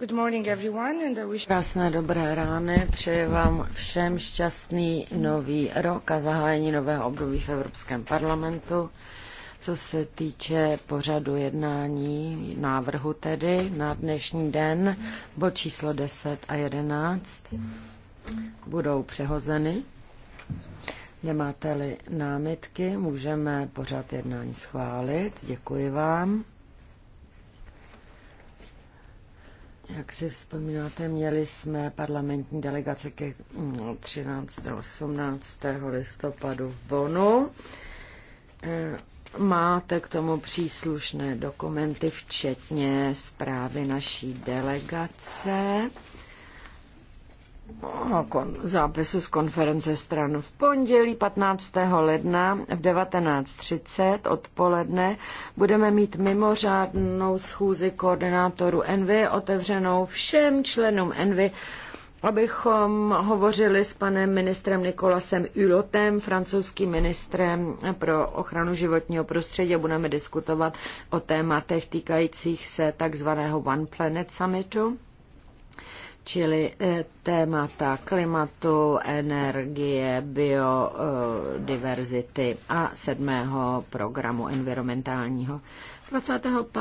Good morning everyone and I wish... Krásné dobré rány, přeji vám všem šťastný nový rok a zahájení nového období v Evropském parlamentu. Co se týče pořadu jednání, návrhu tedy na dnešní den, bod číslo 10 a 11 budou přehozeny. Nemáte-li námitky, můžeme pořad jednání schválit. Děkuji vám. Jak si vzpomínáte, měli jsme parlamentní delegace ke 13. Mm, a 18. listopadu v Bonu. E, máte k tomu příslušné dokumenty, včetně zprávy naší delegace zápisu z konference stran v pondělí 15. ledna v 19.30 odpoledne budeme mít mimořádnou schůzi koordinátoru Envy otevřenou všem členům Envy abychom hovořili s panem ministrem Nikolasem Ulotem, francouzským ministrem pro ochranu životního prostředí. Budeme diskutovat o tématech týkajících se takzvaného One Planet Summitu čili e, témata klimatu, energie, biodiverzity a sedmého programu environmentálního. 25.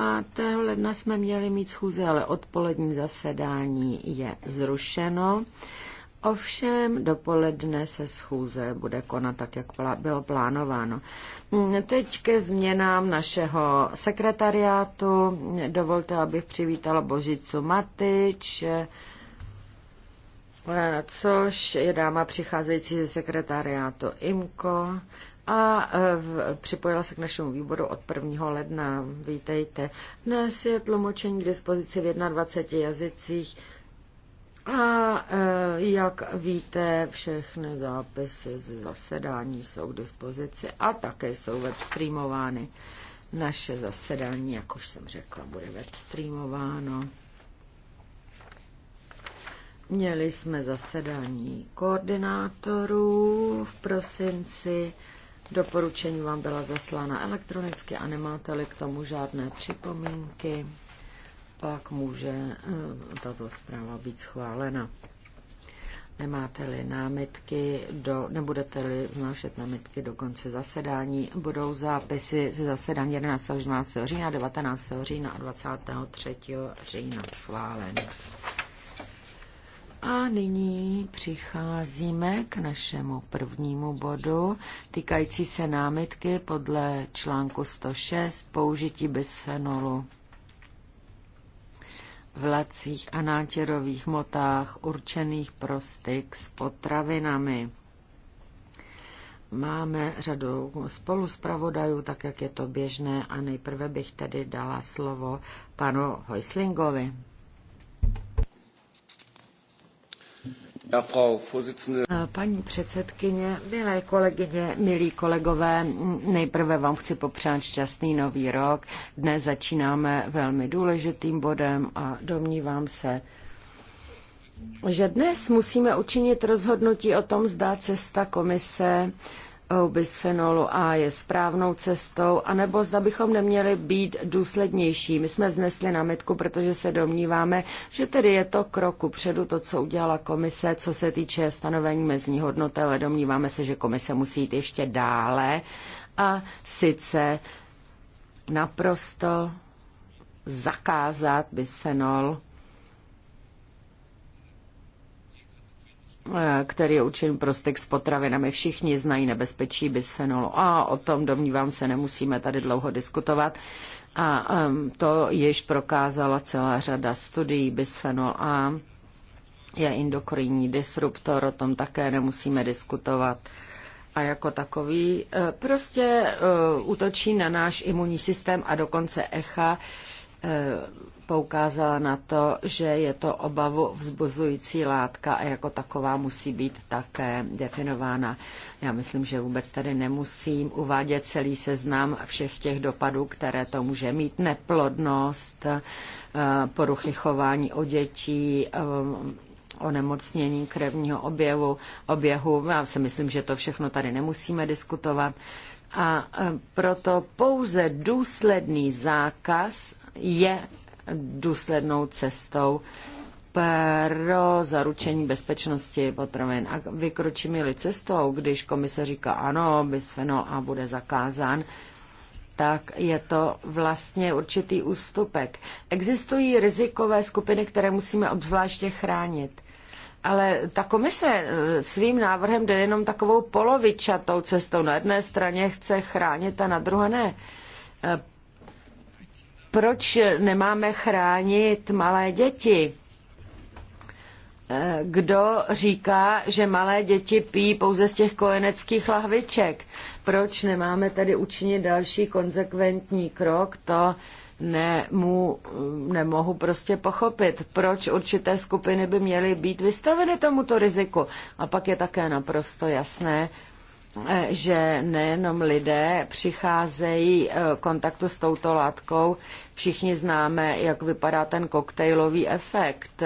ledna jsme měli mít schůze, ale odpolední zasedání je zrušeno. Ovšem dopoledne se schůze bude konat tak, jak bylo plánováno. Mm, teď ke změnám našeho sekretariátu. Dovolte, abych přivítala Božicu Matič, Eh, což je dáma přicházející ze sekretariátu IMCO a eh, připojila se k našemu výboru od 1. ledna. Vítejte. Dnes je tlumočení k dispozici v 21 jazycích a eh, jak víte, všechny zápisy z zasedání jsou k dispozici a také jsou webstreamovány. Naše zasedání, jak už jsem řekla, bude webstreamováno. Měli jsme zasedání koordinátorů v prosinci. Doporučení vám byla zaslána elektronicky a nemáte-li k tomu žádné připomínky, pak může eh, tato zpráva být schválena. Nemáte-li námitky, do, nebudete-li vnášet námitky do konce zasedání, budou zápisy ze zasedání 11. 12. října, 19. října a 23. října schváleny. A nyní přicházíme k našemu prvnímu bodu, týkající se námitky podle článku 106 použití bisfenolu v lacích a nátěrových motách určených pro styk s potravinami. Máme řadu spolu zpravodajů, tak jak je to běžné, a nejprve bych tedy dala slovo panu Hojslingovi. Eh, paní předsedkyně, milé kolegyně, milí kolegové, nejprve vám chci popřát šťastný nový rok. Dnes začínáme velmi důležitým bodem a domnívám se, že dnes musíme učinit rozhodnutí o tom, zda cesta komise o bisfenolu A je správnou cestou, anebo zda bychom neměli být důslednější. My jsme vznesli námitku, protože se domníváme, že tedy je to kroku předu to, co udělala komise, co se týče stanovení mezní hodnoty, ale domníváme se, že komise musí jít ještě dále a sice naprosto zakázat bisfenol který je určen pro styk s potravinami. Všichni znají nebezpečí bisfenolu A, o tom domnívám se nemusíme tady dlouho diskutovat. A um, to již prokázala celá řada studií bisfenol A je endokrinní disruptor, o tom také nemusíme diskutovat. A jako takový eh, prostě uh, útočí na náš imunní systém a dokonce ECHA uh, Eh, poukázala na to, že je to obavu vzbuzující látka a jako taková musí být také definována. Já myslím, že vůbec tady nemusím uvádět celý seznam všech těch dopadů, které to může mít. Neplodnost, eh, poruchy chování o dětí, eh, onemocnění krevního oběhu, oběhu. Já si myslím, že to všechno tady nemusíme diskutovat. A proto pouze důsledný zákaz je důslednou cestou pro zaručení bezpečnosti potravin. A vykročíme-li cestou, když komise říká ano, bisfenol A bude zakázán, tak je to vlastně určitý ústupek. Existují rizikové skupiny, které musíme obzvláště chránit. Ale ta komise eh, svým návrhem jde jenom takovou polovičatou cestou. Na jedné straně chce chránit a na druhé ne. Eh, proč nemáme chránit malé děti? Eh, kdo říká, že malé děti pijí pouze z těch kojeneckých lahviček? Proč nemáme tady učinit další konzekventní krok? To mu, nemohu prostě pochopit, proč určité skupiny by měly být vystaveny tomuto riziku. A pak je také naprosto jasné, Eh, že nejenom lidé přicházejí eh, kontaktu s touto látkou, všichni známe, jak vypadá ten koktejlový efekt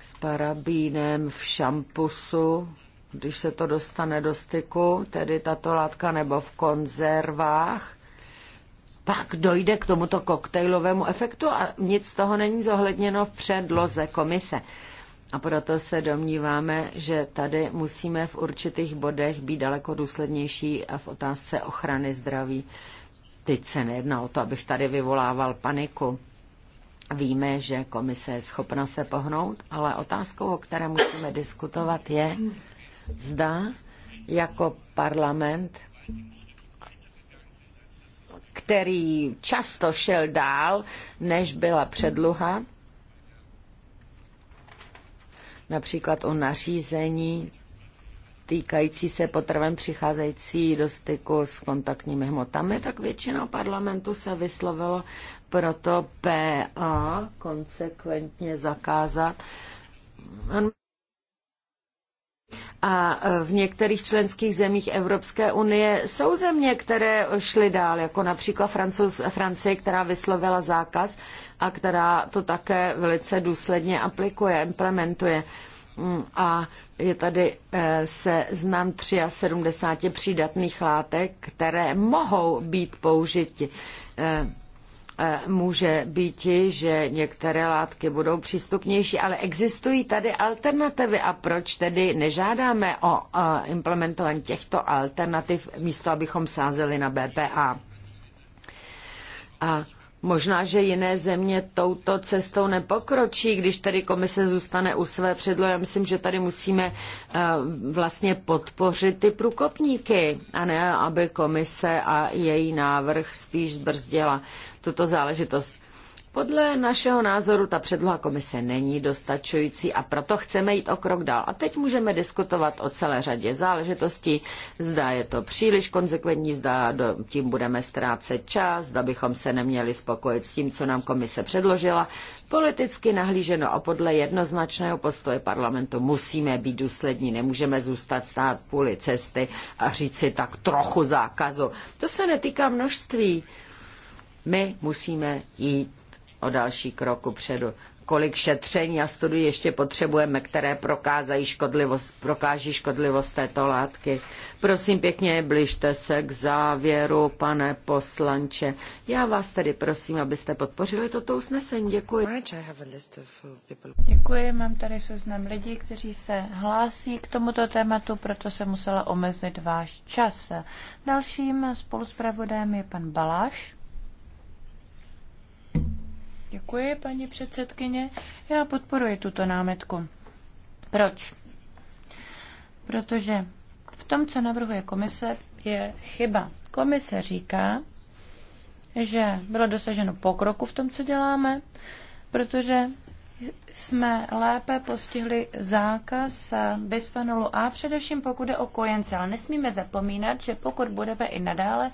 s parabínem v šampusu, když se to dostane do styku, tedy tato látka nebo v konzervách, pak dojde k tomuto koktejlovému efektu a nic z toho není zohledněno v předloze komise. A proto se domníváme, že tady musíme v určitých bodech být daleko důslednější a v otázce ochrany zdraví. Teď se nejedná o to, abych tady vyvolával paniku. Víme, že komise je schopna se pohnout, ale otázkou, o které musíme diskutovat, je, zda jako parlament který často šel dál, než byla předluha, například o nařízení týkající se potravem přicházející do styku s kontaktními hmotami, tak většina parlamentu se vyslovilo proto PA konsekventně zakázat. A e, v některých členských zemích Evropské unie jsou země, které šly dál, jako například Francouz, Francie, která vyslovila zákaz a která to také velice důsledně aplikuje, implementuje. Mm, a je tady e, se znám 73 přídatných látek, které mohou být použiti e, Eh, může být, že některé látky budou přístupnější, ale existují tady alternativy a proč tedy nežádáme o eh, implementování těchto alternativ místo, abychom sázeli na BPA? A Možná, že jiné země touto cestou nepokročí, když tady komise zůstane u své předlohy. Já myslím, že tady musíme eh, vlastně podpořit ty průkopníky a ne, aby komise a její návrh spíš zbrzdila tuto záležitost. Podle našeho názoru ta předloha komise není dostačující a proto chceme jít o krok dál. A teď můžeme diskutovat o celé řadě záležitostí. Zda je to příliš konzekventní, zda do, tím budeme ztrácet čas, zda bychom se neměli spokojit s tím, co nám komise předložila. Politicky nahlíženo a podle jednoznačného postoje parlamentu musíme být důslední, nemůžeme zůstat stát půli cesty a říct si tak trochu zákazu. To se netýká množství. My musíme jít o další kroku předu. Kolik šetření a studií ještě potřebujeme, které prokázají škodlivost, prokáží škodlivost této látky. Prosím pěkně, bližte se k závěru, pane poslanče. Já vás tedy prosím, abyste podpořili toto usnesení. Děkuji. Děkuji, mám tady seznam lidí, kteří se hlásí k tomuto tématu, proto se musela omezit váš čas. Dalším spoluzpravodajem je pan Baláš. Děkuji, paní předsedkyně. Já podporuji tuto námetku. Proč? Protože v tom, co navrhuje komise, je chyba. Komise říká, že bylo dosaženo pokroku v tom, co děláme, protože jsme lépe postihli zákaz bisfenolu A, především pokud je o kojence. Ale nesmíme zapomínat, že pokud budeme i nadále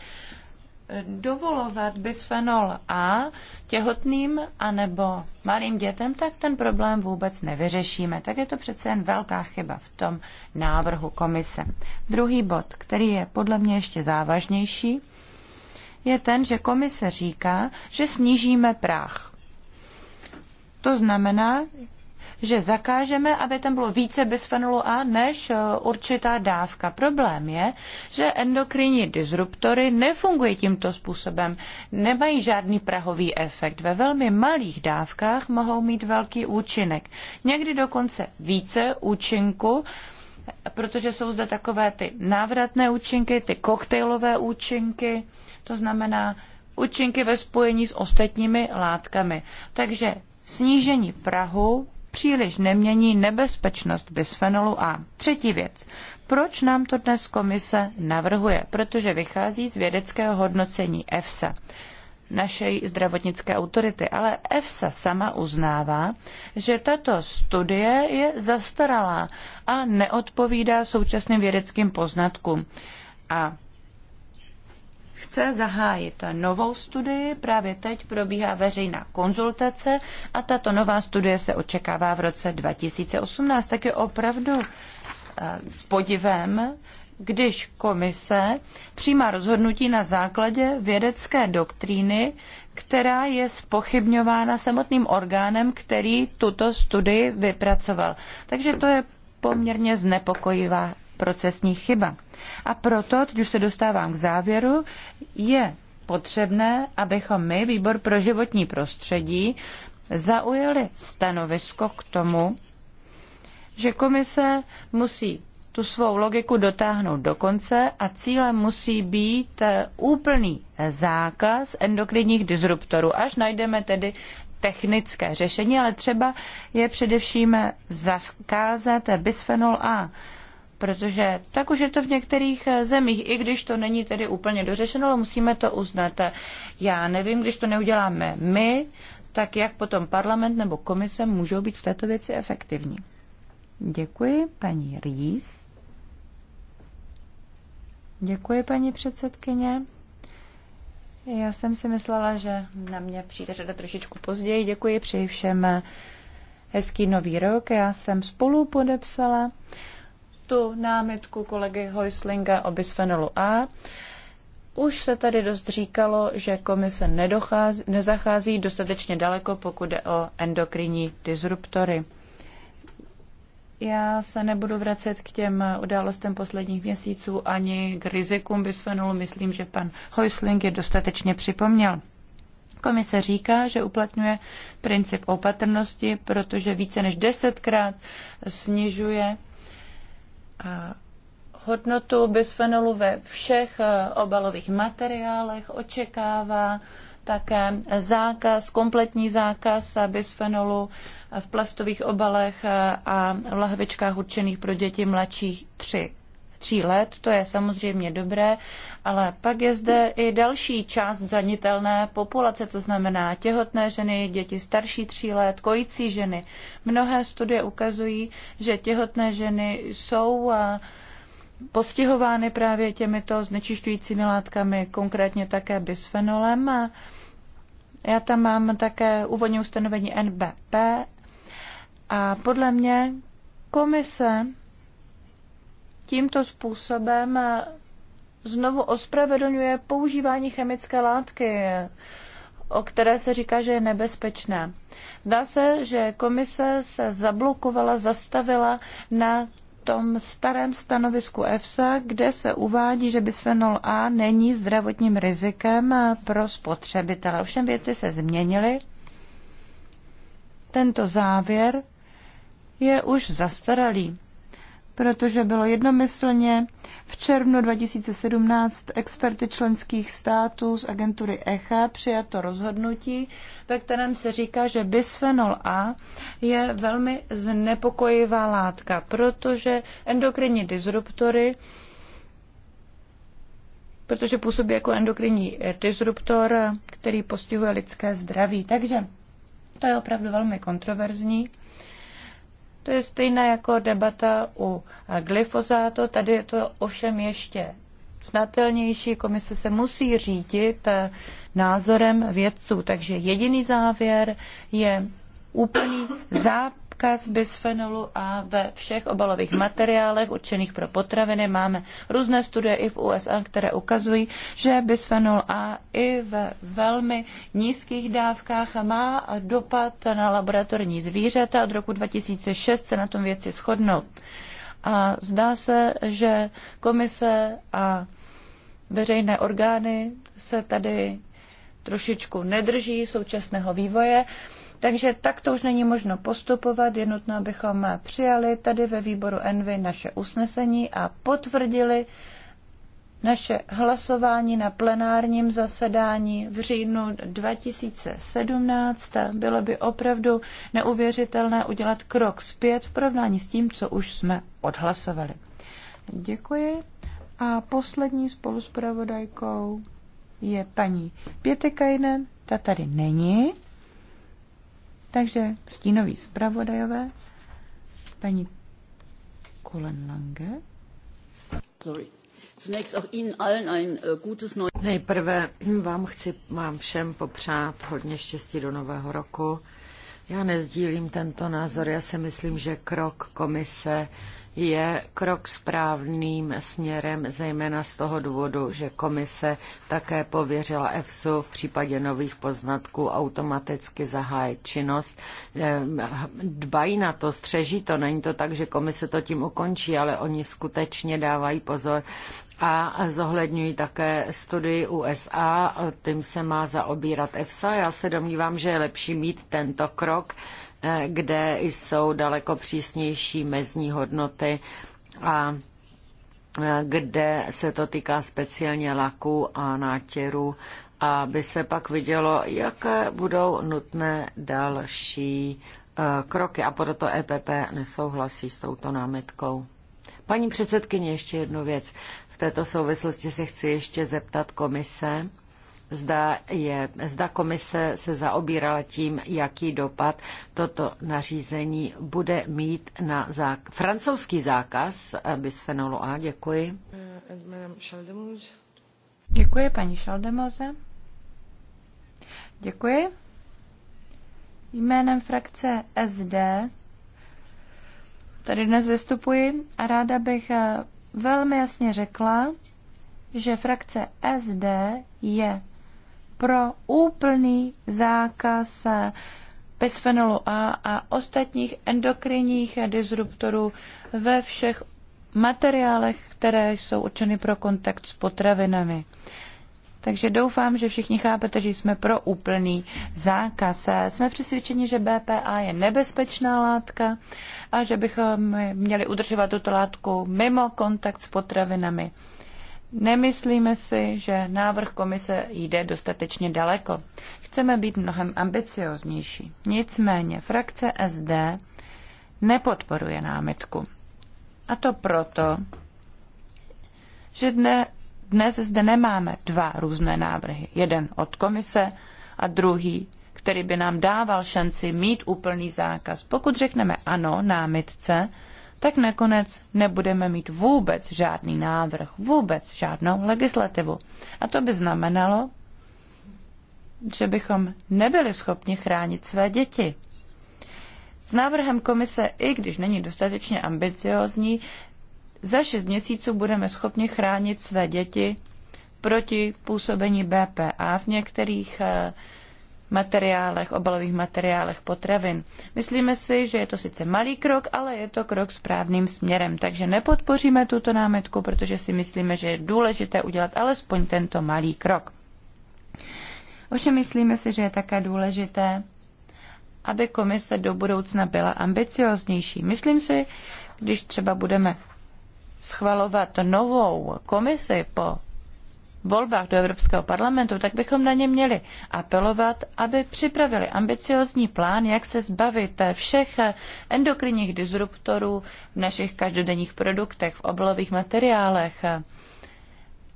dovolovat bisfenol A těhotným anebo malým dětem, tak ten problém vůbec nevyřešíme. Tak je to přece jen velká chyba v tom návrhu komise. Druhý bod, který je podle mě ještě závažnější, je ten, že komise říká, že snížíme práh. To znamená, že zakážeme, aby tam bylo více bisfenolu A než eh, určitá dávka. Problém je, že endokrinní disruptory nefungují tímto způsobem, nemají žádný prahový efekt. Ve velmi malých dávkách mohou mít velký účinek. Někdy dokonce více účinku, protože jsou zde takové ty návratné účinky, ty koktejlové účinky, to znamená účinky ve spojení s ostatními látkami. Takže snížení Prahu příliš nemění nebezpečnost bisfenolu A. Třetí věc. Proč nám to dnes komise navrhuje? Protože vychází z vědeckého hodnocení EFSA naší zdravotnické autority, ale EFSA sama uznává, že tato studie je zastaralá a neodpovídá současným vědeckým poznatkům. A chce zahájit novou studii. Právě teď probíhá veřejná konzultace a tato nová studie se očekává v roce 2018. Tak je opravdu eh, s podivem, když komise přijímá rozhodnutí na základě vědecké doktríny, která je spochybňována samotným orgánem, který tuto studii vypracoval. Takže to je poměrně znepokojivá procesní chyba. A proto, teď už se dostávám k závěru, je potřebné, abychom my, Výbor pro životní prostředí, zaujali stanovisko k tomu, že komise musí tu svou logiku dotáhnout do konce a cílem musí být eh, úplný zákaz endokrinních disruptorů, až najdeme tedy technické řešení, ale třeba je především zakázat bisfenol A protože tak už je to v některých eh, zemích, i když to není tedy úplně dořešeno, ale musíme to uznat. Já nevím, když to neuděláme my, tak jak potom parlament nebo komise můžou být v této věci efektivní. Děkuji, paní Rýs. Děkuji, paní předsedkyně. Já jsem si myslela, že na mě přijde řada trošičku později. Děkuji, přeji všem eh, hezký nový rok. Já jsem spolu podepsala tu námitku kolegy Hojslinga o bisfenolu A. Už se tady dost říkalo, že komise nedochází, nezachází dostatečně daleko, pokud jde o endokrinní disruptory. Já se nebudu vracet k těm událostem posledních měsíců ani k rizikům bisfenolu. Myslím, že pan Hojsling je dostatečně připomněl. Komise říká, že uplatňuje princip opatrnosti, protože více než desetkrát snižuje hodnotu bisfenolu ve všech e, obalových materiálech, očekává také zákaz, kompletní zákaz bisfenolu v plastových obalech e, a lahvičkách určených pro děti mladších tři tří let, to je samozřejmě dobré, ale pak je zde i další část zranitelné populace, to znamená těhotné ženy, děti starší tří let, kojící ženy. Mnohé studie ukazují, že těhotné ženy jsou eh, postihovány právě těmito znečišťujícími látkami, konkrétně také bisfenolem. Já tam mám také úvodní ustanovení NBP a podle mě komise tímto způsobem eh, znovu ospravedlňuje používání chemické látky, o které se říká, že je nebezpečné. Zdá se, že komise se zablokovala, zastavila na tom starém stanovisku EFSA, kde se uvádí, že bisfenol A není zdravotním rizikem eh, pro spotřebitele. Ovšem věci se změnily. Tento závěr je už zastaralý protože bylo jednomyslně v červnu 2017 experty členských států z agentury ECHA přijato rozhodnutí, ve kterém se říká, že bisfenol A je velmi znepokojivá látka, protože endokrinní disruptory protože působí jako endokrinní disruptor, který postihuje lidské zdraví. Takže to je opravdu velmi kontroverzní. To je stejné jako debata u glyfozátu. Tady je to ovšem ještě snatelnější. Komise se musí řídit eh, názorem vědců. Takže jediný závěr je úplný zákaz bisfenolu A ve všech obalových materiálech určených pro potraviny. Máme různé studie i v USA, které ukazují, že bisfenol A i ve velmi nízkých dávkách má dopad na laboratorní zvířata. Od roku 2006 se na tom věci shodnou. A zdá se, že komise a veřejné orgány se tady trošičku nedrží současného vývoje. Takže tak to už není možno postupovat, jednotno bychom přijali tady ve výboru Envy naše usnesení a potvrdili naše hlasování na plenárním zasedání v říjnu 2017. Bylo by opravdu neuvěřitelné udělat krok zpět v porovnání s tím, co už jsme odhlasovali. Děkuji. A poslední spoluspravodajkou je paní Pětekajnen. Ta tady není. Takže stínový zpravodajové, paní Kulenlange. Sorry. Äh, Nejprve vám chci vám všem popřát hodně štěstí do nového roku. Já nezdílím tento názor, já si myslím, že krok komise je krok správným směrem, zejména z toho důvodu, že komise také pověřila EFSU v případě nových poznatků automaticky zahájit činnost. Ehm, dbají na to, střeží to, není to tak, že komise to tím ukončí, ale oni skutečně dávají pozor a zohledňují také studii USA, tím se má zaobírat EFSA. Já se domnívám, že je lepší mít tento krok, kde jsou daleko přísnější mezní hodnoty a kde se to týká speciálně laků a nátěrů, aby se pak vidělo, jaké budou nutné další eh, kroky. A proto EPP nesouhlasí s touto námitkou. Paní předsedkyně, ještě jednu věc. V této souvislosti se chci ještě zeptat komise zda, je, zda komise se zaobírala tím, jaký dopad toto nařízení bude mít na zák- francouzský zákaz eh, bisfenolu A. Děkuji. Děkuji, paní Šaldemoze. Děkuji. Jménem frakce SD tady dnes vystupuji a ráda bych eh, velmi jasně řekla, že frakce SD je pro úplný zákaz bisfenolu A a ostatních endokrinních disruptorů ve všech materiálech, které jsou určeny pro kontakt s potravinami. Takže doufám, že všichni chápete, že jsme pro úplný zákaz. Jsme přesvědčeni, že BPA je nebezpečná látka a že bychom měli udržovat tuto látku mimo kontakt s potravinami. Nemyslíme si, že návrh komise jde dostatečně daleko. Chceme být mnohem ambicioznější. Nicméně frakce SD nepodporuje námitku. A to proto, že dne, dnes zde nemáme dva různé návrhy. Jeden od komise a druhý, který by nám dával šanci mít úplný zákaz. Pokud řekneme ano námitce, tak nakonec nebudeme mít vůbec žádný návrh, vůbec žádnou legislativu. A to by znamenalo, že bychom nebyli schopni chránit své děti. S návrhem komise, i když není dostatečně ambiciozní, za šest měsíců budeme schopni chránit své děti proti působení BPA v některých eh, materiálech, obalových materiálech potravin. Myslíme si, že je to sice malý krok, ale je to krok správným směrem, takže nepodpoříme tuto námetku, protože si myslíme, že je důležité udělat alespoň tento malý krok. Ovšem myslíme si, že je také důležité, aby komise do budoucna byla ambicioznější. Myslím si, když třeba budeme schvalovat novou komisi po volbách do Evropského parlamentu, tak bychom na ně měli apelovat, aby připravili ambiciozní plán, jak se zbavit všech endokrinních disruptorů v našich každodenních produktech, v obalových materiálech.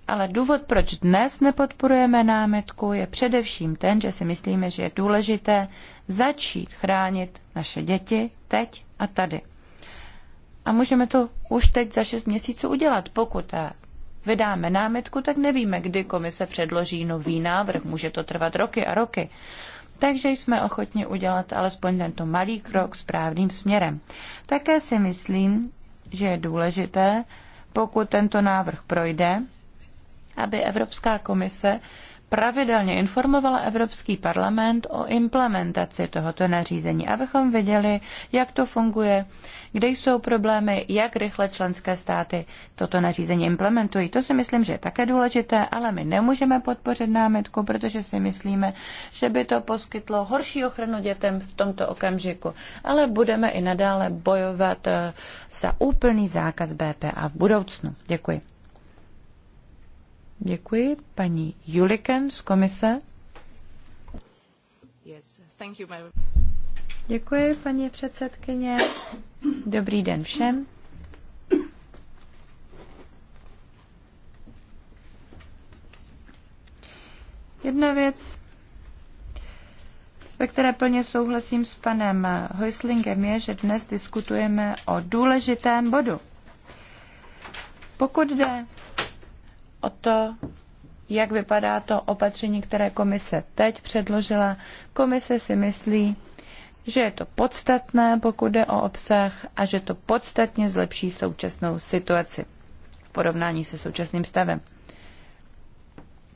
Ale důvod, proč dnes nepodporujeme námitku, je především ten, že si myslíme, že je důležité začít chránit naše děti teď a tady. A můžeme to už teď za šest měsíců udělat, pokud vydáme námitku, tak nevíme, kdy komise předloží nový návrh. Může to trvat roky a roky. Takže jsme ochotni udělat alespoň tento malý krok správným směrem. Také si myslím, že je důležité, pokud tento návrh projde, aby Evropská komise pravidelně informovala Evropský parlament o implementaci tohoto nařízení, abychom viděli, jak to funguje, kde jsou problémy, jak rychle členské státy toto nařízení implementují. To si myslím, že je také důležité, ale my nemůžeme podpořit námitku, protože si myslíme, že by to poskytlo horší ochranu dětem v tomto okamžiku. Ale budeme i nadále bojovat eh, za úplný zákaz BPA v budoucnu. Děkuji. Děkuji. Paní Juliken z komise. Yes, thank you, Děkuji, paní předsedkyně. Dobrý den všem. Jedna věc, ve které plně souhlasím s panem Hojslingem, je, že dnes diskutujeme o důležitém bodu. Pokud jde o to, jak vypadá to opatření, které komise teď předložila. Komise si myslí, že je to podstatné, pokud jde o obsah a že to podstatně zlepší současnou situaci v porovnání se současným stavem.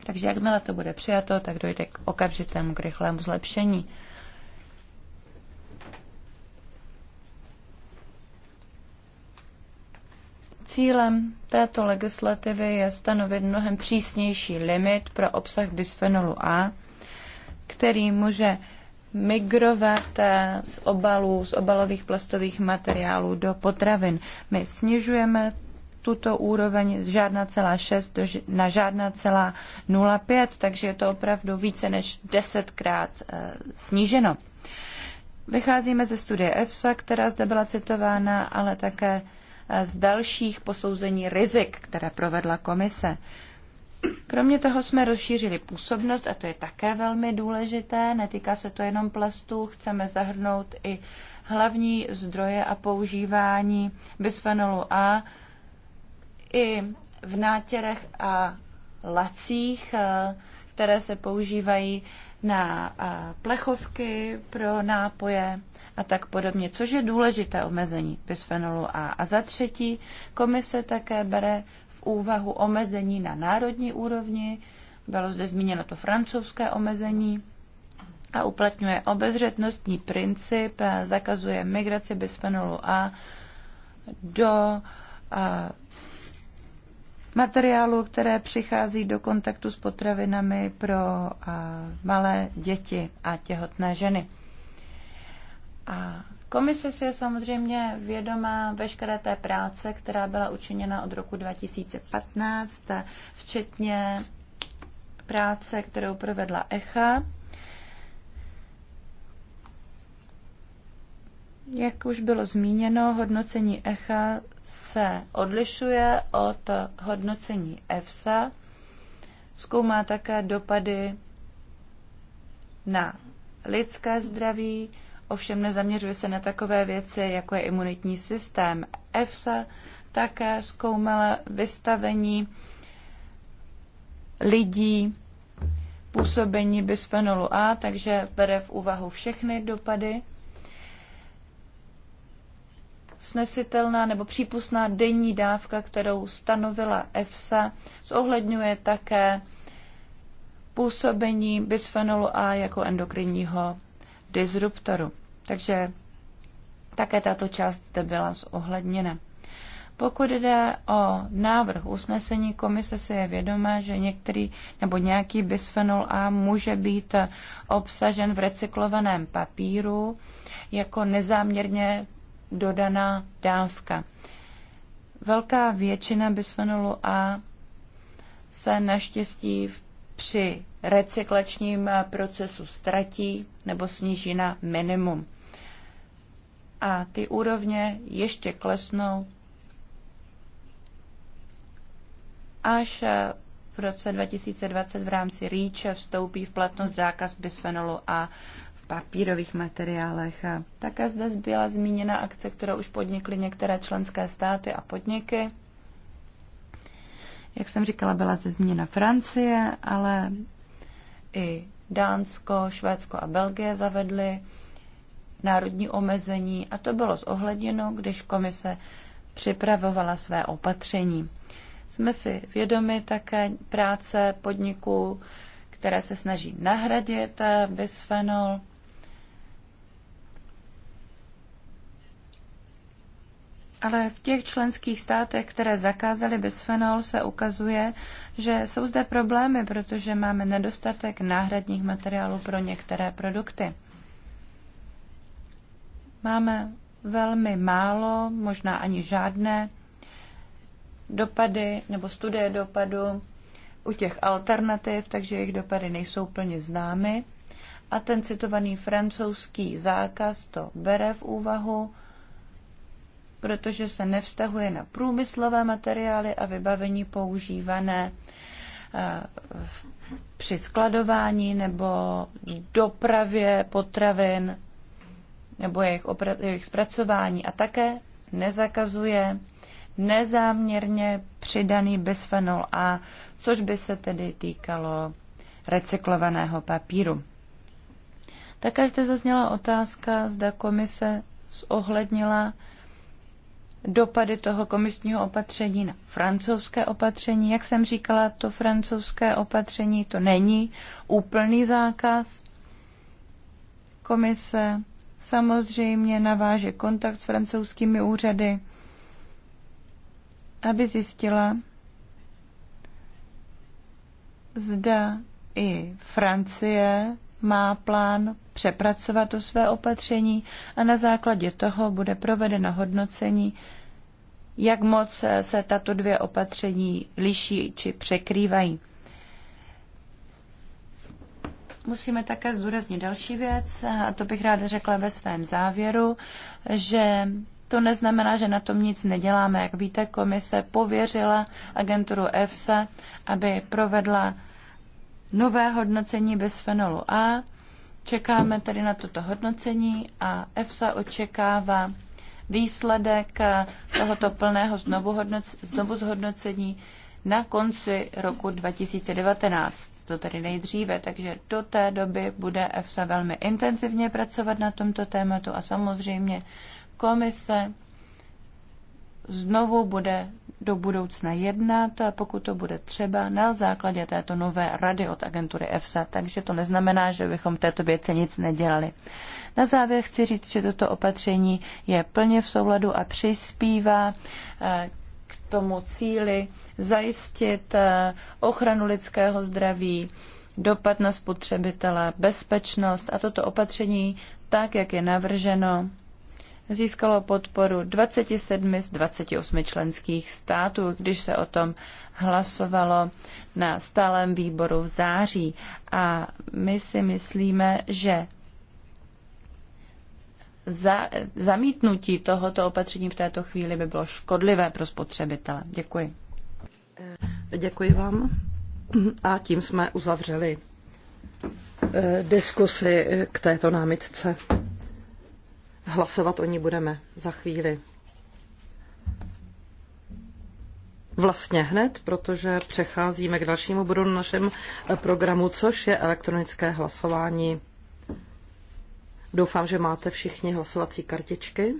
Takže jakmile to bude přijato, tak dojde k okamžitému, k rychlému zlepšení. Cílem této legislativy je stanovit mnohem přísnější limit pro obsah bisfenolu A, který může migrovat eh, z obalů, z obalových plastových materiálů do potravin. My snižujeme tuto úroveň z žádná celá 6 do, na žádná celá 0,5, takže je to opravdu více než desetkrát e, sníženo. Vycházíme ze studie EFSA, která zde byla citována, ale také z dalších posouzení rizik, které provedla komise. Kromě toho jsme rozšířili působnost, a to je také velmi důležité, netýká se to jenom plastů, chceme zahrnout i hlavní zdroje a používání bisfenolu A i v nátěrech a lacích, eh, které se používají na eh, plechovky pro nápoje a tak podobně, což je důležité omezení bisfenolu A. A za třetí, komise také bere v úvahu omezení na národní úrovni, bylo zde zmíněno to francouzské omezení, a uplatňuje obezřetnostní princip, zakazuje migraci bisfenolu A do materiálu, které přichází do kontaktu s potravinami pro malé děti a těhotné ženy. A komise si je samozřejmě vědomá veškeré té práce, která byla učiněna od roku 2015, včetně práce, kterou provedla ECHA. Jak už bylo zmíněno, hodnocení ECHA se odlišuje od hodnocení EFSA. Zkoumá také dopady na lidské zdraví, ovšem nezaměřuje se na takové věci, jako je imunitní systém. EFSA také zkoumala vystavení lidí působení bisfenolu A, takže bere v úvahu všechny dopady. Snesitelná nebo přípustná denní dávka, kterou stanovila EFSA, zohledňuje také působení bisfenolu A jako endokrinního disruptoru. Takže také tato část byla zohledněna. Pokud jde o návrh usnesení, komise si je vědomá, že některý nebo nějaký bisfenol A může být obsažen v recyklovaném papíru jako nezáměrně dodaná dávka. Velká většina bisfenolu A se naštěstí při recyklačním procesu ztratí nebo sníží na minimum a ty úrovně ještě klesnou až eh, v roce 2020 v rámci REACH vstoupí v platnost zákaz bisfenolu A v papírových materiálech. Eh, také zde byla zmíněna akce, kterou už podnikly některé členské státy a podniky. Jak jsem říkala, byla zde zmíněna Francie, ale i Dánsko, Švédsko a Belgie zavedly národní omezení a to bylo zohledněno, když komise připravovala své opatření. Jsme si vědomi také práce podniků, které se snaží nahradit eh, bisfenol. Ale v těch členských státech, které zakázaly bisfenol, se ukazuje, že jsou zde problémy, protože máme nedostatek náhradních materiálů pro některé produkty máme velmi málo, možná ani žádné dopady nebo studie dopadu u těch alternativ, takže jejich dopady nejsou plně známy. A ten citovaný francouzský zákaz to bere v úvahu, protože se nevztahuje na průmyslové materiály a vybavení používané eh, při skladování nebo dopravě potravin nebo jejich, opra- jejich zpracování a také nezakazuje nezáměrně přidaný bisfenol A, což by se tedy týkalo recyklovaného papíru. Také zde zazněla otázka, zda komise zohlednila dopady toho komisního opatření na francouzské opatření. Jak jsem říkala, to francouzské opatření to není úplný zákaz. Komise samozřejmě naváže kontakt s francouzskými úřady, aby zjistila, zda i Francie má plán přepracovat to své opatření a na základě toho bude provedeno hodnocení, jak moc se tato dvě opatření liší či překrývají. Musíme také zdůraznit další věc, a to bych ráda řekla ve svém závěru, že to neznamená, že na tom nic neděláme. Jak víte, komise pověřila agenturu EFSA, aby provedla nové hodnocení fenolu A. Čekáme tedy na toto hodnocení a EFSA očekává výsledek tohoto plného znovu, hodnoc, znovu zhodnocení na konci roku 2019 to tedy nejdříve, takže do té doby bude EFSA velmi intenzivně pracovat na tomto tématu a samozřejmě komise znovu bude do budoucna jednat, pokud to bude třeba, na základě této nové rady od agentury EFSA. Takže to neznamená, že bychom této věci nic nedělali. Na závěr chci říct, že toto opatření je plně v souladu a přispívá eh, k tomu cíli zajistit eh, ochranu lidského zdraví, dopad na spotřebitele, bezpečnost a toto opatření, tak jak je navrženo, získalo podporu 27 z 28 členských států, když se o tom hlasovalo na stálem výboru v září. A my si myslíme, že za, zamítnutí tohoto opatření v této chvíli by bylo škodlivé pro spotřebitele. Děkuji. Děkuji vám. A tím jsme uzavřeli eh, diskusy eh, k této námitce. Hlasovat o ní budeme za chvíli. Vlastně hned, protože přecházíme k dalšímu bodu na našem programu, což je elektronické hlasování. Doufám, že máte všichni hlasovací kartičky.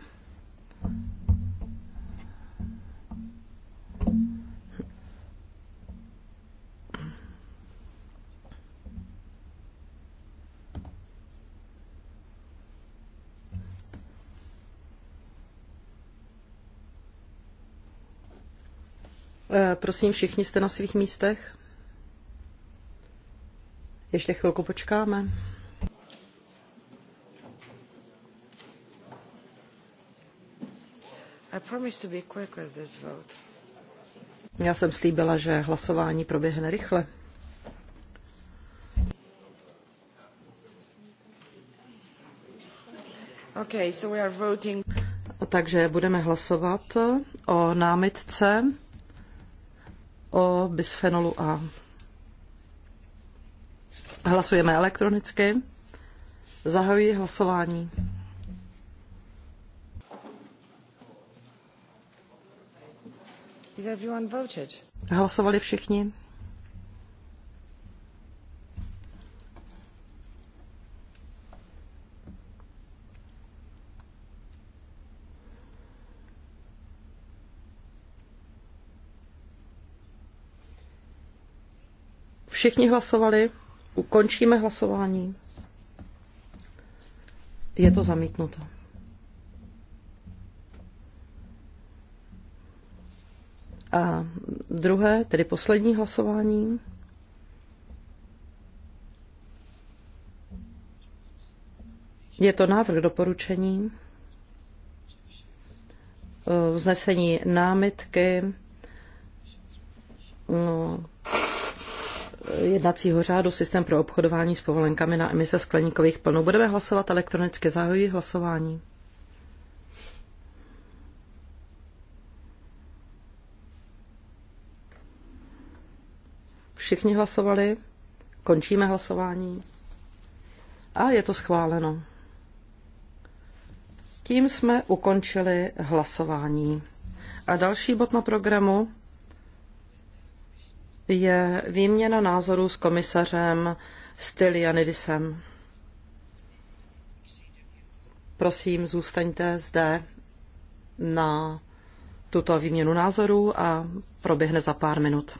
Eh, prosím, všichni jste na svých místech? Ještě chvilku počkáme. Já jsem slíbila, že hlasování proběhne rychle. Okay, so we are voting. Takže budeme hlasovat o námitce o bisfenolu A. Hlasujeme elektronicky. Zahajuji hlasování. Hlasovali všichni? Všichni hlasovali? Ukončíme hlasování. Je to zamítnuto. A druhé, tedy poslední hlasování. Je to návrh doporučení, eh, vznesení námitky no, jednacího řádu systém pro obchodování s povolenkami na emise skleníkových plnů. Budeme hlasovat elektronicky. Zahajuji hlasování. Všichni hlasovali. Končíme hlasování. A je to schváleno. Tím jsme ukončili hlasování. A další bod na programu je výměna názorů s komisařem Stylianidisem. Prosím, zůstaňte zde na tuto výměnu názorů a proběhne za pár minut.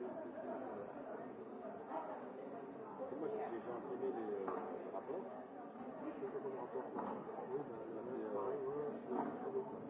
Moi, j'ai imprimé les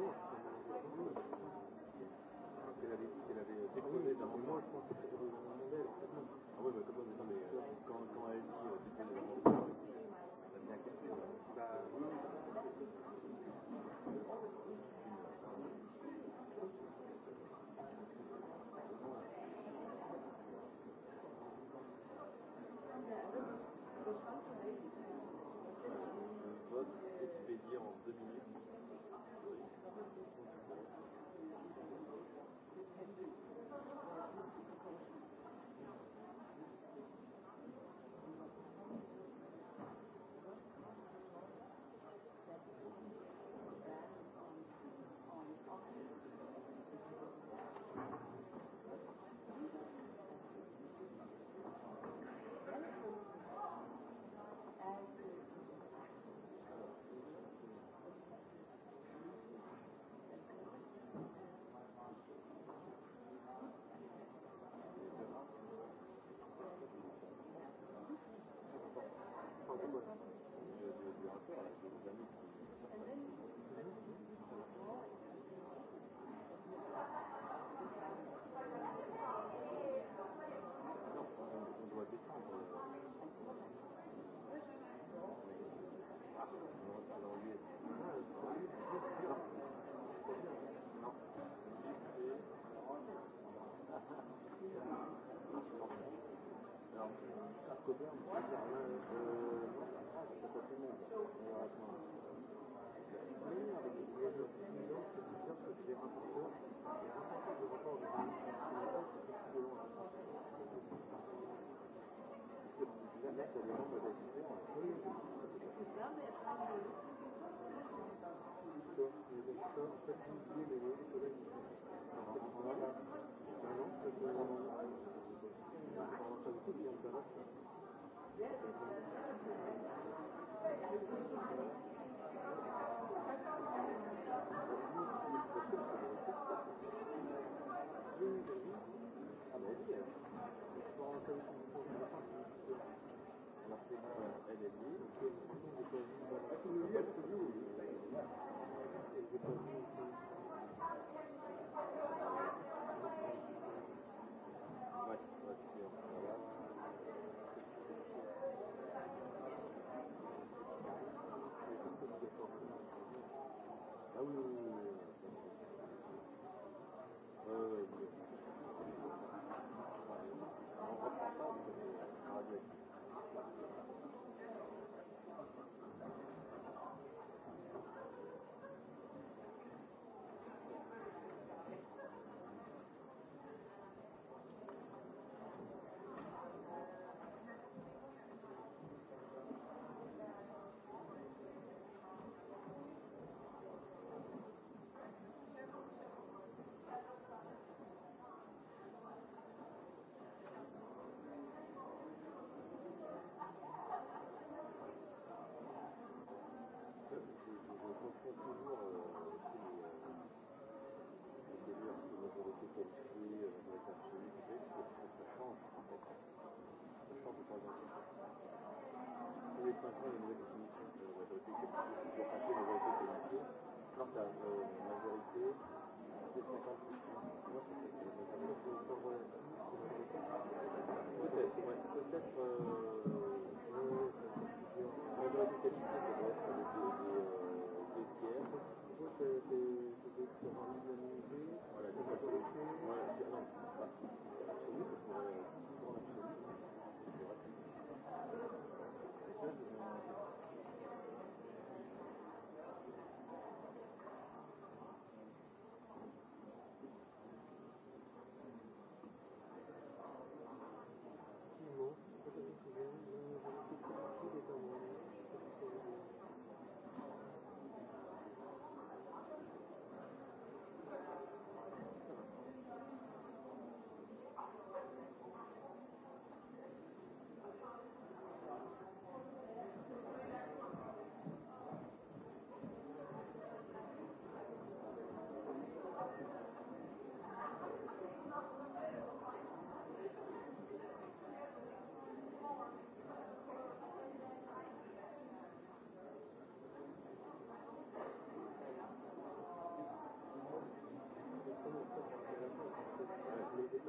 Ah oui, mais comment, non, mais euh, quand, quand elle dit, euh, Gracias. Kennedy, toujours euh, aussi euh, les délires philosophiques qualifiés euh, avec l'absolu, ça change en fait. Ça change de temps en temps. Tous les 5 ans, il y a une nouvelle définition de la majorité qualifiée, toujours passée majorité qualifiée. Quand la euh, majorité, c'est 50 plus 1. Moi, c'est la majorité sur le Peut-être, ouais. Peut-être, euh, la majorité qualifiée, ça doit être avec des. des euh, des, des, des programmes de musique, voilà, des autorités. Ouais, non, pas. Oui, je pourrais.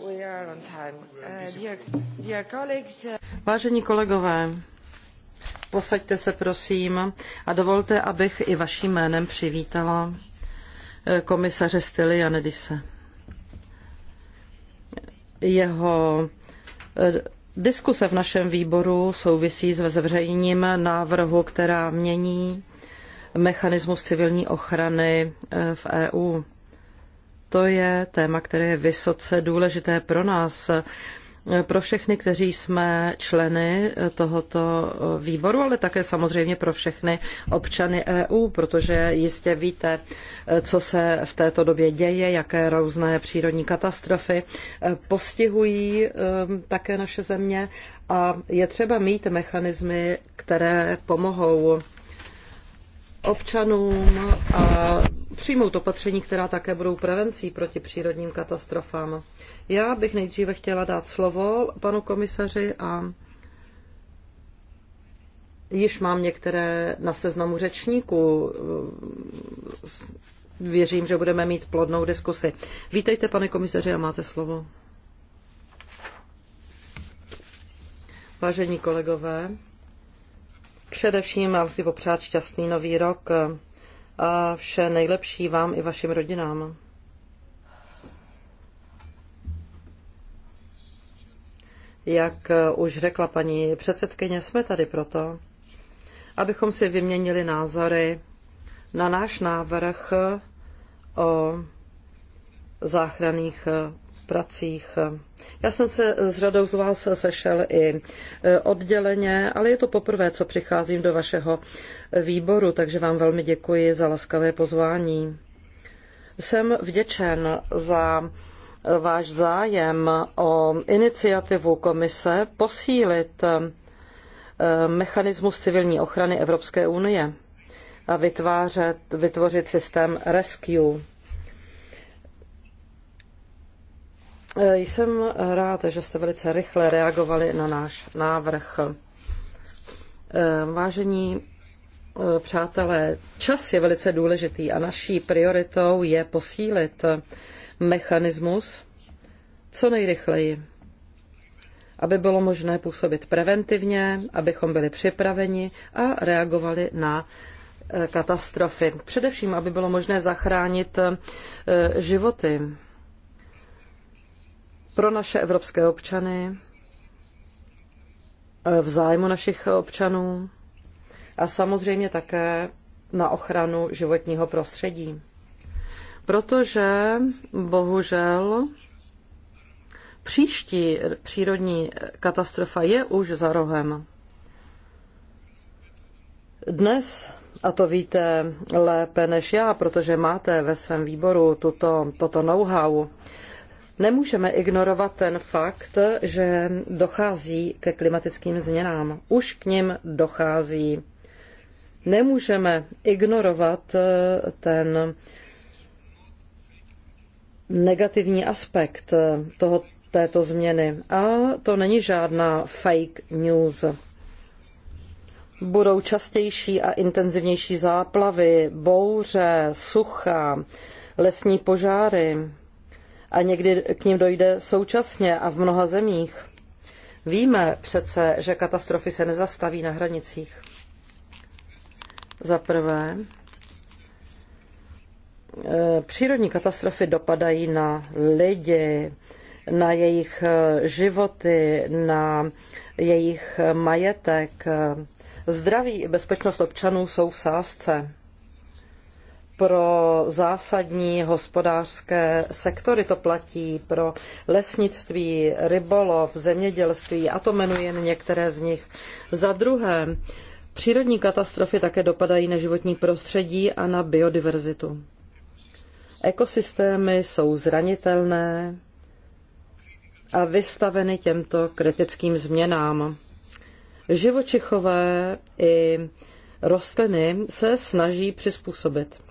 Uh, uh, Vážení kolegové, posaďte se prosím a dovolte, abych i vaším jménem přivítala eh, komisaře Stylianidise. Jeho eh, diskuse v našem výboru souvisí s zveřejněním návrhu, která mění mechanismus civilní ochrany eh, v EU. To je téma, které je vysoce důležité pro nás, pro všechny, kteří jsme členy tohoto výboru, ale také samozřejmě pro všechny občany EU, protože jistě víte, co se v této době děje, jaké různé přírodní katastrofy postihují ehm, také naše země a je třeba mít mechanismy, které pomohou občanům a přijmout opatření, která také budou prevencí proti přírodním katastrofám. Já bych nejdříve chtěla dát slovo panu komisaři a již mám některé na seznamu řečníků. Věřím, že budeme mít plodnou diskusi. Vítejte, pane komisaři, a máte slovo. Vážení kolegové, Především vám chci popřát šťastný nový rok a vše nejlepší vám i vašim rodinám. Jak už řekla paní předsedkyně, jsme tady proto, abychom si vyměnili názory na náš návrh o záchranných pracích. Já jsem se s řadou z vás sešel i e, odděleně, ale je to poprvé, co přicházím do vašeho výboru, takže vám velmi děkuji za laskavé pozvání. Jsem vděčen za váš zájem o iniciativu komise posílit e, mechanismus civilní ochrany Evropské unie a vytvářet, vytvořit systém rescue. Eh, jsem rád, že jste velice rychle reagovali na náš návrh. Eh, vážení eh, přátelé, čas je velice důležitý a naší prioritou je posílit mechanismus co nejrychleji, aby bylo možné působit preventivně, abychom byli připraveni a reagovali na katastrofy. Především, aby bylo možné zachránit životy pro naše evropské občany, e, v zájmu našich občanů a samozřejmě také na ochranu životního prostředí. Protože bohužel příští přírodní katastrofa je už za rohem. Dnes, a to víte lépe než já, protože máte ve svém výboru tuto, toto know-how, Nemůžeme ignorovat ten fakt, že dochází ke klimatickým změnám. Už k ním dochází. Nemůžeme ignorovat eh, ten negativní aspekt eh, toho, této změny. A to není žádná fake news. Budou častější a intenzivnější záplavy, bouře, sucha, lesní požáry, a někdy k ním dojde současně a v mnoha zemích. Víme přece, že katastrofy se nezastaví na hranicích. Za prvé, e, přírodní katastrofy dopadají na lidi, na jejich e, životy, na jejich majetek. Zdraví i bezpečnost občanů jsou v sázce pro zásadní hospodářské sektory. To platí pro lesnictví, rybolov, zemědělství a to jmenuji jen některé z nich. Za druhé, přírodní katastrofy také dopadají na životní prostředí a na biodiverzitu. Ekosystémy jsou zranitelné a vystaveny těmto kritickým změnám. Živočichové i rostliny se snaží přizpůsobit.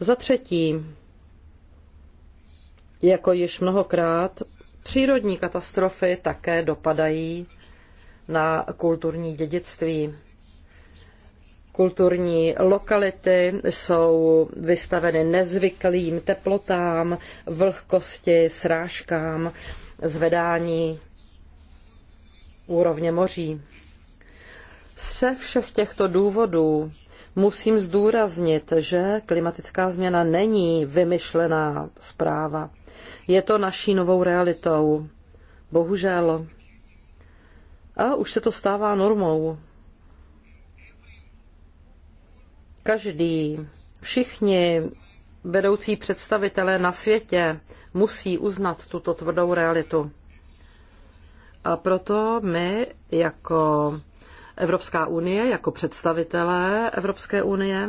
Za třetí, jako již mnohokrát, přírodní katastrofy také dopadají na kulturní dědictví. Kulturní lokality jsou vystaveny nezvyklým teplotám, vlhkosti, srážkám, zvedání úrovně moří. Se všech těchto důvodů musím zdůraznit, že klimatická změna není vymyšlená zpráva. Je to naší novou realitou. Bohužel. A už se to stává normou. Každý, všichni vedoucí představitelé na světě musí uznat tuto tvrdou realitu. A proto my jako Evropská unie, jako představitelé Evropské unie,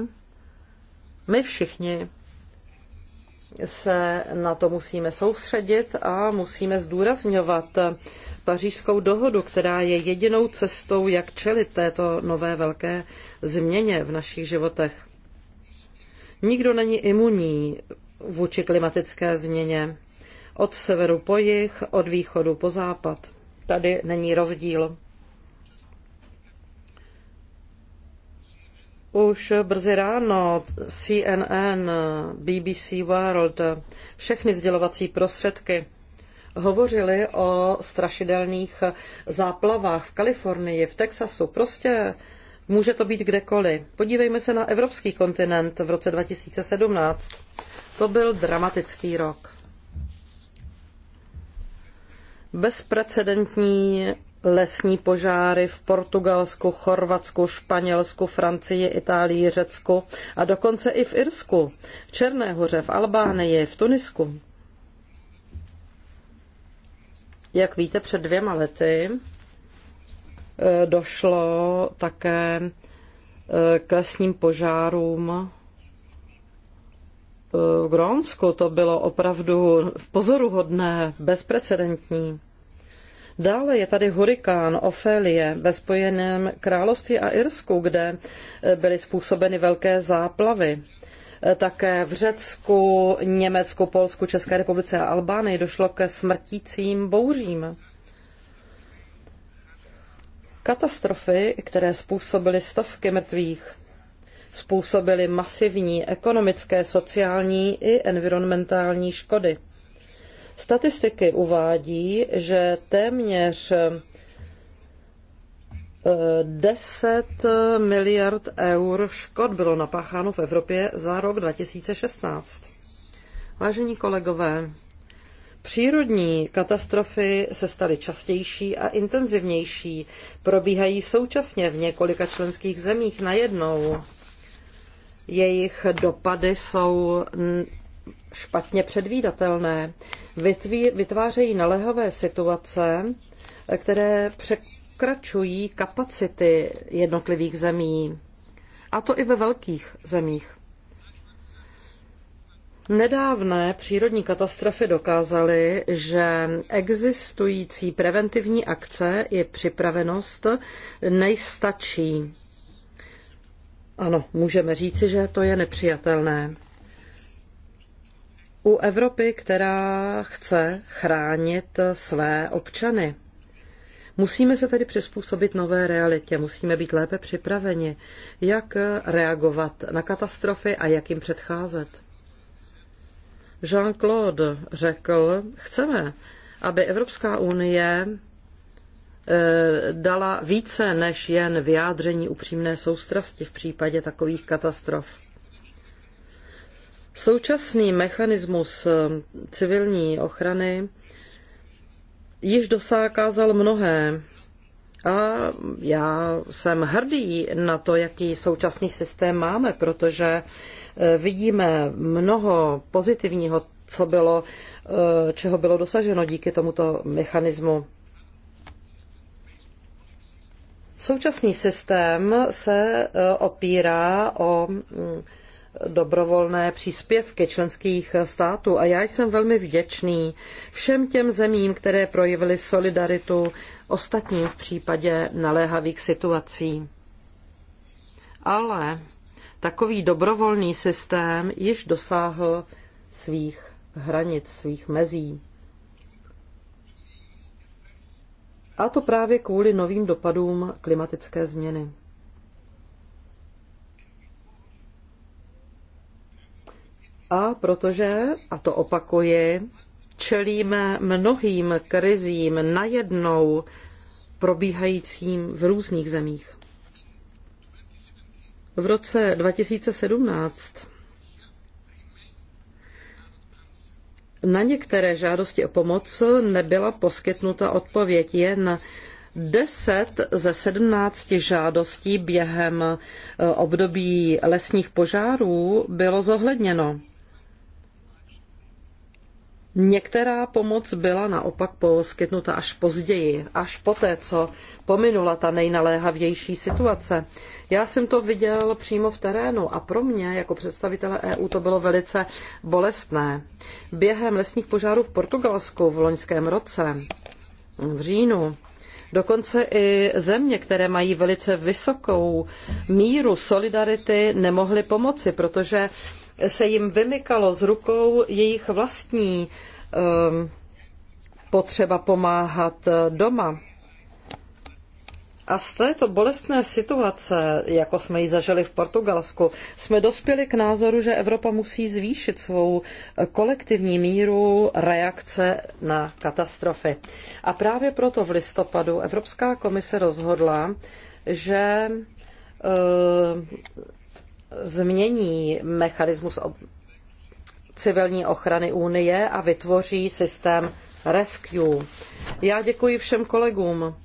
my všichni se na to musíme soustředit a musíme zdůrazňovat pařížskou dohodu, která je jedinou cestou, jak čelit této nové velké změně v našich životech. Nikdo není imunní vůči klimatické změně. Od severu po jih, od východu po západ. Tady není rozdíl. Už brzy ráno CNN, BBC World, všechny sdělovací prostředky hovořili o strašidelných záplavách v Kalifornii, v Texasu. Prostě může to být kdekoliv. Podívejme se na evropský kontinent v roce 2017. To byl dramatický rok. Bezprecedentní lesní požáry v Portugalsku, Chorvatsku, Španělsku, Francii, Itálii, Řecku a dokonce i v Irsku, v Černé hoře, v Albánii, v Tunisku. Jak víte, před dvěma lety eh, došlo také eh, k lesním požárům eh, v Grónsku. To bylo opravdu pozoruhodné, bezprecedentní. Dále je tady hurikán Ofélie ve Spojeném království a Irsku, kde eh, byly způsobeny velké záplavy. Eh, také v Řecku, Německu, Polsku, České republice a Albánii došlo ke smrtícím bouřím. Katastrofy, které způsobily stovky mrtvých, způsobily masivní ekonomické, sociální i environmentální škody. Statistiky uvádí, že téměř 10 eh, miliard eur škod bylo napácháno v Evropě za rok 2016. Vážení kolegové, Přírodní katastrofy se staly častější a intenzivnější, probíhají současně v několika členských zemích najednou. Jejich dopady jsou špatně předvídatelné. Vytvářejí naléhavé situace, které překračují kapacity jednotlivých zemí. A to i ve velkých zemích. Nedávné přírodní katastrofy dokázaly, že existující preventivní akce i připravenost nejstačí. Ano, můžeme říci, že to je nepřijatelné u Evropy, která chce chránit své občany. Musíme se tedy přizpůsobit nové realitě, musíme být lépe připraveni, jak reagovat na katastrofy a jak jim předcházet. Jean-Claude řekl, chceme, aby Evropská unie eh, dala více než jen vyjádření upřímné soustrasti v případě takových katastrof. Současný mechanismus eh, civilní ochrany již dosákázal mnohé. A já jsem hrdý na to, jaký současný systém máme, protože eh, vidíme mnoho pozitivního, co bylo, eh, čeho bylo dosaženo díky tomuto mechanismu. Současný systém se opírá o mm, dobrovolné příspěvky členských států a já jsem velmi vděčný všem těm zemím, které projevily solidaritu ostatním v případě naléhavých situací. Ale takový dobrovolný systém již dosáhl svých hranic, svých mezí. A to právě kvůli novým dopadům klimatické změny. A protože, a to opakuji, čelíme mnohým krizím najednou probíhajícím v různých zemích. V roce 2017 na některé žádosti o pomoc nebyla poskytnuta odpověď jen 10 ze 17 žádostí během eh, období lesních požárů bylo zohledněno. Některá pomoc byla naopak poskytnuta až později, až poté, co pominula ta nejnaléhavější situace. Já jsem to viděl přímo v terénu a pro mě jako představitele EU to bylo velice bolestné. Během lesních požárů v Portugalsku v loňském roce, v říjnu, Dokonce i země, které mají velice vysokou míru solidarity, nemohly pomoci, protože se jim vymykalo z rukou jejich vlastní ehm, potřeba pomáhat eh, doma. A z této bolestné situace, jako jsme ji zažili v Portugalsku, jsme dospěli k názoru, že Evropa musí zvýšit svou eh, kolektivní míru reakce na katastrofy. A právě proto v listopadu Evropská komise rozhodla, že eh, změní mechanismus civilní ochrany Unie a vytvoří systém Rescue. Já děkuji všem kolegům.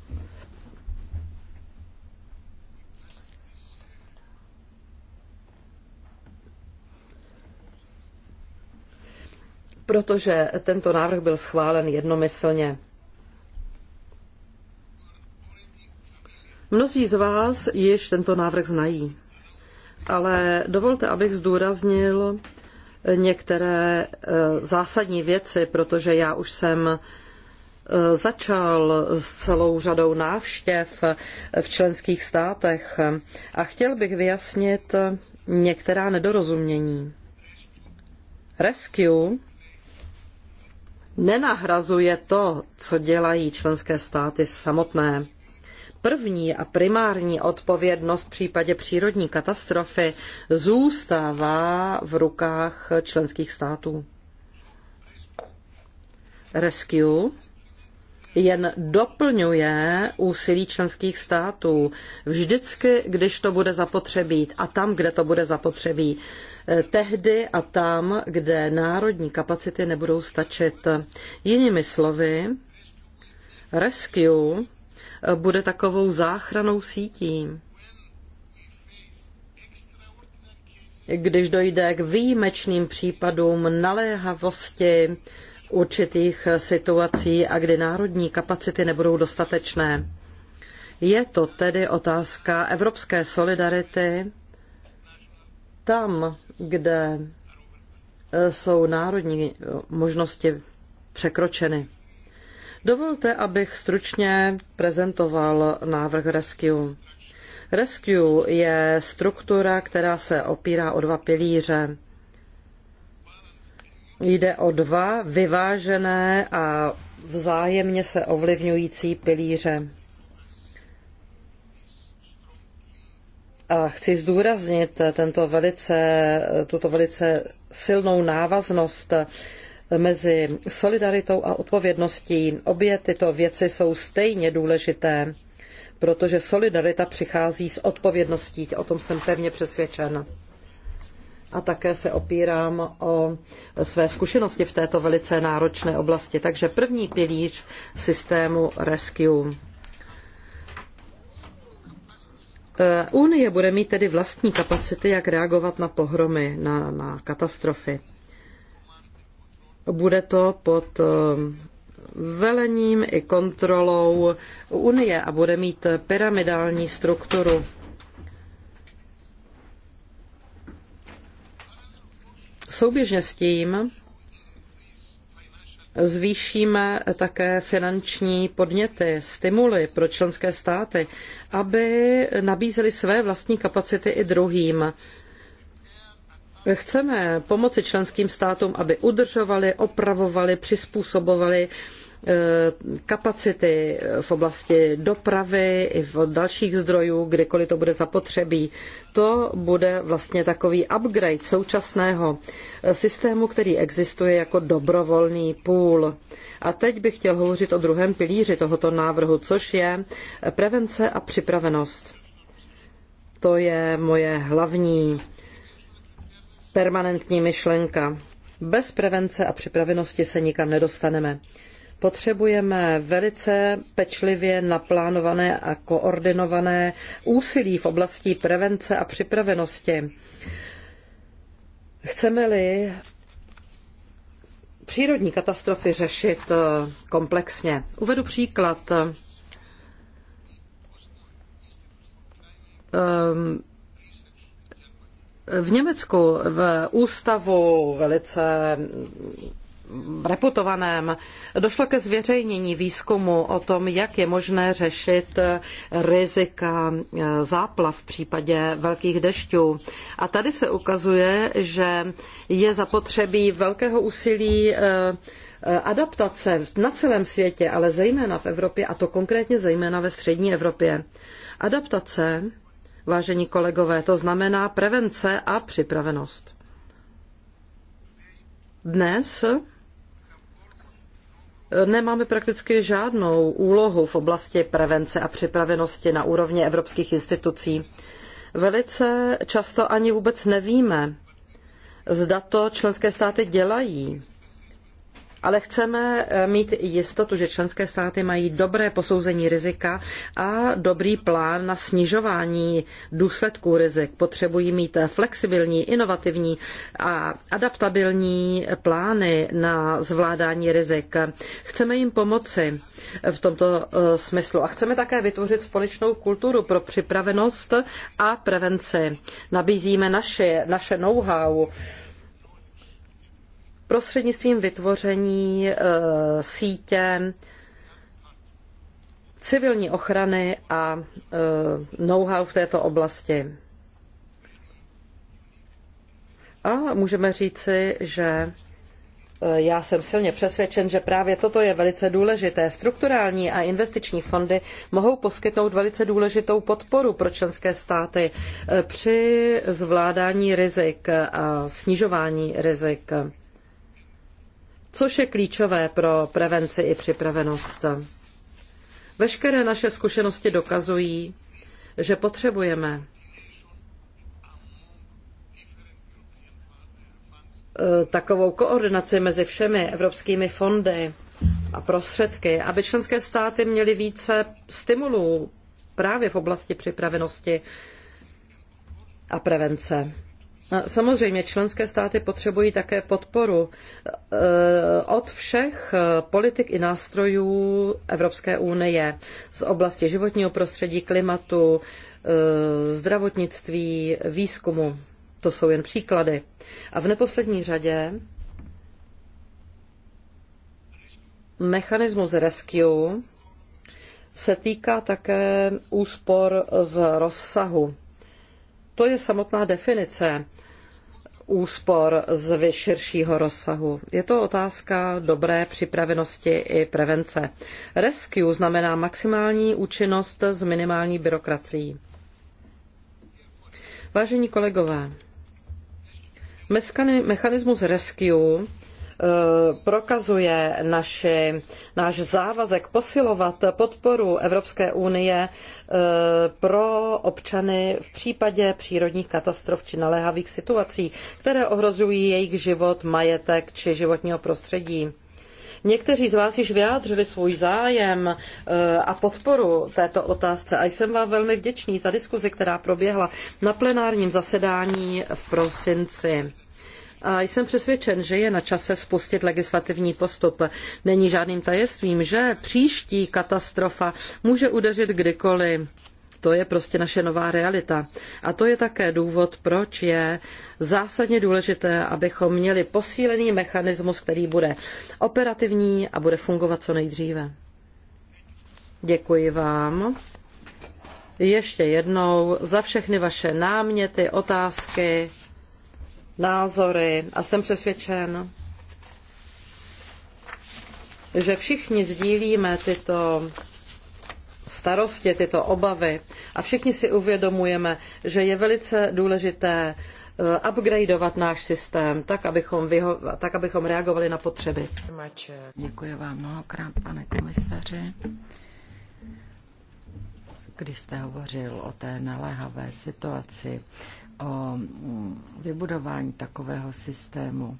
protože tento návrh byl schválen jednomyslně. Mnozí z vás již tento návrh znají ale dovolte, abych zdůraznil některé eh, zásadní věci, protože já už jsem eh, začal s celou řadou návštěv eh, v členských státech a chtěl bych vyjasnit některá nedorozumění. Rescue nenahrazuje to, co dělají členské státy samotné první a primární odpovědnost v případě přírodní katastrofy zůstává v rukách členských států. Rescue jen doplňuje úsilí členských států vždycky, když to bude zapotřebí a tam, kde to bude zapotřebí. Eh, tehdy a tam, kde národní kapacity nebudou stačit. Jinými slovy, Rescue bude takovou záchranou sítí. Když dojde k výjimečným případům naléhavosti určitých situací a kdy národní kapacity nebudou dostatečné. Je to tedy otázka evropské solidarity tam, kde jsou národní možnosti překročeny. Dovolte, abych stručně prezentoval návrh Rescue. Rescue je struktura, která se opírá o dva pilíře. Jde o dva vyvážené a vzájemně se ovlivňující pilíře. A chci zdůraznit tento velice, tuto velice silnou návaznost mezi solidaritou a odpovědností. Obě tyto věci jsou stejně důležité, protože solidarita přichází s odpovědností, o tom jsem pevně přesvědčen. A také se opírám o své zkušenosti v této velice náročné oblasti. Takže první pilíř systému Rescue. Unie bude mít tedy vlastní kapacity, jak reagovat na pohromy, na, na katastrofy. Bude to pod eh, velením i kontrolou Unie a bude mít pyramidální strukturu. Souběžně s tím zvýšíme také finanční podněty, stimuly pro členské státy, aby nabízely své vlastní kapacity i druhým. Chceme pomoci členským státům, aby udržovali, opravovali, přizpůsobovali eh, kapacity v oblasti dopravy i v dalších zdrojů, kdykoliv to bude zapotřebí. To bude vlastně takový upgrade současného systému, který existuje jako dobrovolný půl. A teď bych chtěl hovořit o druhém pilíři tohoto návrhu, což je prevence a připravenost. To je moje hlavní permanentní myšlenka. Bez prevence a připravenosti se nikam nedostaneme. Potřebujeme velice pečlivě naplánované a koordinované úsilí v oblasti prevence a připravenosti. Chceme-li přírodní katastrofy řešit eh, komplexně. Uvedu příklad. Um, v Německu v ústavu velice reputovaném došlo ke zveřejnění výzkumu o tom, jak je možné řešit rizika záplav v případě velkých dešťů. A tady se ukazuje, že je zapotřebí velkého úsilí eh, adaptace na celém světě, ale zejména v Evropě, a to konkrétně zejména ve střední Evropě. Adaptace vážení kolegové. To znamená prevence a připravenost. Dnes eh, nemáme prakticky žádnou úlohu v oblasti prevence a připravenosti na úrovni evropských institucí. Velice často ani vůbec nevíme, zda to členské státy dělají ale chceme eh, mít jistotu, že členské státy mají dobré posouzení rizika a dobrý plán na snižování důsledků rizik. Potřebují mít flexibilní, inovativní a adaptabilní plány na zvládání rizik. Chceme jim pomoci v tomto eh, smyslu a chceme také vytvořit společnou kulturu pro připravenost a prevenci. Nabízíme naše, naše know-how prostřednictvím vytvoření eh, sítě civilní ochrany a eh, know-how v této oblasti. A můžeme říci, že eh, já jsem silně přesvědčen, že právě toto je velice důležité. Strukturální a investiční fondy mohou poskytnout velice důležitou podporu pro členské státy při zvládání rizik a snižování rizik což je klíčové pro prevenci i připravenost. Veškeré naše zkušenosti dokazují, že potřebujeme eh, takovou koordinaci mezi všemi evropskými fondy a prostředky, aby členské státy měly více stimulů právě v oblasti připravenosti a prevence. Samozřejmě členské státy potřebují také podporu e, od všech e, politik i nástrojů Evropské unie z oblasti životního prostředí, klimatu, e, zdravotnictví, výzkumu. To jsou jen příklady. A v neposlední řadě mechanismus rescue se týká také úspor z rozsahu to je samotná definice úspor z širšího rozsahu. Je to otázka dobré připravenosti i prevence. Rescue znamená maximální účinnost s minimální byrokracií. Vážení kolegové, mechanismus rescue Eh, prokazuje naši, náš závazek posilovat podporu Evropské unie eh, pro občany v případě přírodních katastrof či naléhavých situací, které ohrožují jejich život, majetek či životního prostředí. Někteří z vás již vyjádřili svůj zájem eh, a podporu této otázce a jsem vám velmi vděčný za diskuzi, která proběhla na plenárním zasedání v prosinci a jsem přesvědčen, že je na čase spustit legislativní postup. Není žádným tajemstvím, že příští katastrofa může udeřit kdykoliv. To je prostě naše nová realita. A to je také důvod, proč je zásadně důležité, abychom měli posílený mechanismus, který bude operativní a bude fungovat co nejdříve. Děkuji vám ještě jednou za všechny vaše náměty, otázky názory a jsem přesvědčen, že všichni sdílíme tyto starosti, tyto obavy a všichni si uvědomujeme, že je velice důležité eh, upgradeovat náš systém tak, abychom, vyho- tak, abychom reagovali na potřeby. Děkuji vám mnohokrát, pane komisaři. Když jste hovořil o té naléhavé situaci, o mm, vybudování takového systému,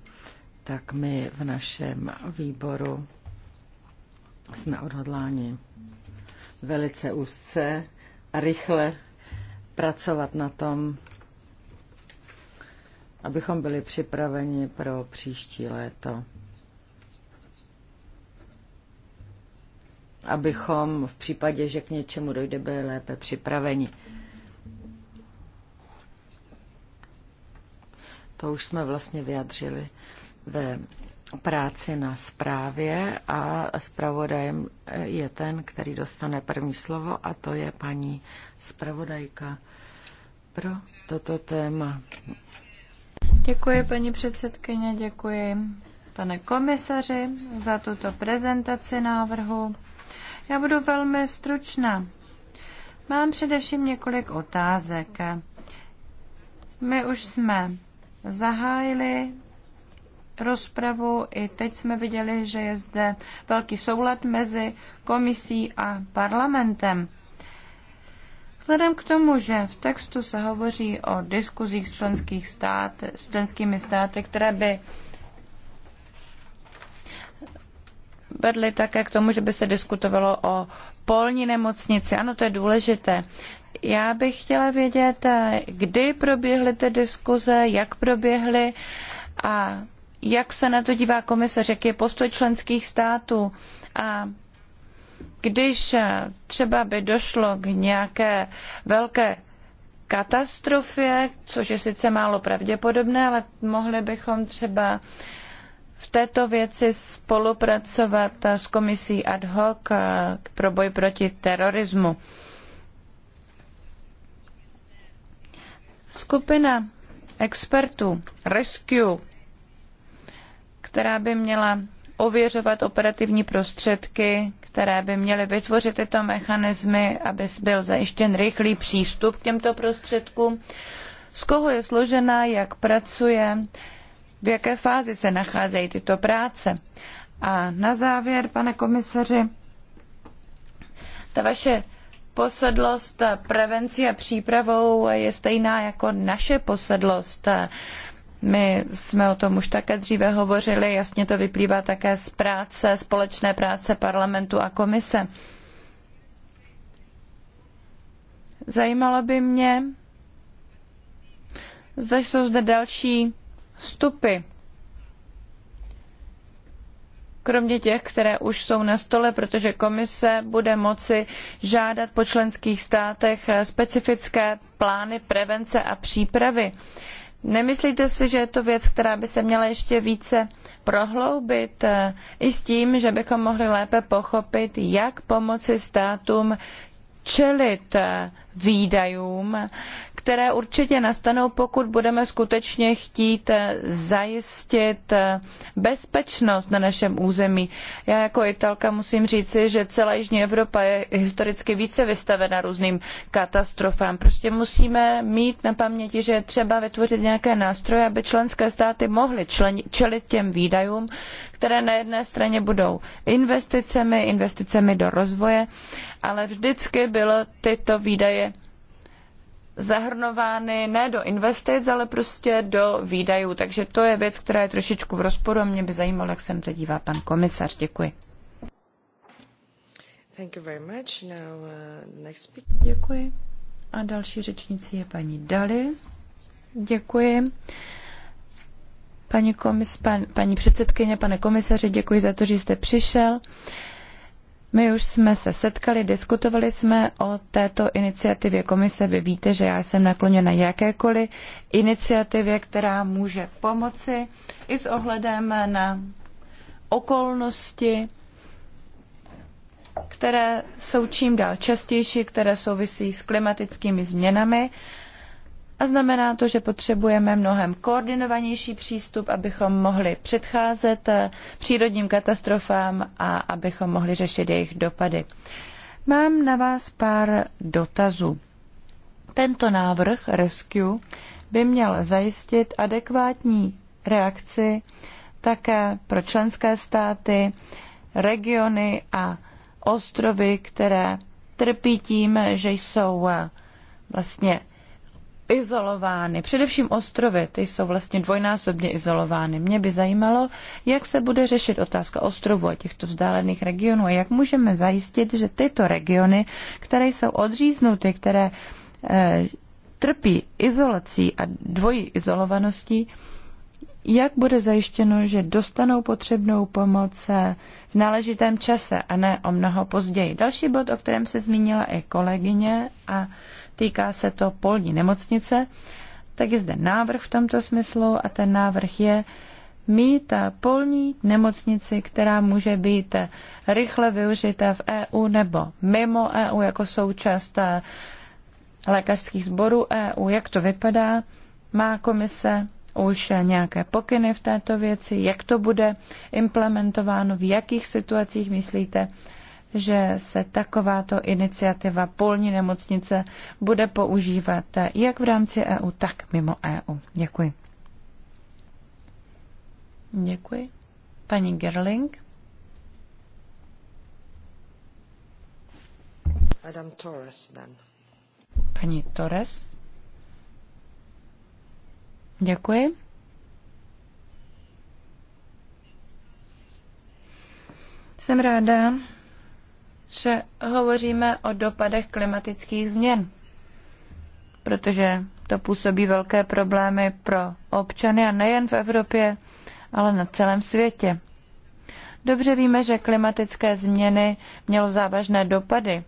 tak my v našem výboru jsme odhodláni velice úzce a rychle pracovat na tom, abychom byli připraveni pro příští léto. Abychom v případě, že k něčemu dojde, byli lépe připraveni. To už jsme vlastně vyjadřili ve práci na zprávě a zpravodajem je ten, který dostane první slovo a to je paní zpravodajka pro toto téma. Děkuji, paní předsedkyně, děkuji, pane komisaři, za tuto prezentaci návrhu. Já budu velmi stručná. Mám především několik otázek. My už jsme zahájili rozpravu. I teď jsme viděli, že je zde velký soulad mezi komisí a parlamentem. Vzhledem k tomu, že v textu se hovoří o diskuzích s, členských stát, s členskými státy, které by vedly také k tomu, že by se diskutovalo o polní nemocnici. Ano, to je důležité. Já bych chtěla vědět, kdy proběhly ty diskuze, jak proběhly a jak se na to dívá komise, jak je postoj členských států a když třeba by došlo k nějaké velké katastrofě, což je sice málo pravděpodobné, ale mohli bychom třeba v této věci spolupracovat s komisí ad hoc pro boj proti terorismu. Skupina expertů Rescue, která by měla ověřovat operativní prostředky, které by měly vytvořit tyto mechanismy, aby byl zajištěn rychlý přístup k těmto prostředkům. Z koho je složena, jak pracuje, v jaké fázi se nacházejí tyto práce. A na závěr, pane komisaři, ta vaše posedlost prevencí a přípravou je stejná jako naše posedlost. My jsme o tom už také dříve hovořili, jasně to vyplývá také z práce, společné práce parlamentu a komise. Zajímalo by mě, zda jsou zde další vstupy kromě těch, které už jsou na stole, protože komise bude moci žádat po členských státech specifické plány prevence a přípravy. Nemyslíte si, že je to věc, která by se měla ještě více prohloubit eh, i s tím, že bychom mohli lépe pochopit, jak pomoci státům čelit eh, výdajům, které určitě nastanou, pokud budeme skutečně chtít eh, zajistit eh, bezpečnost na našem území. Já jako Italka musím říci, že celá Jižní Evropa je historicky více vystavena různým katastrofám. Prostě musíme mít na paměti, že je třeba vytvořit nějaké nástroje, aby členské státy mohly čelit těm výdajům, které na jedné straně budou investicemi, investicemi do rozvoje, ale vždycky bylo tyto výdaje zahrnovány ne do investic, ale prostě do výdajů. Takže to je věc, která je trošičku v rozporu a mě by zajímalo, jak se na to dívá pan komisař. Děkuji. Thank you very much. Now, uh, next speaker. Děkuji. A další řečnicí je paní Dali. Děkuji. Paní, komis, pan, paní předsedkyně, pane komisaři, děkuji za to, že jste přišel. Uh, my už jsme se setkali, diskutovali jsme o této iniciativě komise. Vy víte, že já jsem nakloněna jakékoliv iniciativě, která může pomoci i s ohledem na okolnosti, které jsou čím dál častější, které souvisí s klimatickými změnami a znamená to, že potřebujeme mnohem koordinovanější přístup, abychom mohli předcházet eh, přírodním katastrofám a abychom mohli řešit jejich dopady. Mám na vás pár dotazů. Tento návrh Rescue by měl zajistit adekvátní reakci také pro členské státy, regiony a ostrovy, které trpí tím, že jsou eh, vlastně izolovány. Především ostrovy, ty jsou vlastně dvojnásobně izolovány. Mě by zajímalo, jak se bude řešit otázka ostrovů a těchto vzdálených regionů a jak můžeme zajistit, že tyto regiony, které jsou odříznuty, které e, trpí izolací a dvojí izolovaností, jak bude zajištěno, že dostanou potřebnou pomoc eh, v náležitém čase a ne o mnoho později. Další bod, o kterém se zmínila i kolegyně a týká se to polní nemocnice, tak je zde návrh v tomto smyslu a ten návrh je mít polní nemocnici, která může být rychle využita v EU nebo mimo EU jako součást eh, lékařských sborů EU. Jak to vypadá? Má komise už nějaké pokyny v této věci? Jak to bude implementováno? V jakých situacích myslíte, že se takováto iniciativa polní nemocnice bude používat jak v rámci EU, tak mimo EU. Děkuji. Děkuji. Paní Gerling. Adam Torres, then. Paní Torres. Děkuji. Jsem ráda, že hovoříme o dopadech klimatických změn, protože to působí velké problémy pro občany a nejen v Evropě, ale na celém světě. Dobře víme, že klimatické změny mělo závažné dopady.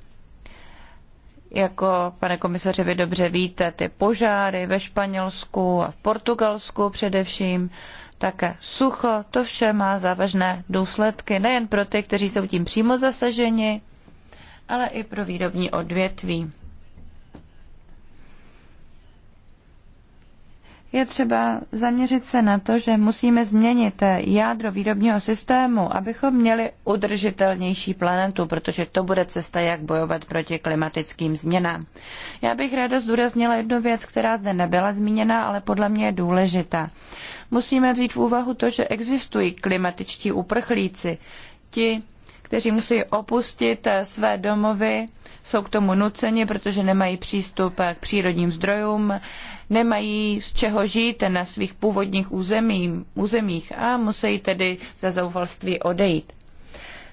Jako, pane komisaři, vy dobře víte, ty požáry ve Španělsku a v Portugalsku především, také sucho, to vše má závažné důsledky nejen pro ty, kteří jsou tím přímo zasaženi, ale i pro výrobní odvětví. je třeba zaměřit se na to, že musíme změnit jádro výrobního systému, abychom měli udržitelnější planetu, protože to bude cesta, jak bojovat proti klimatickým změnám. Já bych ráda zdůraznila jednu věc, která zde nebyla zmíněna, ale podle mě je důležitá. Musíme vzít v úvahu to, že existují klimatičtí uprchlíci, ti, kteří musí opustit eh, své domovy, jsou k tomu nuceni, protože nemají přístup eh, k přírodním zdrojům, nemají z čeho žít na svých původních území, územích a musí tedy za zoufalství odejít.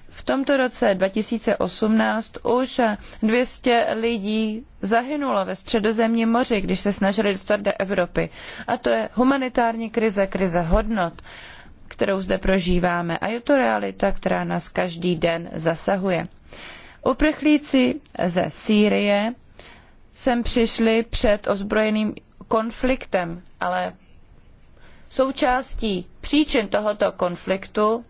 V tomto roce 2018 už 200 lidí zahynulo ve středozemním moři, když se snažili dostat do Evropy. A to je humanitární krize, krize hodnot kterou zde prožíváme a je to realita, která nás každý den zasahuje. Uprchlíci ze Sýrie sem přišli před ozbrojeným konfliktem, ale součástí příčin tohoto konfliktu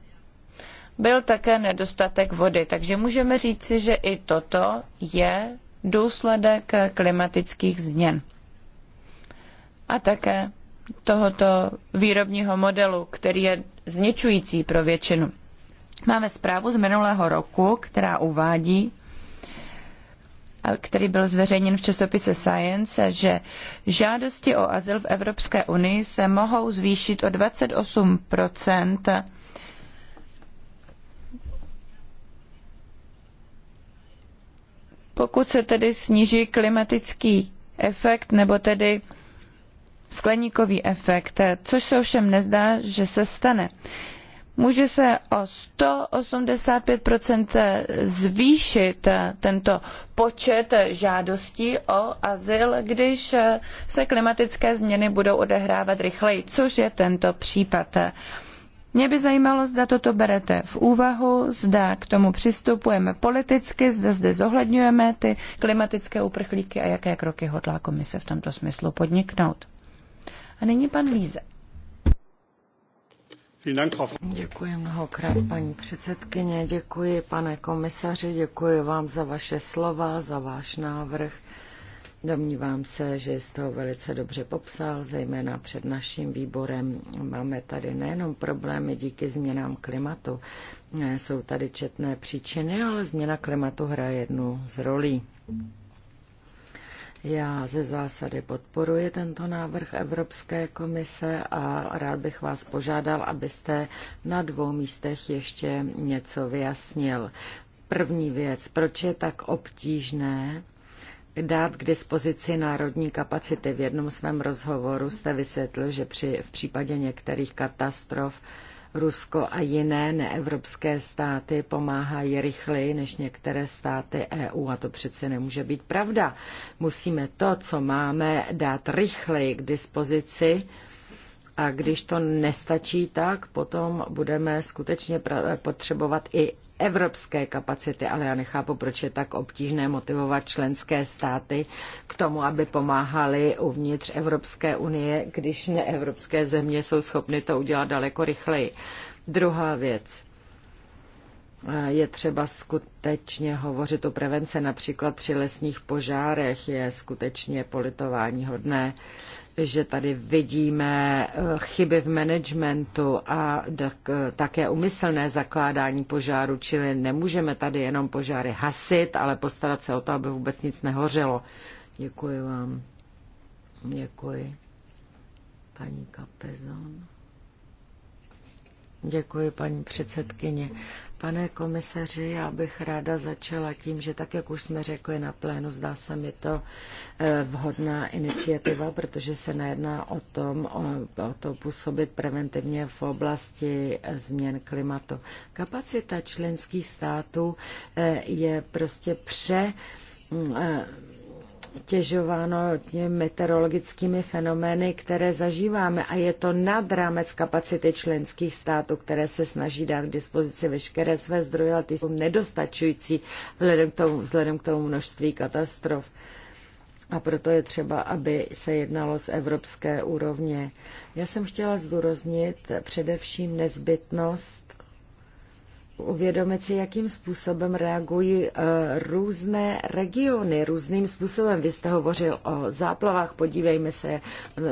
byl také nedostatek vody. Takže můžeme říci, že i toto je důsledek klimatických změn. A také tohoto výrobního modelu, který je zničující pro většinu. Máme zprávu z minulého roku, která uvádí, který byl zveřejněn v časopise Science, že žádosti o azyl v Evropské unii se mohou zvýšit o 28 pokud se tedy sníží klimatický efekt, nebo tedy skleníkový efekt, což se ovšem nezdá, že se stane. Může se o 185 zvýšit tento počet žádostí o azyl, když se klimatické změny budou odehrávat rychleji, což je tento případ. Mě by zajímalo, zda toto berete v úvahu, zda k tomu přistupujeme politicky, zda zde zohledňujeme ty klimatické uprchlíky a jaké kroky hodlá komise v tomto smyslu podniknout. A nyní pan Líze. Děkuji mnohokrát, paní předsedkyně, děkuji, pane komisaři, děkuji vám za vaše slova, za váš návrh. Domnívám se, že jste ho velice dobře popsal, zejména před naším výborem. Máme tady nejenom problémy díky změnám klimatu, jsou tady četné příčiny, ale změna klimatu hraje jednu z rolí. Já ze zásady podporuji tento návrh Evropské komise a rád bych vás požádal, abyste na dvou místech ještě něco vyjasnil. První věc, proč je tak obtížné dát k dispozici národní kapacity. V jednom svém rozhovoru jste vysvětlil, že při, v případě některých katastrof Rusko a jiné neevropské státy pomáhají rychleji než některé státy EU a to přece nemůže být pravda. Musíme to, co máme, dát rychleji k dispozici a když to nestačí, tak potom budeme skutečně potřebovat i evropské kapacity, ale já nechápu, proč je tak obtížné motivovat členské státy k tomu, aby pomáhali uvnitř Evropské unie, když neevropské země jsou schopny to udělat daleko rychleji. Druhá věc. Je třeba skutečně hovořit o prevence, například při lesních požárech je skutečně politování hodné, že tady vidíme eh, chyby v managementu a eh, také umyslné zakládání požáru, čili nemůžeme tady jenom požáry hasit, ale postarat se o to, aby vůbec nic nehořelo. Děkuji vám. Děkuji. Paní Kapezon. Děkuji, paní předsedkyně. Pane komisaři, já bych ráda začala tím, že tak, jak už jsme řekli na plénu, zdá se mi to eh, vhodná iniciativa, protože se nejedná o tom, o, o to působit preventivně v oblasti eh, změn klimatu. Kapacita členských států eh, je prostě pře mm, zatěžováno těmi meteorologickými fenomény, které zažíváme a je to nad rámec kapacity členských států, které se snaží dát k dispozici veškeré své zdroje, ale ty jsou nedostačující vzhledem k tomu, vzhledem k tomu množství katastrof. A proto je třeba, aby se jednalo z evropské úrovně. Já jsem chtěla zdůraznit především nezbytnost uvědomit si, jakým způsobem reagují eh, různé regiony, různým způsobem. Vy jste hovořil o záplavách, podívejme se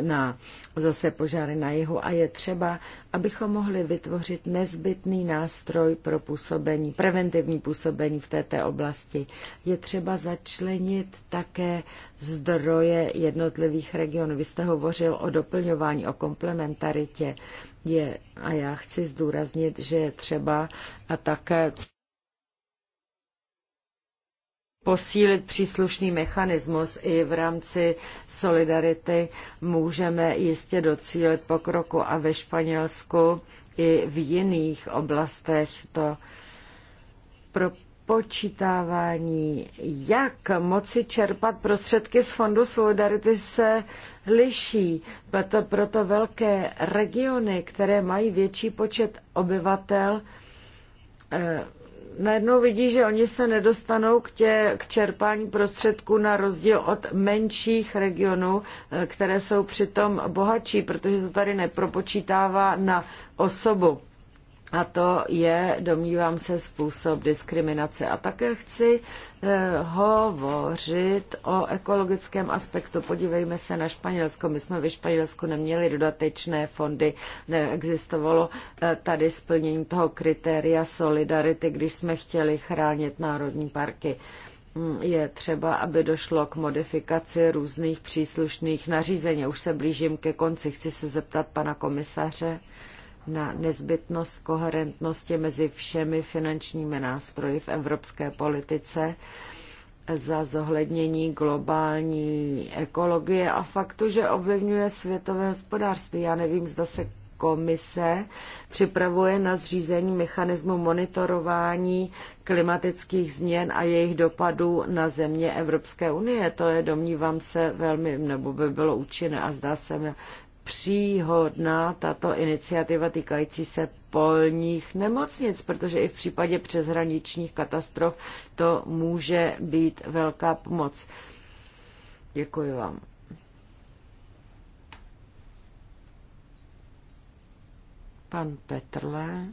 na zase požáry na jihu a je třeba, abychom mohli vytvořit nezbytný nástroj pro působení, preventivní působení v této oblasti. Je třeba začlenit také zdroje jednotlivých regionů. Vy jste hovořil o doplňování, o komplementaritě je, a já chci zdůraznit, že je třeba a také posílit příslušný mechanismus i v rámci solidarity můžeme jistě docílit pokroku a ve Španělsku i v jiných oblastech to pro vypočítávání, jak moci čerpat prostředky z Fondu Solidarity se liší. Proto, proto velké regiony, které mají větší počet obyvatel, eh, najednou vidí, že oni se nedostanou k, tě, k čerpání prostředků na rozdíl od menších regionů, eh, které jsou přitom bohatší, protože se tady nepropočítává na osobu. A to je, domnívám se, způsob diskriminace. A také chci eh, hovořit o ekologickém aspektu. Podívejme se na Španělsko. My jsme ve Španělsku neměli dodatečné fondy, neexistovalo eh, tady splnění toho kritéria solidarity, když jsme chtěli chránit národní parky mm, je třeba, aby došlo k modifikaci různých příslušných nařízení. Už se blížím ke konci. Chci se zeptat pana komisaře na nezbytnost koherentnosti mezi všemi finančními nástroji v evropské politice za zohlednění globální ekologie a faktu, že ovlivňuje světové hospodářství. Já nevím, zda se komise připravuje na zřízení mechanismu monitorování klimatických změn a jejich dopadů na země Evropské unie. To je, domnívám se, velmi, nebo by bylo účinné a zdá se mi příhodná tato iniciativa týkající se polních nemocnic, protože i v případě přeshraničních katastrof to může být velká pomoc. Děkuji vám. Pan Petrle.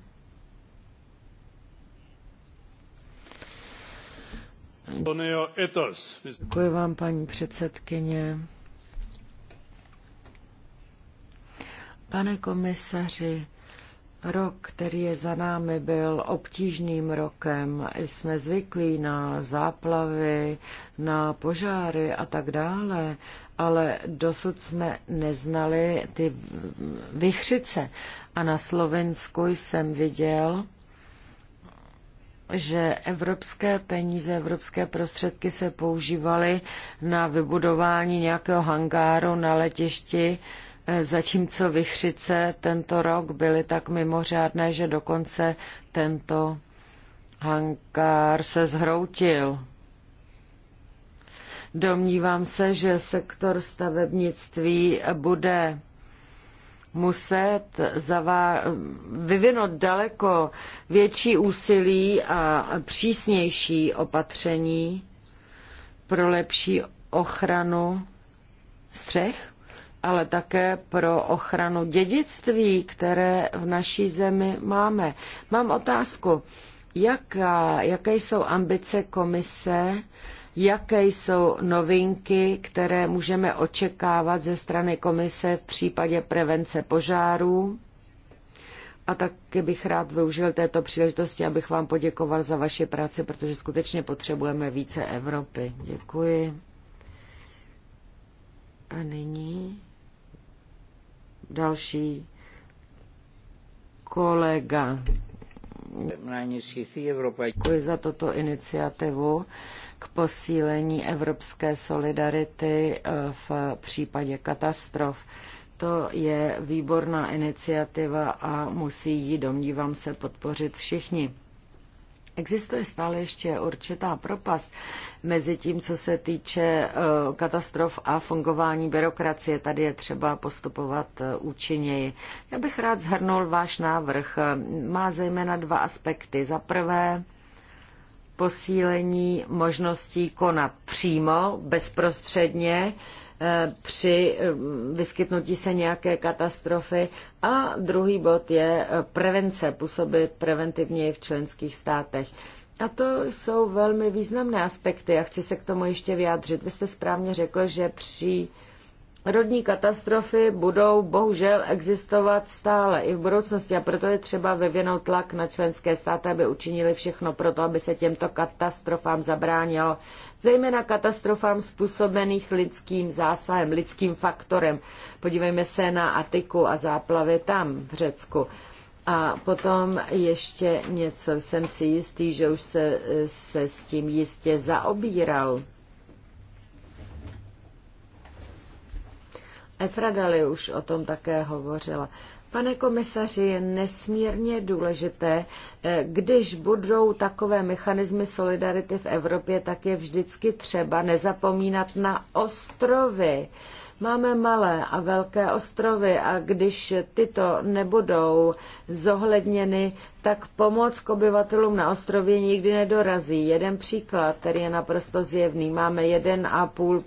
Děkuji vám, paní předsedkyně. Pane komisaři, rok, který je za námi, byl obtížným rokem. Jsme zvyklí na záplavy, na požáry a tak dále, ale dosud jsme neznali ty vychřice. A na Slovensku jsem viděl, že evropské peníze, evropské prostředky se používaly na vybudování nějakého hangáru na letišti, zatímco vychřice tento rok byly tak mimořádné, že dokonce tento hangár se zhroutil. Domnívám se, že sektor stavebnictví bude muset zavá- vyvinout daleko větší úsilí a přísnější opatření pro lepší ochranu střech ale také pro ochranu dědictví, které v naší zemi máme. Mám otázku, jaká, jaké jsou ambice komise, jaké jsou novinky, které můžeme očekávat ze strany komise v případě prevence požárů? A taky bych rád využil této příležitosti, abych vám poděkoval za vaši práci, protože skutečně potřebujeme více Evropy. Děkuji. A nyní Další kolega. Děkuji za toto iniciativu k posílení evropské solidarity eh, v případě katastrof. To je výborná iniciativa a musí ji, domnívám se, podpořit všichni. Existuje stále ještě určitá propast mezi tím, co se týče e, katastrof a fungování byrokracie. Tady je třeba postupovat e, účinněji. Já bych rád zhrnul váš návrh. E, má zejména dva aspekty. Za prvé, posílení možností konat přímo, bezprostředně, Eh, při eh, vyskytnutí se nějaké katastrofy. A druhý bod je eh, prevence, působit preventivně v členských státech. A to jsou velmi významné aspekty a chci se k tomu ještě vyjádřit. Vy jste správně řekl, že při Rodní katastrofy budou bohužel existovat stále i v budoucnosti a proto je třeba vyvinout tlak na členské státy, aby učinili všechno pro to, aby se těmto katastrofám zabránilo zejména katastrofám způsobených lidským zásahem, lidským faktorem. Podívejme se na Atiku a záplavy tam v Řecku. A potom ještě něco, jsem si jistý, že už se, se s tím jistě zaobíral. Efradali už o tom také hovořila. Pane komisaři, je nesmírně důležité, eh, když budou takové mechanismy solidarity v Evropě, tak je vždycky třeba nezapomínat na ostrovy Máme malé a velké ostrovy a když tyto nebudou zohledněny, tak pomoc k obyvatelům na ostrově nikdy nedorazí. Jeden příklad, který je naprosto zjevný. Máme 1,5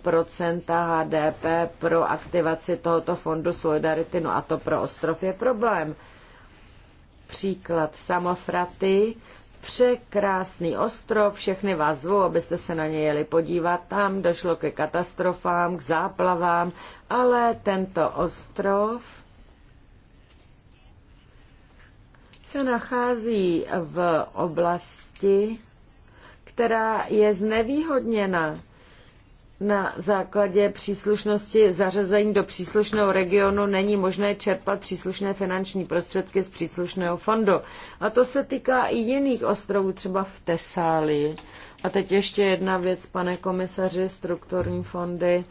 HDP pro aktivaci tohoto fondu Solidarity, no a to pro ostrov je problém. Příklad samofraty, překrásný ostrov, všechny vás zvu, abyste se na něj jeli podívat. Tam došlo ke katastrofám, k záplavám, ale tento ostrov se nachází v oblasti, která je znevýhodněna na základě příslušnosti zařazení do příslušného regionu není možné čerpat příslušné finanční prostředky z příslušného fondu. A to se týká i jiných ostrovů, třeba v Tesálii. A teď ještě jedna věc, pane komisaři, strukturní fondy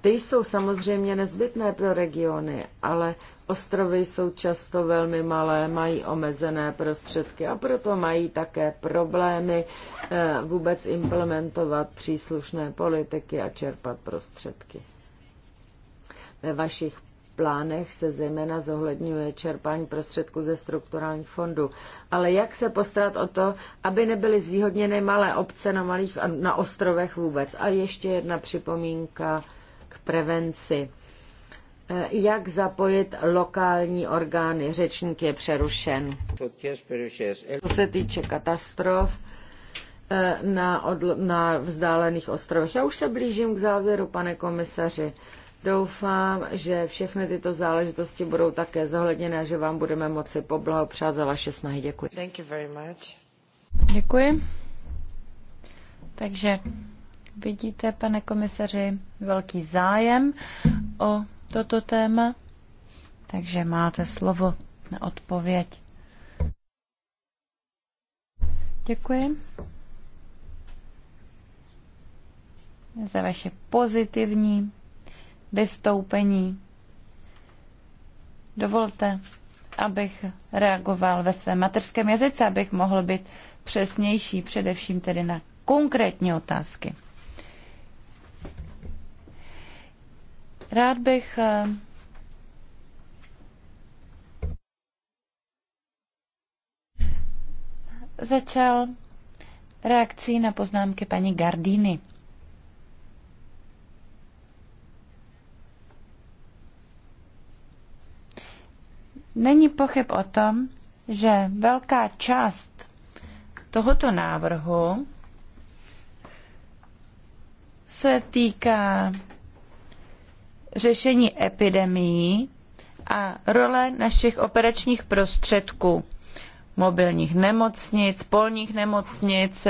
ty jsou samozřejmě nezbytné pro regiony, ale ostrovy jsou často velmi malé, mají omezené prostředky a proto mají také problémy eh, vůbec implementovat příslušné politiky a čerpat prostředky. Ve vašich plánech se zejména zohledňuje čerpání prostředků ze strukturálních fondů. Ale jak se postarat o to, aby nebyly zvýhodněny malé obce na, malých, na ostrovech vůbec? A ještě jedna připomínka k prevenci. E, jak zapojit lokální orgány? Řečník je přerušen. Co se týče katastrof, e, na, odl- na vzdálených ostrovech. Já už se blížím k závěru, pane komisaři. Doufám, že všechny tyto záležitosti budou také zohledněné a že vám budeme moci poblahopřát za vaše snahy. Děkuji. Thank you very much. Děkuji. Takže vidíte, pane komisaři, velký zájem o toto téma, takže máte slovo na odpověď. Děkuji za vaše pozitivní vystoupení. Dovolte, abych reagoval ve svém mateřském jazyce, abych mohl být přesnější, především tedy na konkrétní otázky. Rád bych eh, začal reakcí na poznámky paní Gardiny. Není pochyb o tom, že velká část tohoto návrhu se týká řešení epidemií a role našich operačních prostředků, mobilních nemocnic, polních nemocnic,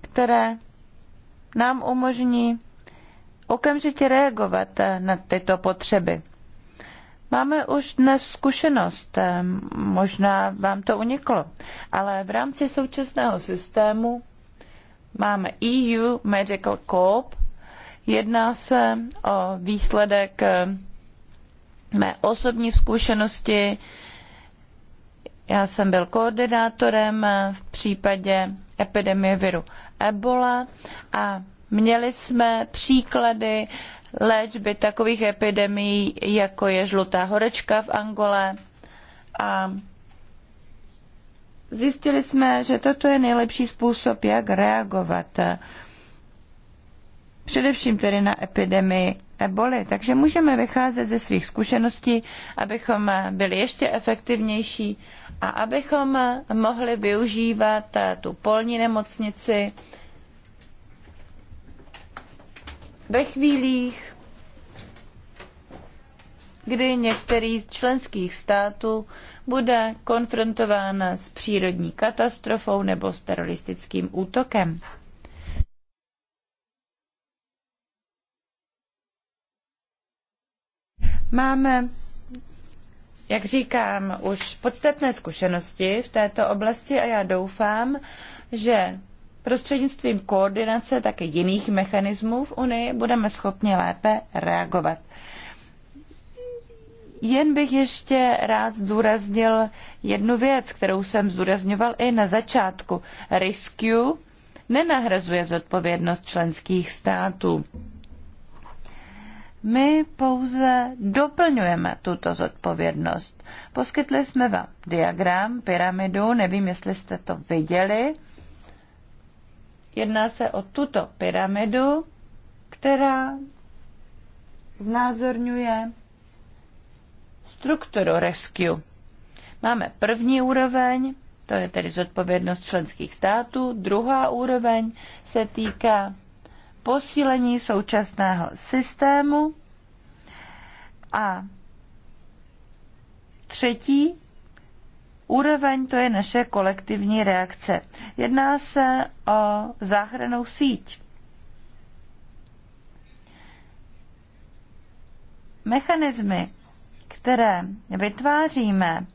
které nám umožní okamžitě reagovat na tyto potřeby. Máme už dnes zkušenost, ehm, možná vám to uniklo, ale v rámci současného systému máme EU Medical Corp. Jedná se o výsledek ehm, mé osobní zkušenosti. Já jsem byl koordinátorem eh, v případě epidemie viru Ebola a měli jsme příklady léčby takových epidemií, jako je žlutá horečka v Angole. A zjistili jsme, že toto je nejlepší způsob, jak reagovat. Především tedy na epidemii eboli. Takže můžeme vycházet ze svých zkušeností, abychom byli ještě efektivnější a abychom mohli využívat tu polní nemocnici, ve chvílích, kdy některý z členských států bude konfrontován s přírodní katastrofou nebo s teroristickým útokem. Máme, jak říkám, už podstatné zkušenosti v této oblasti a já doufám, že prostřednictvím koordinace také jiných mechanismů v Unii budeme schopni lépe reagovat. Jen bych ještě rád zdůraznil jednu věc, kterou jsem zdůrazňoval i na začátku. Rescue nenahrazuje zodpovědnost členských států. My pouze doplňujeme tuto zodpovědnost. Poskytli jsme vám diagram, pyramidu, nevím, jestli jste to viděli. Jedná se o tuto pyramidu, která znázorňuje strukturu rescue. Máme první úroveň, to je tedy zodpovědnost členských států, druhá úroveň se týká posílení současného systému a třetí úroveň, to je naše kolektivní reakce. Jedná se o záchranou síť. Mechanismy, které vytváříme,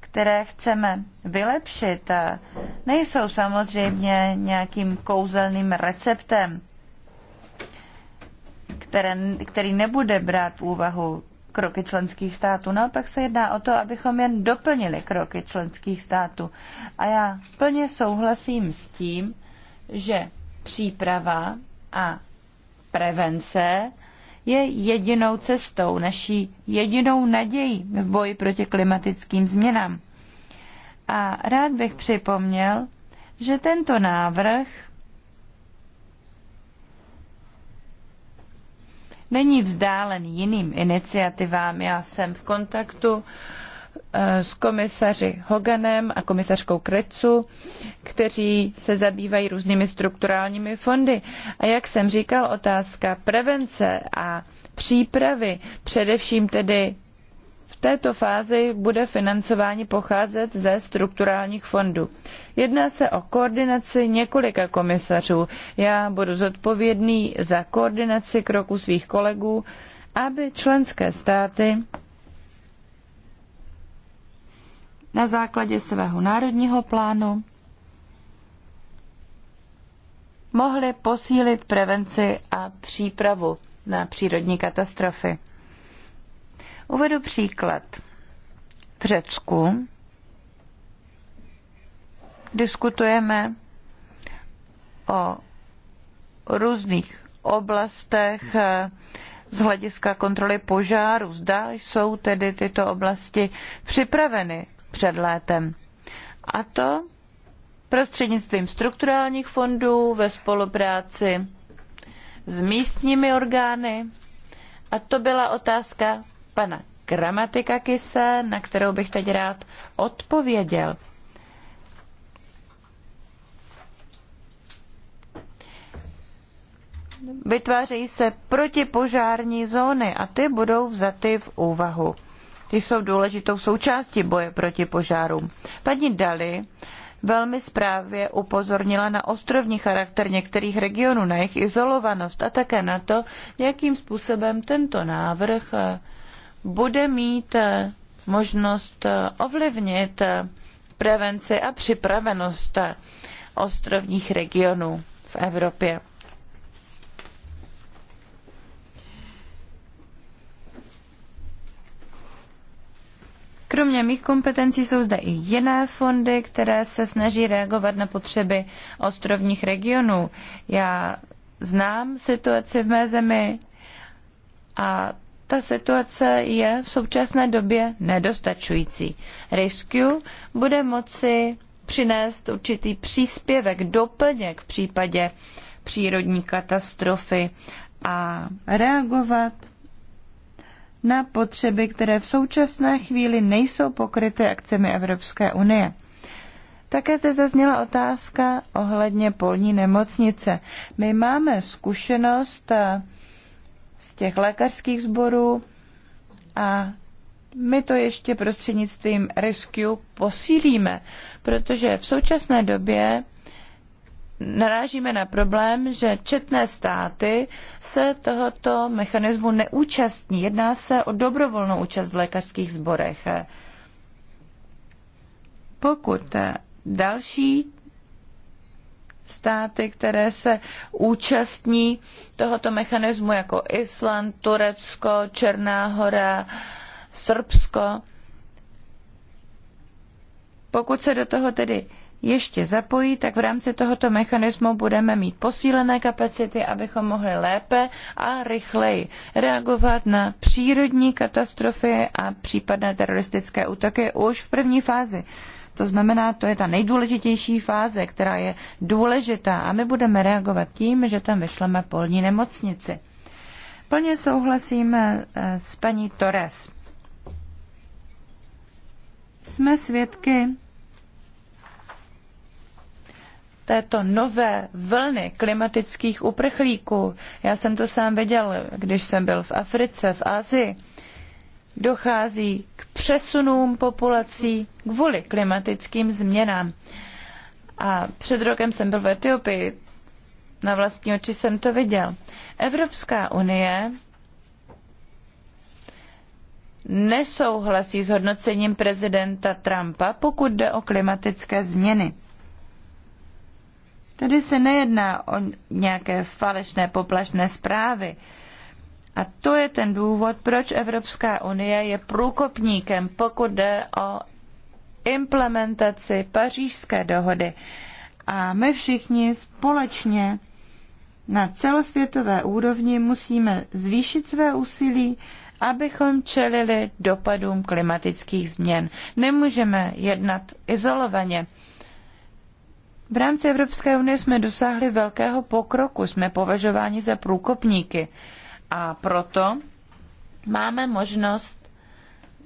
které chceme vylepšit, nejsou samozřejmě nějakým kouzelným receptem, které, který nebude brát v úvahu kroky členských států. Naopak se jedná o to, abychom jen doplnili kroky členských států. A já plně souhlasím s tím, že příprava a prevence je jedinou cestou, naší jedinou nadějí v boji proti klimatickým změnám. A rád bych připomněl, že tento návrh není vzdálen jiným iniciativám. Já jsem v kontaktu eh, s komisaři Hoganem a komisařkou Krecu, kteří se zabývají různými strukturálními fondy. A jak jsem říkal, otázka prevence a přípravy, především tedy v této fázi bude financování pocházet ze strukturálních fondů. Jedná se o koordinaci několika komisařů. Já budu zodpovědný za koordinaci kroku svých kolegů, aby členské státy na základě svého národního plánu mohly posílit prevenci a přípravu na přírodní katastrofy. Uvedu příklad. V Řecku diskutujeme o různých oblastech eh, z hlediska kontroly požáru. Zda jsou tedy tyto oblasti připraveny před létem. A to prostřednictvím strukturálních fondů ve spolupráci s místními orgány. A to byla otázka pana Gramatika Kise, na kterou bych teď rád odpověděl. vytvářejí se protipožární zóny a ty budou vzaty v úvahu. Ty jsou důležitou součástí boje proti požárům. Paní Dali velmi správně upozornila na ostrovní charakter některých regionů, na jejich izolovanost a také na to, jakým způsobem tento návrh eh, bude mít eh, možnost eh, ovlivnit prevenci a připravenost ostrovních regionů v Evropě. Kromě mých kompetencí jsou zde i jiné fondy, které se snaží reagovat na potřeby ostrovních regionů. Já znám situaci v mé zemi a ta situace je v současné době nedostačující. Rescue bude moci přinést určitý příspěvek, doplněk v případě přírodní katastrofy a reagovat na potřeby, které v současné chvíli nejsou pokryty akcemi Evropské unie. Také zde zazněla otázka ohledně polní nemocnice. My máme zkušenost eh, z těch lékařských sborů a my to ještě prostřednictvím Rescue posílíme, protože v současné době narážíme na problém, že četné státy se tohoto mechanismu neúčastní. Jedná se o dobrovolnou účast v lékařských sborech. Pokud další státy, které se účastní tohoto mechanismu, jako Island, Turecko, Černá hora, Srbsko, pokud se do toho tedy ještě zapojí, tak v rámci tohoto mechanismu budeme mít posílené kapacity, abychom mohli lépe a rychleji reagovat na přírodní katastrofy a případné teroristické útoky už v první fázi. To znamená, to je ta nejdůležitější fáze, která je důležitá a my budeme reagovat tím, že tam vyšleme polní nemocnici. Plně souhlasím eh, s paní Torres. Jsme svědky této nové vlny klimatických uprchlíků, já jsem to sám viděl, když jsem byl v Africe, v Asii, dochází k přesunům populací kvůli klimatickým změnám. A před rokem jsem byl v Etiopii, na vlastní oči jsem to viděl. Evropská unie nesouhlasí s hodnocením prezidenta Trumpa, pokud jde o klimatické změny. Tady se nejedná o nějaké falešné poplašné zprávy. A to je ten důvod, proč Evropská unie je průkopníkem, pokud jde o implementaci pařížské dohody. A my všichni společně na celosvětové úrovni musíme zvýšit své úsilí, abychom čelili dopadům klimatických změn. Nemůžeme jednat izolovaně. V rámci Evropské unie jsme dosáhli velkého pokroku, jsme považováni za průkopníky a proto máme možnost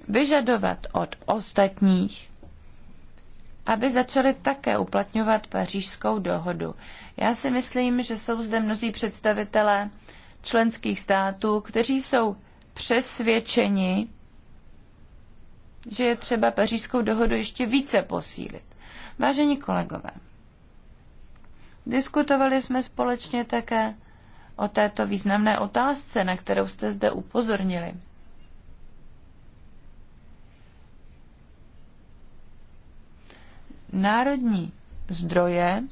vyžadovat od ostatních, aby začali také uplatňovat pařížskou dohodu. Já si myslím, že jsou zde mnozí představitelé členských států, kteří jsou přesvědčeni, že je třeba pařížskou dohodu ještě více posílit. Vážení kolegové, Diskutovali jsme společně také o této významné otázce, na kterou jste zde upozornili. Národní zdroje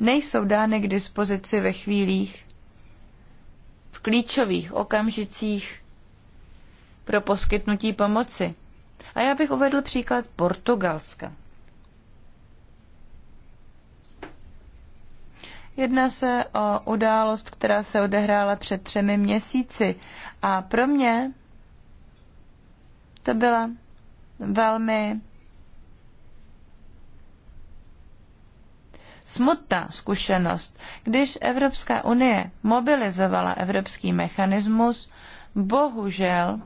nejsou dány k dispozici ve chvílích, v klíčových okamžicích pro poskytnutí pomoci. A já bych uvedl příklad Portugalska. Jedná se o událost, která se odehrála před třemi měsíci a pro mě to byla velmi smutná zkušenost. Když Evropská unie mobilizovala evropský mechanismus, bohužel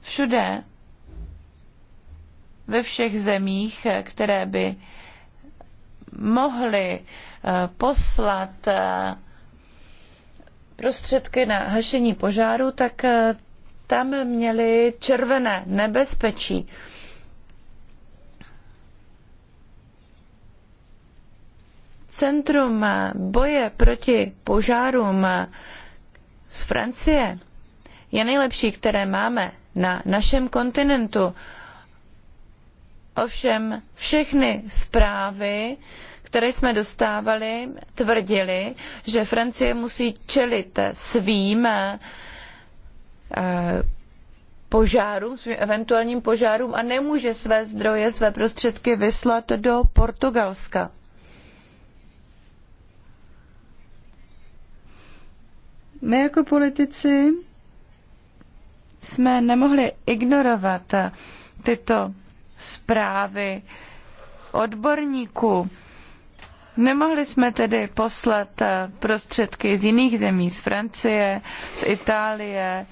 všude ve všech zemích, které by mohly eh, poslat eh, prostředky na hašení požáru, tak eh, tam měli červené nebezpečí. Centrum boje proti požárům z Francie je nejlepší, které máme na našem kontinentu. Ovšem všechny zprávy, které jsme dostávali, tvrdili, že Francie musí čelit svým eh, požárům, svým eventuálním požárům a nemůže své zdroje, své prostředky vyslat do Portugalska. My jako politici jsme nemohli ignorovat tyto zprávy odborníků. Nemohli jsme tedy poslat eh, prostředky z jiných zemí, z Francie, z Itálie,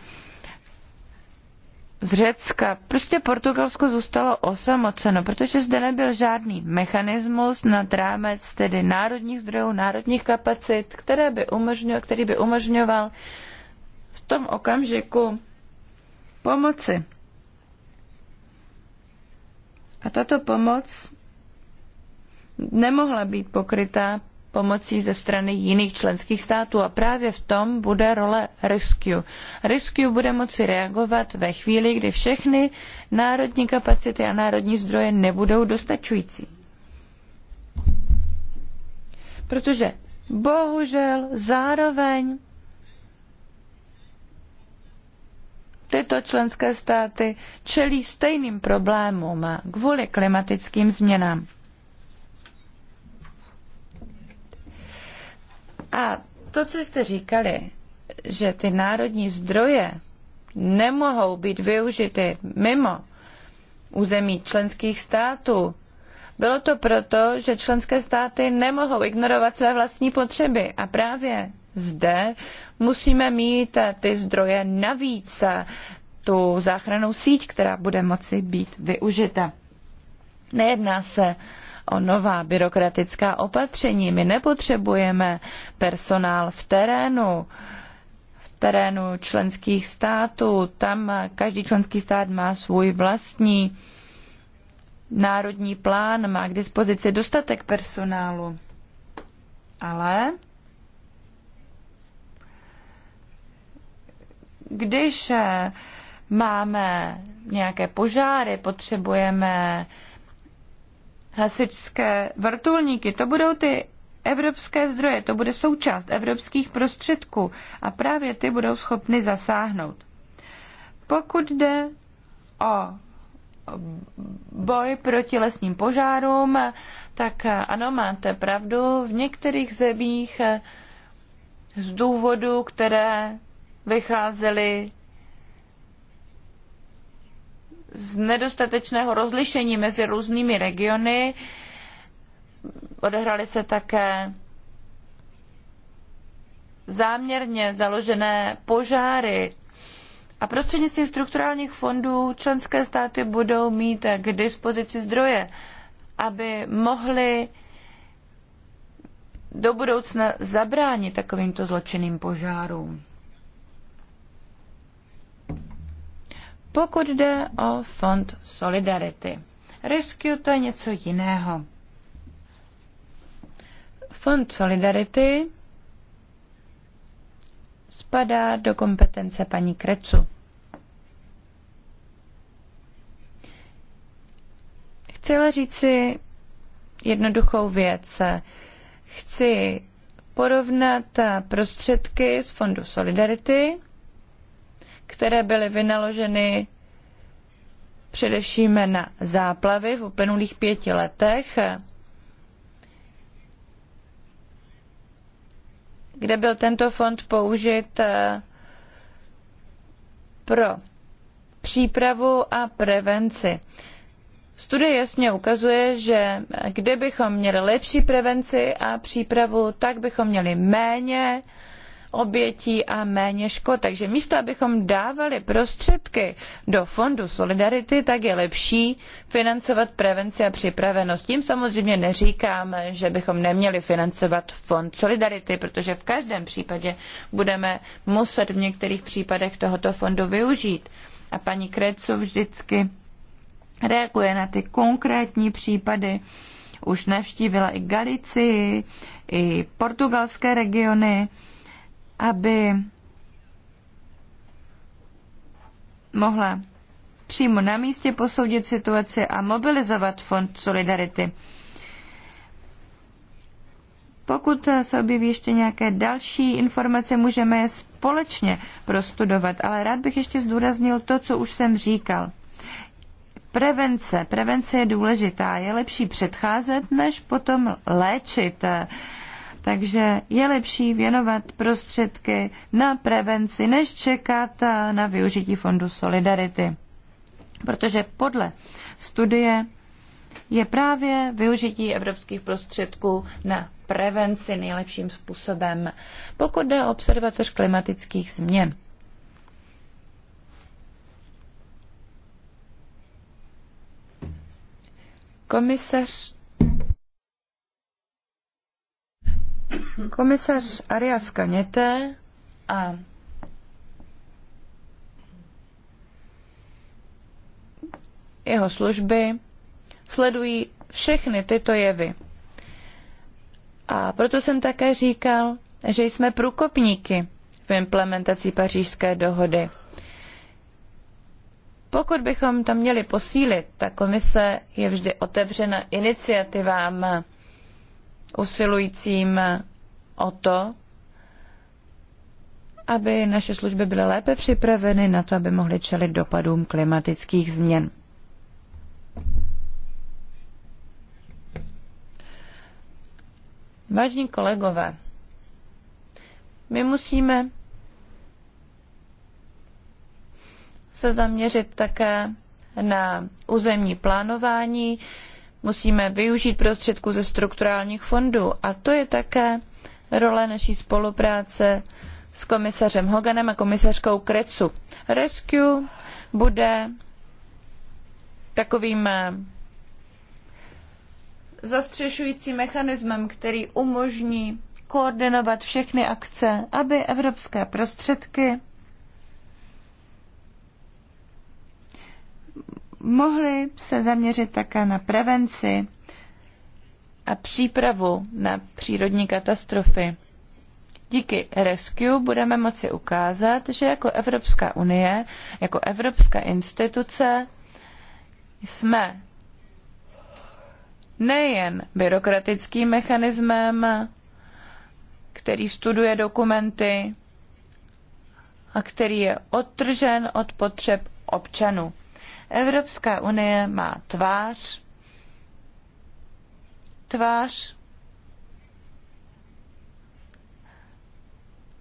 z Řecka. Prostě Portugalsko zůstalo osamoceno, protože zde nebyl žádný mechanismus na rámec tedy národních zdrojů, národních kapacit, které by umožňoval, který by umožňoval v tom okamžiku pomoci. A tato pomoc nemohla být pokrytá pomocí ze strany jiných členských států a právě v tom bude role Rescue. Rescue bude moci reagovat ve chvíli, kdy všechny národní kapacity a národní zdroje nebudou dostačující. Protože bohužel zároveň tyto členské státy čelí stejným problémům kvůli klimatickým změnám. A to, co jste říkali, že ty národní zdroje nemohou být využity mimo území členských států, bylo to proto, že členské státy nemohou ignorovat své vlastní potřeby a právě zde musíme mít ty zdroje navíc, tu záchranou síť, která bude moci být využita. Nejedná se o nová byrokratická opatření. My nepotřebujeme personál v terénu, v terénu členských států. Tam každý členský stát má svůj vlastní národní plán, má k dispozici dostatek personálu. Ale Když eh, máme nějaké požáry, potřebujeme hasičské vrtulníky, to budou ty evropské zdroje, to bude součást evropských prostředků a právě ty budou schopny zasáhnout. Pokud jde o boj proti lesním požárům, tak ano, máte pravdu, v některých zemích z důvodů, které vycházely z nedostatečného rozlišení mezi různými regiony. Odehrály se také záměrně založené požáry a prostřednictvím strukturálních fondů členské státy budou mít k dispozici zdroje, aby mohly do budoucna zabránit takovýmto zločinným požárům. Pokud jde o fond Solidarity, Rescue to je něco jiného. Fond Solidarity spadá do kompetence paní Krecu. Chci ale říci jednoduchou věc. Chci porovnat prostředky z Fondu Solidarity které byly vynaloženy především na záplavy v uplynulých pěti letech, kde byl tento fond použit eh, pro přípravu a prevenci. Studie jasně ukazuje, že kdybychom měli lepší prevenci a přípravu, tak bychom měli méně obětí a méně škod. Takže místo, abychom dávali prostředky do Fondu Solidarity, tak je lepší financovat prevenci a připravenost. Tím samozřejmě neříkám, že bychom neměli financovat Fond Solidarity, protože v každém případě budeme muset v některých případech tohoto fondu využít. A paní Krecu vždycky reaguje na ty konkrétní případy. Už navštívila i Galicii, i portugalské regiony aby mohla přímo na místě posoudit situaci a mobilizovat Fond Solidarity. Pokud se objeví ještě nějaké další informace, můžeme je společně prostudovat, ale rád bych ještě zdůraznil to, co už jsem říkal. Prevence. Prevence je důležitá. Je lepší předcházet, než potom léčit. Takže je lepší věnovat prostředky na prevenci, než čekat na využití fondu Solidarity. Protože podle studie je právě využití evropských prostředků na prevenci nejlepším způsobem, pokud jde o observatoř klimatických změn. Komisař Komisař Arias Kaněte a jeho služby sledují všechny tyto jevy. A proto jsem také říkal, že jsme průkopníky v implementaci pařížské dohody. Pokud bychom to měli posílit, ta komise je vždy otevřena iniciativám usilujícím o to, aby naše služby byly lépe připraveny na to, aby mohly čelit dopadům klimatických změn. Vážní kolegové, my musíme se zaměřit také na územní plánování, Musíme využít prostředku ze strukturálních fondů a to je také role naší spolupráce s komisařem Hoganem a komisařkou Krecu. Rescue bude takovým eh, zastřešujícím mechanismem, který umožní koordinovat všechny akce, aby evropské prostředky mohli se zaměřit také na prevenci a přípravu na přírodní katastrofy. Díky Rescue budeme moci ukázat, že jako Evropská unie, jako Evropská instituce jsme nejen byrokratickým mechanismem, který studuje dokumenty a který je odtržen od potřeb občanů. Evropská unie má tvář, tvář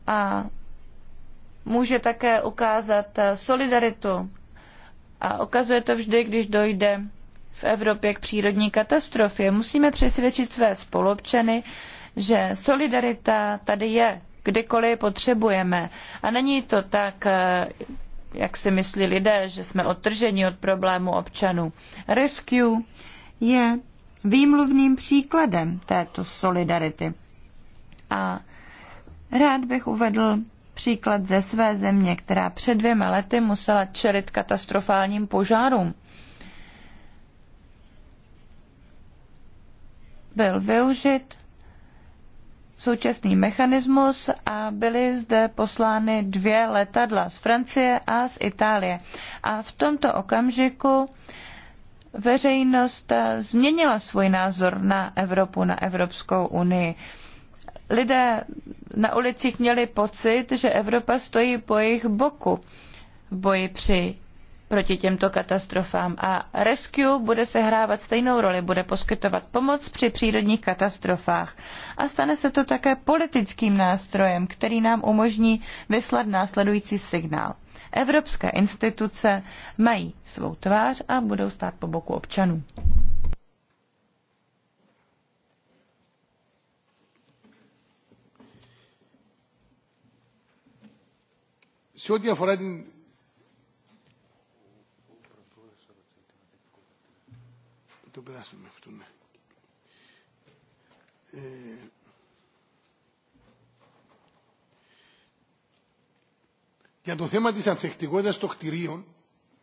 a může také ukázat solidaritu. A ukazuje to vždy, když dojde v Evropě k přírodní katastrofě. Musíme přesvědčit své spolupčany, že solidarita tady je, kdykoliv potřebujeme. A není to tak, jak si myslí lidé, že jsme odtrženi od problému občanů. Rescue je výmluvným příkladem této solidarity. A rád bych uvedl příklad ze své země, která před dvěma lety musela čelit katastrofálním požárům. Byl využit současný mechanismus a byly zde poslány dvě letadla z Francie a z Itálie. A v tomto okamžiku veřejnost změnila svůj názor na Evropu, na Evropskou unii. Lidé na ulicích měli pocit, že Evropa stojí po jejich boku v boji při proti těmto katastrofám a Rescue bude sehrávat stejnou roli, bude poskytovat pomoc při přírodních katastrofách a stane se to také politickým nástrojem, který nám umožní vyslat následující signál. Evropské instituce mají svou tvář a budou stát po boku občanů. Σε ό,τι περάσαμε αυτό, ναι. Ε, για το θέμα της ανθεκτικότητας των κτηρίων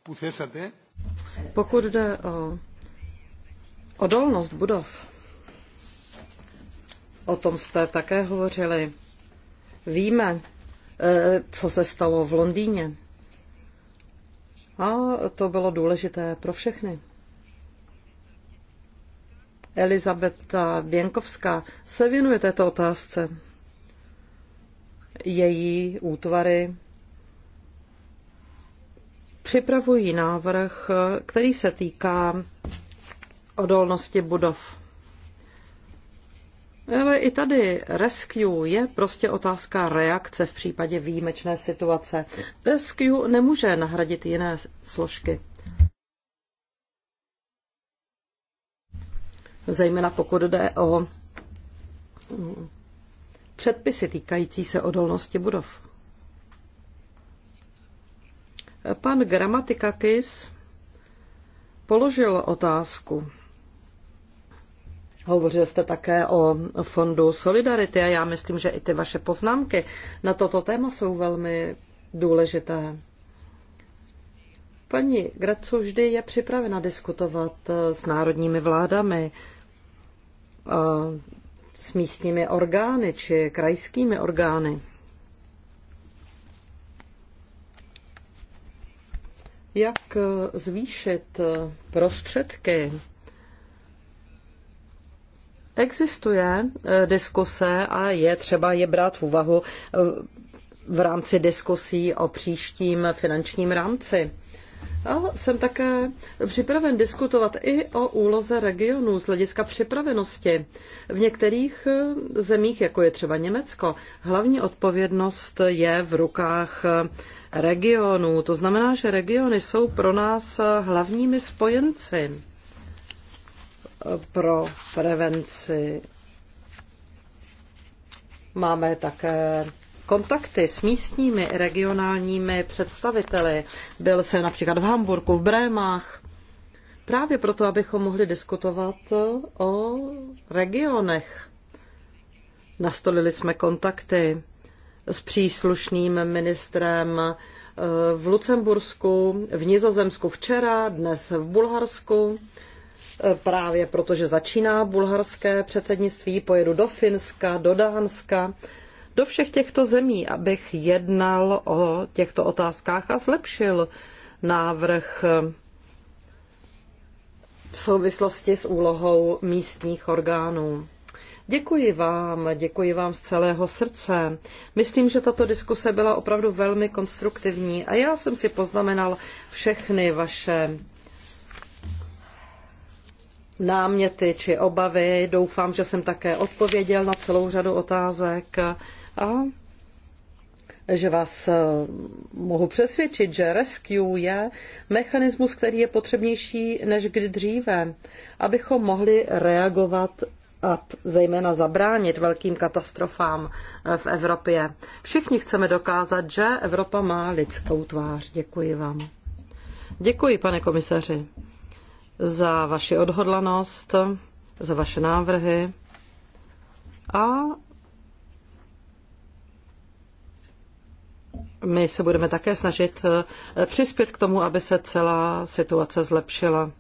που θέσατε... Pokud jde o odolnost budov, o tom jste také hovořili. Víme, e, co se stalo v Londýně. A to bylo důležité pro všechny. Elizabeta Běnkovská se věnuje této otázce. Její útvary připravují návrh, který se týká odolnosti budov. Ale i tady rescue je prostě otázka reakce v případě výjimečné situace. Rescue nemůže nahradit jiné složky. zejména pokud jde o mm, předpisy týkající se odolnosti budov. Pan Gramatikakis položil otázku. Hovořil jste také o fondu Solidarity a já myslím, že i ty vaše poznámky na toto téma jsou velmi důležité. Paní Gracu vždy je připravena diskutovat s národními vládami s místními orgány či krajskými orgány. Jak e, zvýšit e, prostředky? Existuje e, diskuse a je třeba je brát v úvahu v rámci diskusí o příštím finančním rámci. A jsem také připraven diskutovat i o úloze regionu z hlediska připravenosti. V některých eh, zemích, jako je třeba Německo, hlavní odpovědnost je v rukách eh, regionů. To znamená, že regiony jsou pro nás eh, hlavními spojenci pro prevenci. Máme také kontakty s místními regionálními představiteli. Byl jsem například v Hamburku, v Brémách. Právě proto, abychom mohli diskutovat o regionech. Nastolili jsme kontakty s příslušným ministrem eh, v Lucembursku, v Nizozemsku včera, dnes v Bulharsku. Eh, právě protože začíná bulharské předsednictví, pojedu do Finska, do Dánska do všech těchto zemí, abych jednal o těchto otázkách a zlepšil návrh eh, v souvislosti s úlohou místních orgánů. Děkuji vám, děkuji vám z celého srdce. Myslím, že tato diskuse byla opravdu velmi konstruktivní a já jsem si poznamenal všechny vaše náměty či obavy. Doufám, že jsem také odpověděl na celou řadu otázek a že vás eh, mohu přesvědčit, že rescue je mechanismus, který je potřebnější než kdy dříve, abychom mohli reagovat a zejména zabránit velkým katastrofám eh, v Evropě. Všichni chceme dokázat, že Evropa má lidskou tvář. Děkuji vám. Děkuji, pane komisaři, za vaši odhodlanost, za vaše návrhy a My se budeme také snažit eh, přispět k tomu, aby se celá situace zlepšila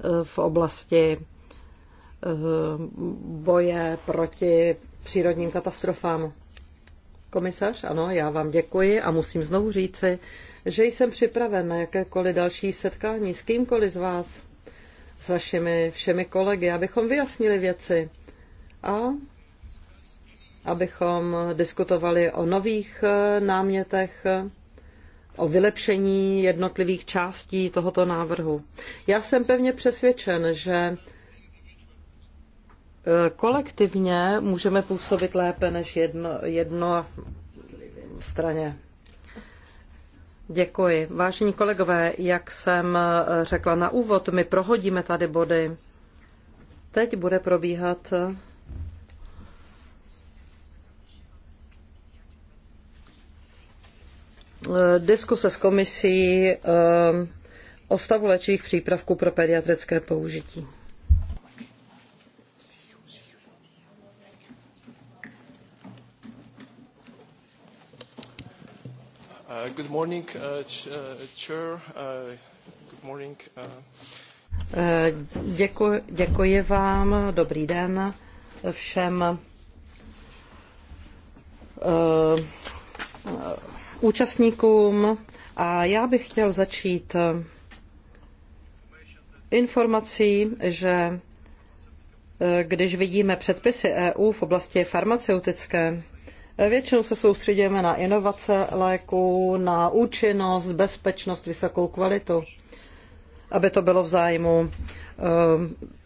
eh, v oblasti eh, boje proti přírodním katastrofám. Komisař, ano, já vám děkuji a musím znovu říci, že jsem připraven na jakékoliv další setkání s kýmkoliv z vás, s vašimi všemi kolegy, abychom vyjasnili věci a abychom diskutovali o nových eh, námětech, o vylepšení jednotlivých částí tohoto návrhu. Já jsem pevně přesvědčen, že eh, kolektivně můžeme působit lépe než jedno, jedno straně. Děkuji. Vážení kolegové, jak jsem eh, řekla na úvod, my prohodíme tady body. Teď bude probíhat Eh, diskuse s komisí eh, o stavu léčivých přípravků pro pediatrické použití. Uh, good morning, uh, uh, chair. Good morning. Eh, děkuji vám, dobrý den všem účastníkům a já bych chtěl začít eh, informací, že eh, když vidíme předpisy EU v oblasti farmaceutické, eh, většinou se soustředíme na inovace léků, na účinnost, bezpečnost, vysokou kvalitu, aby to bylo v zájmu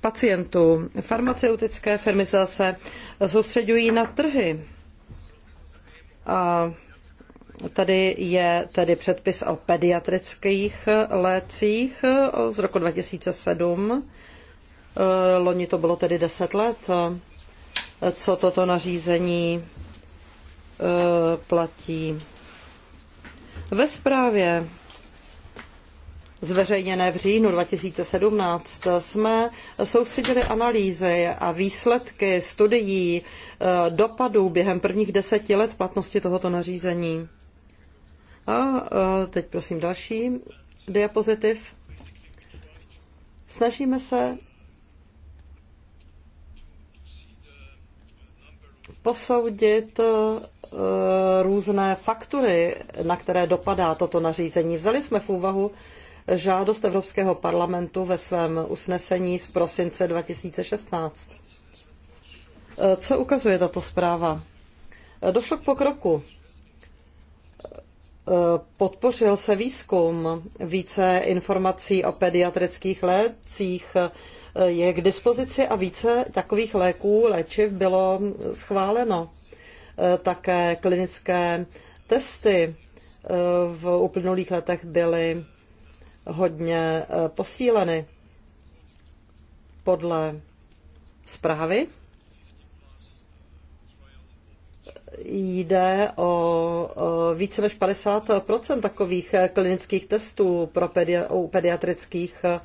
pacientů. Farmaceutické firmy se soustředují na trhy. A Tady je tedy předpis o pediatrických lécích z roku 2007. Eh, loni to bylo tedy 10 let, co toto nařízení eh, platí. Ve zprávě zveřejněné v říjnu 2017 jsme soustředili analýzy a výsledky studií eh, dopadů během prvních deseti let platnosti tohoto nařízení. A teď prosím další diapozitiv. Snažíme se posoudit e, různé faktury, na které dopadá toto nařízení. Vzali jsme v úvahu žádost Evropského parlamentu ve svém usnesení z prosince 2016. E, co ukazuje tato zpráva? E, došlo k pokroku Eh, podpořil se výzkum. Více informací o pediatrických lécích eh, je k dispozici a více takových léků, léčiv bylo schváleno. Eh, také klinické testy v uplynulých letech byly hodně posíleny. Podle zprávy jde o více než 50 takových eh, klinických testů pro pedi- u pediatrických eh,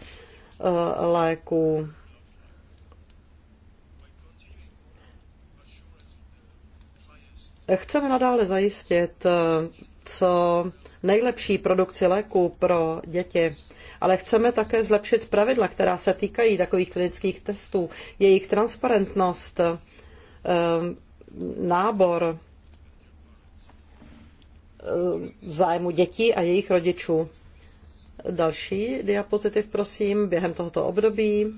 léků. Chceme nadále zajistit eh, co nejlepší produkci léků pro děti, ale chceme také zlepšit pravidla, která se týkají takových klinických testů, jejich transparentnost, nábor eh, zájmu dětí a jejich rodičů. Další diapozitiv, prosím, během tohoto období.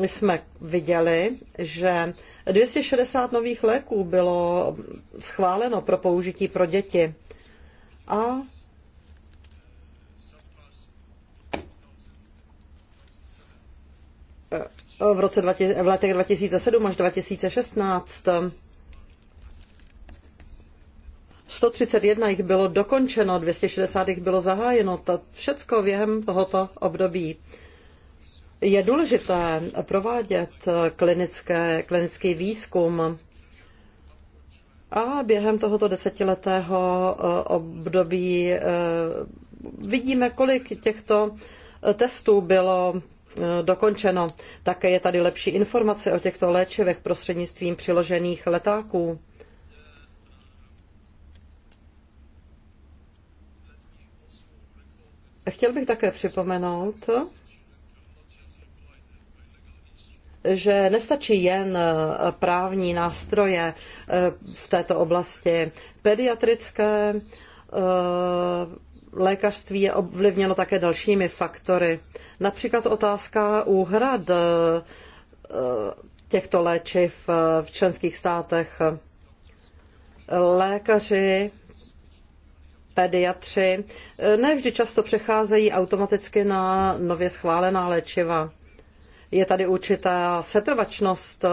My jsme viděli, že 260 nových léků bylo schváleno pro použití pro děti a Eh, v, roce, v letech 2007 až 2016. 131 jich bylo dokončeno, 260 jich bylo zahájeno, to všecko během tohoto období. Je důležité provádět klinické, klinický výzkum a během tohoto desetiletého eh, období eh, vidíme, kolik těchto testů bylo dokončeno. Také je tady lepší informace o těchto léčivech prostřednictvím přiložených letáků. Chtěl bych také připomenout, že nestačí jen e, právní nástroje e, v této oblasti. Pediatrické e, lékařství je ovlivněno také dalšími faktory. Například otázka úhrad eh, těchto léčiv eh, v členských státech. Lékaři, pediatři eh, nevždy často přecházejí automaticky na nově schválená léčiva. Je tady určitá setrvačnost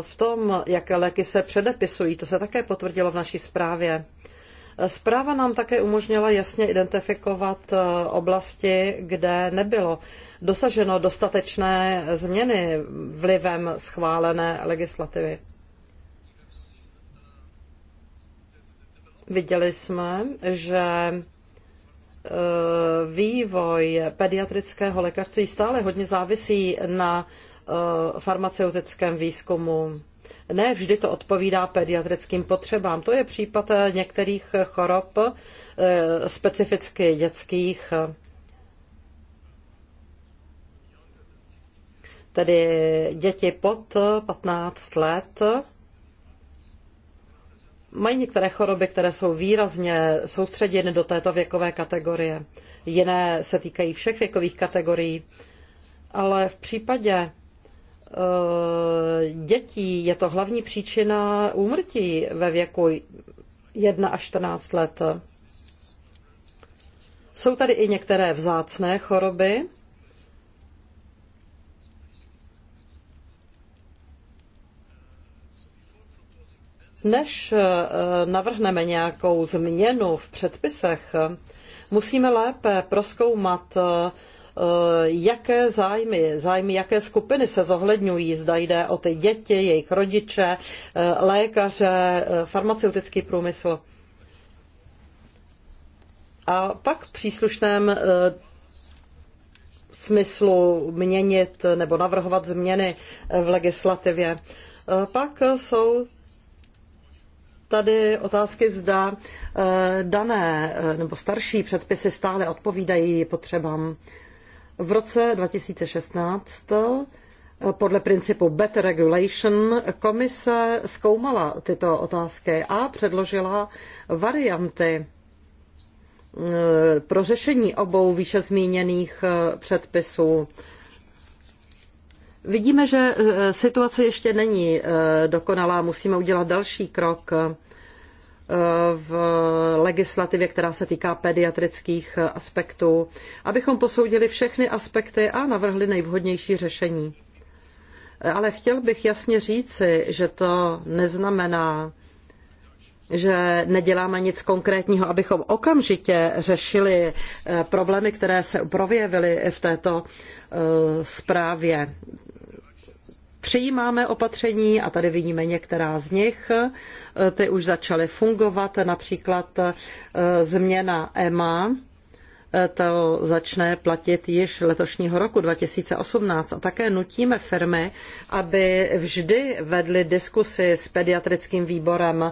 v tom, jaké léky se předepisují. To se také potvrdilo v naší zprávě. Zpráva nám také umožnila jasně identifikovat eh, oblasti, kde nebylo dosaženo dostatečné změny vlivem schválené legislativy. Viděli jsme, že eh, vývoj pediatrického lékařství stále hodně závisí na Eh, farmaceutickém výzkumu. Ne vždy to odpovídá pediatrickým potřebám. To je případ eh, některých chorob, eh, specificky dětských. Tedy děti pod 15 let mají některé choroby, které jsou výrazně soustředěny do této věkové kategorie. Jiné se týkají všech věkových kategorií. Ale v případě Eh, dětí je to hlavní příčina úmrtí ve věku 1 až 14 let. Jsou tady i některé vzácné choroby. Než eh, navrhneme nějakou změnu v předpisech, musíme lépe proskoumat eh, Eh, jaké zájmy, zájmy jaké skupiny se zohledňují. Zda jde o ty děti, jejich rodiče, eh, lékaře, eh, farmaceutický průmysl. A pak v příslušném smyslu měnit nebo navrhovat změny v legislativě. Pak jsou tady otázky, zda dané nebo starší předpisy stále odpovídají potřebám v roce 2016 eh, podle principu Better Regulation komise zkoumala tyto otázky a předložila varianty eh, pro řešení obou výše zmíněných eh, předpisů. Vidíme, že situace ještě není dokonalá, musíme udělat další krok v legislativě, která se týká pediatrických aspektů, abychom posoudili všechny aspekty a navrhli nejvhodnější řešení. Ale chtěl bych jasně říci, že to neznamená, že neděláme nic konkrétního, abychom okamžitě řešili eh, problémy, které se projevily v této eh, zprávě. Přijímáme opatření a tady vidíme některá z nich. E, ty už začaly fungovat, například e, změna EMA, e, to začne platit již letošního roku 2018 a také nutíme firmy, aby vždy vedly diskusy s pediatrickým výborem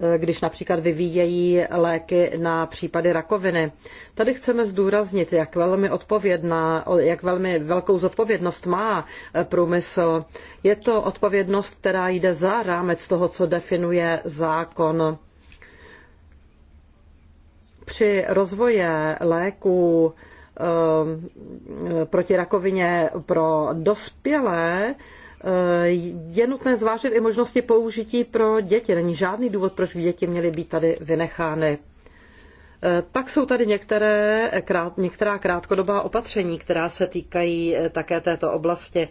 Eh, když například vyvíjejí léky na případy rakoviny. Tady chceme zdůraznit, jak velmi, odpovědná, jak velmi velkou zodpovědnost má eh, průmysl. Je to odpovědnost, která jde za rámec toho, co definuje zákon. Při rozvoje léků eh, proti rakovině pro dospělé Eh, je nutné zvážit i možnosti použití pro děti. Není žádný důvod, proč by děti měly být tady vynechány. Eh, pak jsou tady některé, krát, některá krátkodobá opatření, která se týkají eh, také této oblasti.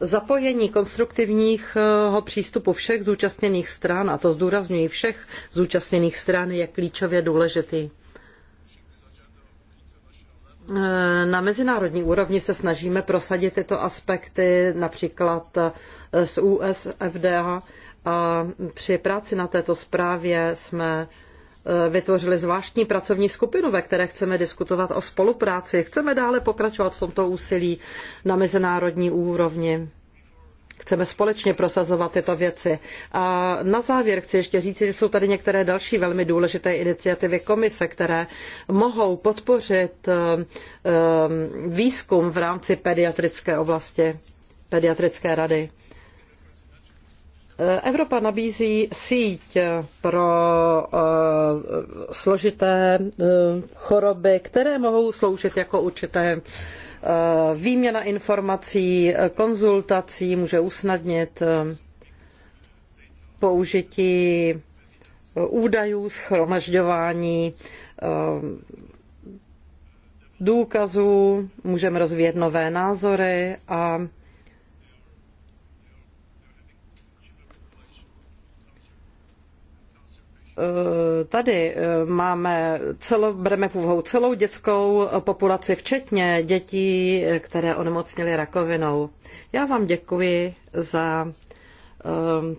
Zapojení konstruktivního přístupu všech zúčastněných stran, a to zdůrazňují všech zúčastněných stran, je klíčově důležitý. Eh, na mezinárodní úrovni se snažíme prosadit tyto aspekty, například eh, z USFDA. A při práci na této zprávě jsme eh, vytvořili zvláštní pracovní skupinu, ve které chceme diskutovat o spolupráci. Chceme dále pokračovat v tomto úsilí na mezinárodní úrovni. Chceme společně prosazovat tyto věci. A na závěr chci ještě říct, že jsou tady některé další velmi důležité iniciativy komise, které mohou podpořit eh, eh, výzkum v rámci pediatrické oblasti, pediatrické rady. Eh, Evropa nabízí síť pro složité choroby, které mohou sloužit jako určité Eh, výměna informací, eh, konzultací může usnadnit eh, použití údajů, schromažďování důkazů, můžeme rozvíjet nové názory a Eh, tady eh, máme celou, bereme v úvahu celou dětskou populaci, včetně dětí, eh, které onemocněly rakovinou. Já vám děkuji za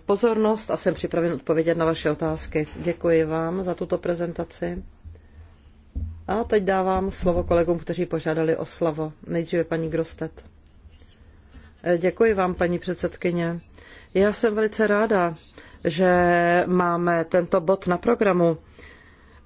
pozornost a jsem připraven odpovědět na vaše otázky. Děkuji vám za tuto prezentaci. A teď dávám slovo kolegům, kteří požádali o slovo. Nejdříve paní Grostet. Děkuji vám, paní předsedkyně. Já jsem velice ráda, že máme tento bod na programu.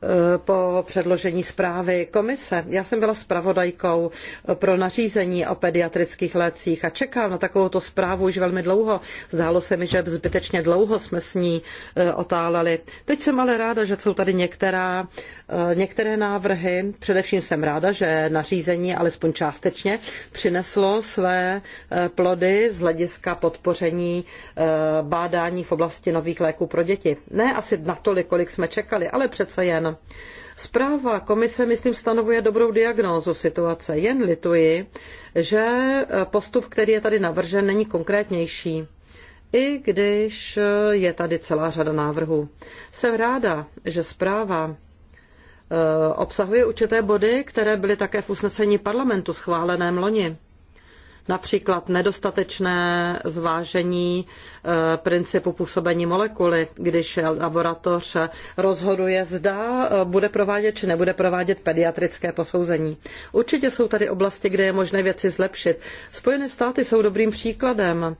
Eh, po předložení zprávy komise. Já jsem byla zpravodajkou pro nařízení o pediatrických lécích a čekám na takovouto zprávu už velmi dlouho. Zdálo se mi, že zbytečně dlouho jsme s ní eh, otáleli. Teď jsem ale ráda, že jsou tady některá, eh, některé návrhy. Především jsem ráda, že nařízení alespoň částečně přineslo své plody z hlediska podpoření bádání v oblasti nových léků pro děti. Ne asi natolik, kolik jsme čekali, ale přece jen změn. Zpráva komise, myslím, stanovuje dobrou diagnózu situace. Jen lituji, že postup, který je tady navržen, není konkrétnější. I když je tady celá řada návrhů. Jsem ráda, že zpráva eh, obsahuje určité body, které byly také v usnesení parlamentu schváleném loni. Například nedostatečné zvážení e, principu působení molekuly, když laboratoř rozhoduje, zda e, bude provádět či nebude provádět pediatrické posouzení. Určitě jsou tady oblasti, kde je možné věci zlepšit. Spojené státy jsou dobrým příkladem e,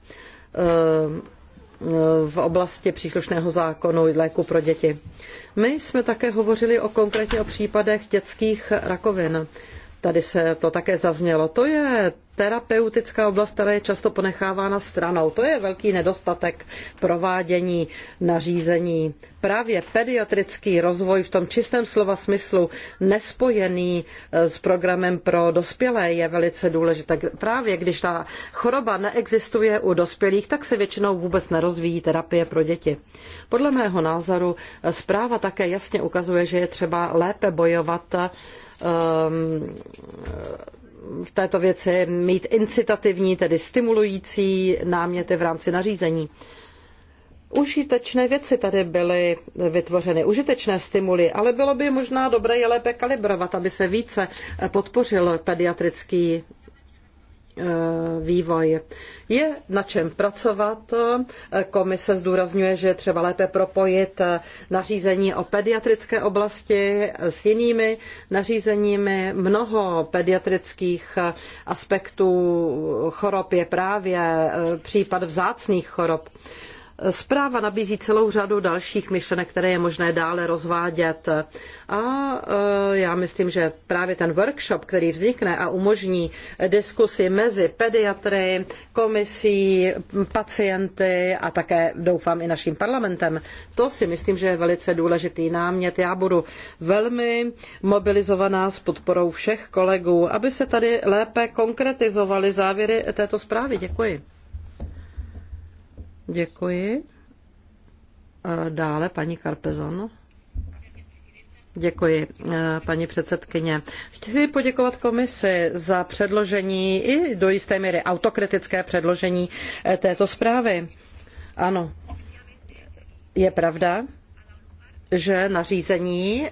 v oblasti příslušného zákonu léku pro děti. My jsme také hovořili o konkrétně o případech dětských rakovin. Tady se to také zaznělo. To je terapeutická oblast, která je často ponechávána stranou. To je velký nedostatek provádění nařízení. Právě pediatrický rozvoj v tom čistém slova smyslu nespojený e, s programem pro dospělé je velice důležité. Právě když ta choroba neexistuje u dospělých, tak se většinou vůbec nerozvíjí terapie pro děti. Podle mého názoru e, zpráva také jasně ukazuje, že je třeba lépe bojovat um, v této věci mít incitativní, tedy stimulující náměty v rámci nařízení. Užitečné věci tady byly vytvořeny, užitečné stimuly, ale bylo by možná dobré je lépe kalibrovat, aby se více podpořil pediatrický Eh, vývoj. Je na čem pracovat. Komise zdůrazňuje, že je třeba lépe propojit eh, nařízení o pediatrické oblasti s jinými nařízeními. Mnoho pediatrických eh, aspektů chorob je právě případ vzácných chorob. Zpráva nabízí celou řadu dalších myšlenek, které je možné dále rozvádět. A e, já myslím, že právě ten workshop, který vznikne a umožní diskusi mezi pediatry, komisí, pacienty a také doufám i naším parlamentem, to si myslím, že je velice důležitý námět. Já budu velmi mobilizovaná s podporou všech kolegů, aby se tady lépe konkretizovaly závěry této zprávy. Děkuji. Děkuji. Dále paní Karpezon. Děkuji, eh, paní předsedkyně. Chci poděkovat komisi za předložení i do jisté míry autokritické předložení eh, této zprávy. Ano, je pravda, že nařízení eh,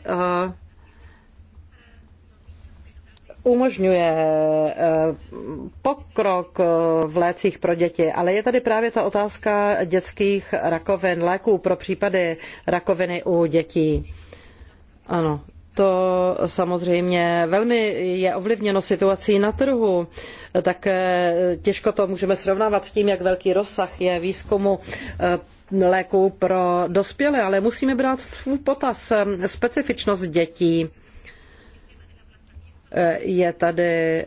umožňuje eh, pokrok eh, v lécích pro děti, ale je tady právě ta otázka dětských rakovin, léků pro případy rakoviny u dětí. Ano, to samozřejmě velmi je ovlivněno situací na trhu. Tak eh, těžko to můžeme srovnávat s tím, jak velký rozsah je výzkumu léků pro dospělé, ale musíme brát v potaz specifičnost dětí je tady eh,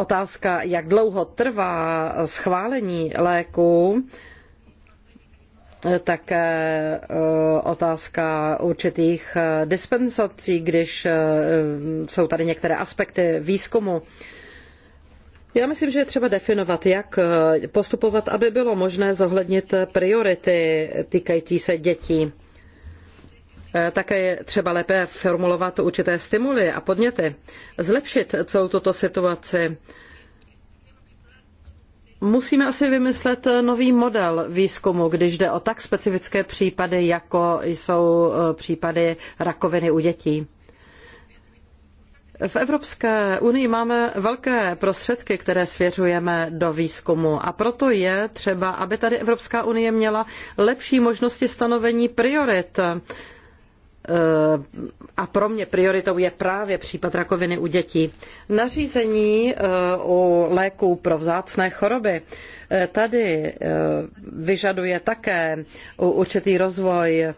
otázka, jak dlouho trvá schválení léku, eh, také eh, otázka určitých dispensací, když jsou tady některé aspekty výzkumu. Já myslím, že je třeba definovat, jak postupovat, aby bylo možné zohlednit priority týkající se dětí. Eh, také je třeba lépe formulovat určité stimuly a podněty, zlepšit celou tuto situaci. Musíme asi vymyslet eh, nový model výzkumu, když jde o tak specifické případy, jako jsou eh, případy rakoviny u dětí. V Evropské unii máme velké prostředky, které svěřujeme do výzkumu a proto je třeba, aby tady Evropská unie měla lepší možnosti stanovení priorit Eh, a pro mě prioritou je právě případ rakoviny u dětí. Nařízení eh, u léků pro vzácné choroby eh, tady vyžaduje také určitý rozvoj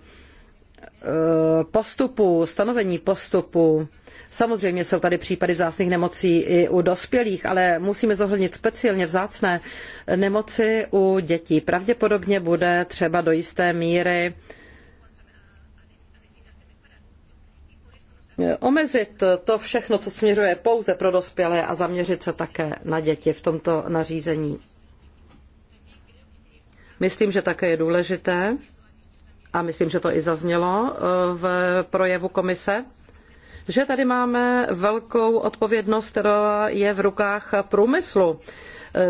postupu, stanovení postupu. Samozřejmě jsou tady případy vzácných nemocí i u dospělých, ale musíme zohlednit speciálně vzácné nemoci u dětí. Pravděpodobně bude třeba do jisté míry uh, omezit to všechno, co směřuje pouze pro dospělé a zaměřit se také na děti v tomto nařízení. Myslím, že také je důležité, a myslím, že to i zaznělo eh, v projevu komise, že tady máme velkou odpovědnost, která je v rukách průmyslu,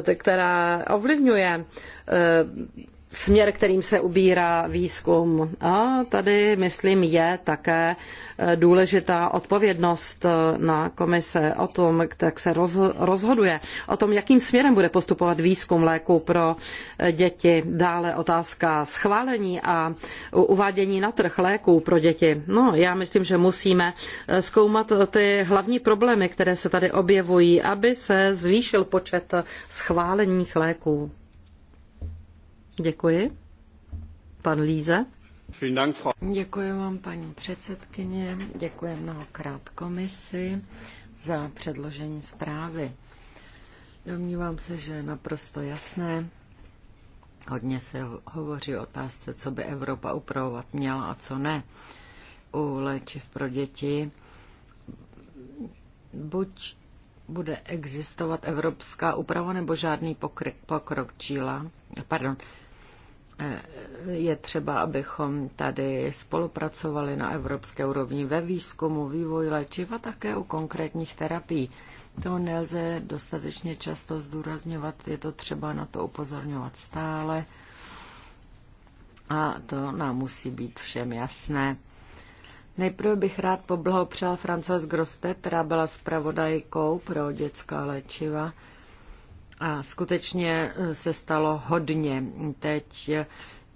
eh, která ovlivňuje eh, směr, kterým se ubírá výzkum. A tady, myslím, je také eh, důležitá odpovědnost eh, na komise o tom, jak se rozhoduje, o tom, jakým směrem bude postupovat výzkum léku pro eh, děti. Dále otázka schválení a uvádění na trh léků pro děti. No, já myslím, že musíme zkoumat ty hlavní problémy, které se tady objevují, aby se zvýšil počet schválených léků. Děkuji. Pan Líze. Děkuji vám, paní předsedkyně. Děkuji mnohokrát komisi za předložení zprávy. Domnívám se, že je naprosto jasné. Hodně se hovoří o otázce, co by Evropa upravovat měla a co ne. U léčiv pro děti buď bude existovat evropská úprava nebo žádný pokrok Číla, pardon, je třeba, abychom tady spolupracovali na evropské úrovni ve výzkumu, vývoji léčiv a také u konkrétních terapií. To nelze dostatečně často zdůrazňovat, je to třeba na to upozorňovat stále a to nám musí být všem jasné. Nejprve bych rád poblahopřál Frances Groste, která byla zpravodajkou pro dětská léčiva a skutečně eh, se stalo hodně. Teď eh,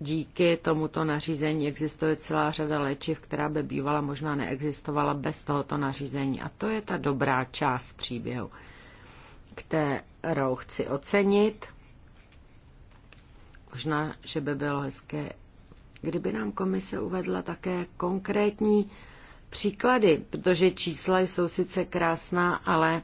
díky tomuto nařízení existuje celá řada léčiv, která by bývala možná neexistovala bez tohoto nařízení. A to je ta dobrá část příběhu, kterou chci ocenit. Možná, že by bylo hezké, kdyby nám komise uvedla také konkrétní příklady, protože čísla jsou sice krásná, ale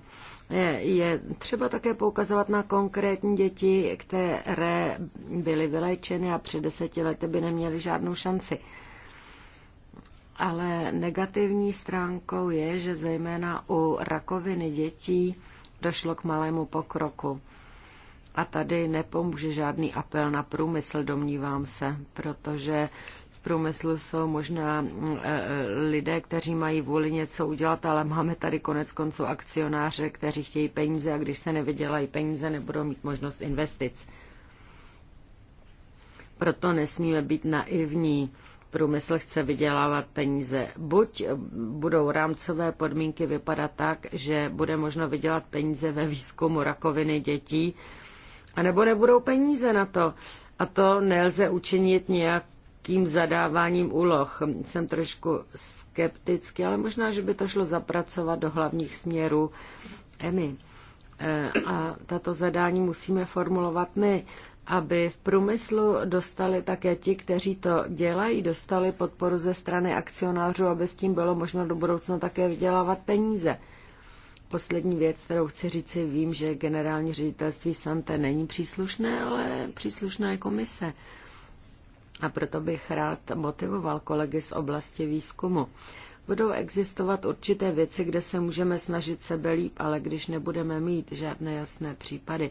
je třeba také poukazovat na konkrétní děti, které byly vylečeny a před deseti lety by neměly žádnou šanci. Ale negativní stránkou je, že zejména u rakoviny dětí došlo k malému pokroku. A tady nepomůže žádný apel na průmysl, domnívám se, protože průmyslu jsou možná mm, e, e, lidé, kteří mají vůli něco udělat, ale máme tady konec konců akcionáře, kteří chtějí peníze a když se nevydělají peníze, nebudou mít možnost investic. Proto nesmíme být naivní. Průmysl chce vydělávat peníze. Buď budou rámcové podmínky vypadat tak, že bude možno vydělat peníze ve výzkumu rakoviny dětí, anebo nebudou peníze na to. A to nelze učinit nějak tím zadáváním úloh. Jsem trošku skeptický, ale možná, že by to šlo zapracovat do hlavních směrů EMI. E, a tato zadání musíme formulovat my, aby v průmyslu dostali také ti, kteří to dělají, dostali podporu ze strany akcionářů, aby s tím bylo možno do budoucna také vydělávat peníze. Poslední věc, kterou chci říci, vím, že generální ředitelství Sante není příslušné, ale příslušná je komise. A proto bych rád motivoval kolegy z oblasti výzkumu. Budou existovat určité věci, kde se můžeme snažit sebe líp, ale když nebudeme mít žádné jasné případy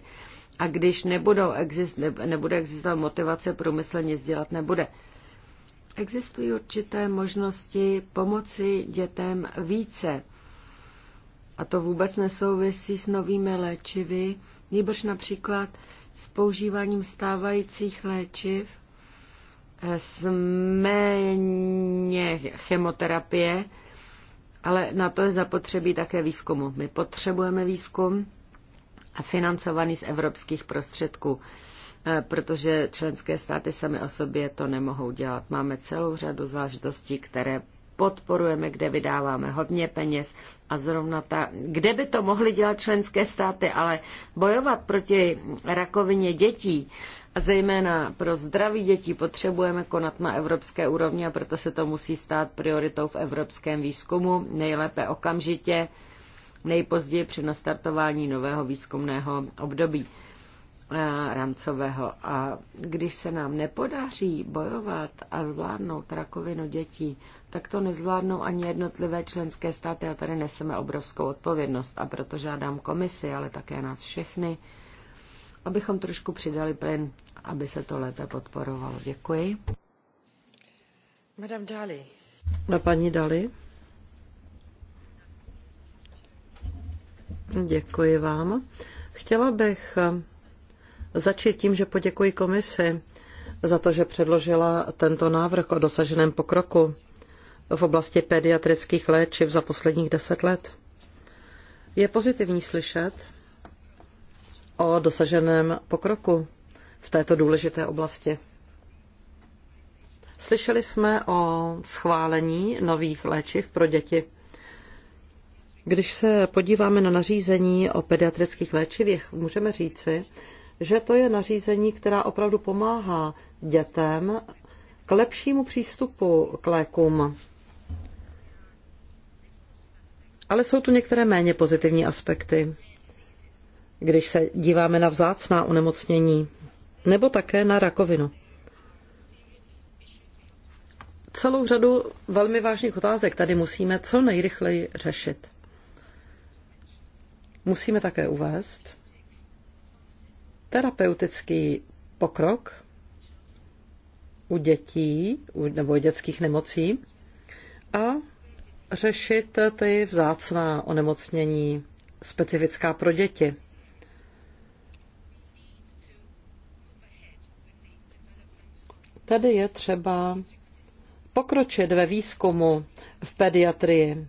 a když nebudou exist, nebude existovat motivace, průmysl nic dělat nebude. Existují určité možnosti pomoci dětem více. A to vůbec nesouvisí s novými léčivy, nebož například s používáním stávajících léčiv méně chemoterapie, ale na to je zapotřebí také výzkumu. My potřebujeme výzkum a financovaný z evropských prostředků, eh, protože členské státy sami o sobě to nemohou dělat. Máme celou řadu záležitostí, které podporujeme, kde vydáváme hodně peněz a zrovna ta, kde by to mohly dělat členské státy, ale bojovat proti rakovině dětí a zejména pro zdraví dětí potřebujeme konat na evropské úrovni a proto se to musí stát prioritou v evropském výzkumu, nejlépe okamžitě, nejpozději při nastartování nového výzkumného období eh, rámcového. A když se nám nepodaří bojovat a zvládnout rakovinu dětí, tak to nezvládnou ani jednotlivé členské státy a tady neseme obrovskou odpovědnost. A proto žádám komisi, ale také nás všechny, abychom trošku přidali plyn, aby se to lépe podporovalo. Děkuji. Madame Dali. A paní Dali. Děkuji vám. Chtěla bych eh, začít tím, že poděkuji komisi za to, že předložila tento návrh o dosaženém pokroku v oblasti pediatrických léčiv za posledních deset let. Je pozitivní slyšet, o dosaženém pokroku v této důležité oblasti. Slyšeli jsme o schválení nových léčiv pro děti. Když se podíváme na nařízení o pediatrických léčivých, můžeme říci, že to je nařízení, která opravdu pomáhá dětem k lepšímu přístupu k lékům. Ale jsou tu některé méně pozitivní aspekty když se díváme na vzácná onemocnění, nebo také na rakovinu. Celou řadu velmi vážných otázek tady musíme co nejrychleji řešit. Musíme také uvést terapeutický pokrok u dětí nebo dětských nemocí a řešit ty vzácná onemocnění specifická pro děti. Tedy je třeba pokročit ve výzkumu v pediatrii.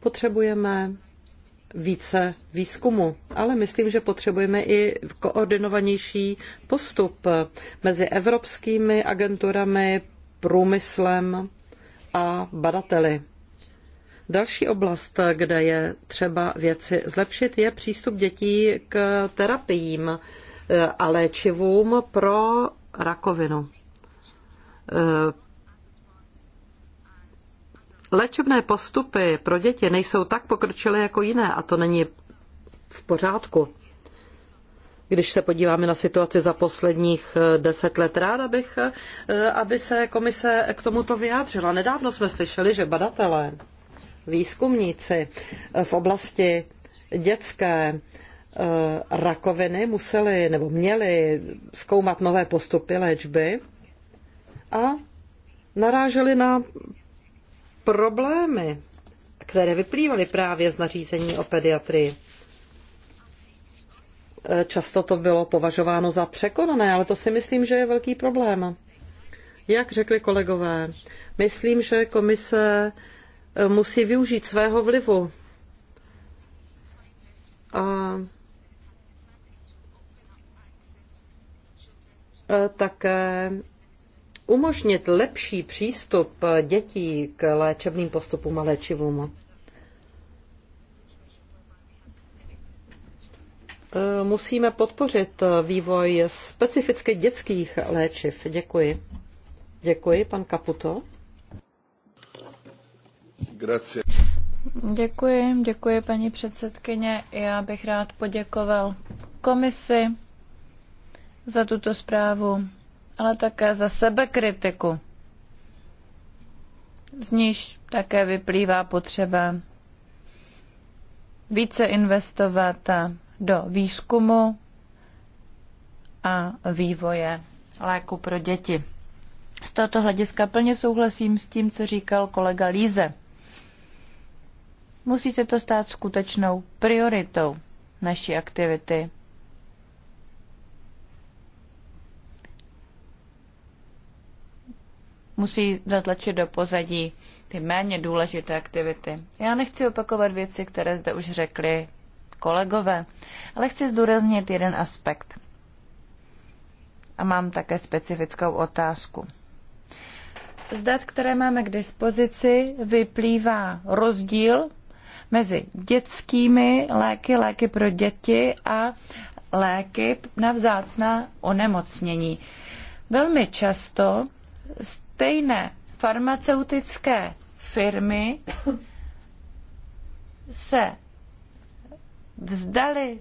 Potřebujeme více výzkumu, ale myslím, že potřebujeme i koordinovanější postup mezi evropskými agenturami, průmyslem a badateli. Další oblast, kde je třeba věci zlepšit, je přístup dětí k terapiím a léčivům pro rakovinu. Léčebné postupy pro děti nejsou tak pokročilé jako jiné a to není v pořádku. Když se podíváme na situaci za posledních deset let, ráda bych, aby se komise k tomuto vyjádřila. Nedávno jsme slyšeli, že badatelé výzkumníci v oblasti dětské eh, rakoviny museli nebo měli zkoumat nové postupy léčby a naráželi na problémy, které vyplývaly právě z nařízení o pediatrii. Eh, často to bylo považováno za překonané, ale to si myslím, že je velký problém. Jak řekli kolegové, myslím, že komise musí využít svého vlivu. A také umožnit lepší přístup dětí k léčebným postupům a léčivům. E, musíme podpořit vývoj specificky dětských léčiv. Děkuji. Děkuji, pan Kaputo. Grazie. Děkuji, děkuji paní předsedkyně. Já bych rád poděkoval komisi za tuto zprávu, ale také za sebekritiku. Z níž také vyplývá potřeba více investovat do výzkumu a vývoje léku pro děti. Z tohoto hlediska plně souhlasím s tím, co říkal kolega Líze. Musí se to stát skutečnou prioritou naší aktivity. Musí zatlačit do pozadí ty méně důležité aktivity. Já nechci opakovat věci, které zde už řekli kolegové, ale chci zdůraznit jeden aspekt. A mám také specifickou otázku. Z dat, které máme k dispozici, vyplývá rozdíl mezi dětskými léky, léky pro děti a léky na vzácná onemocnění. Velmi často stejné farmaceutické firmy se vzdali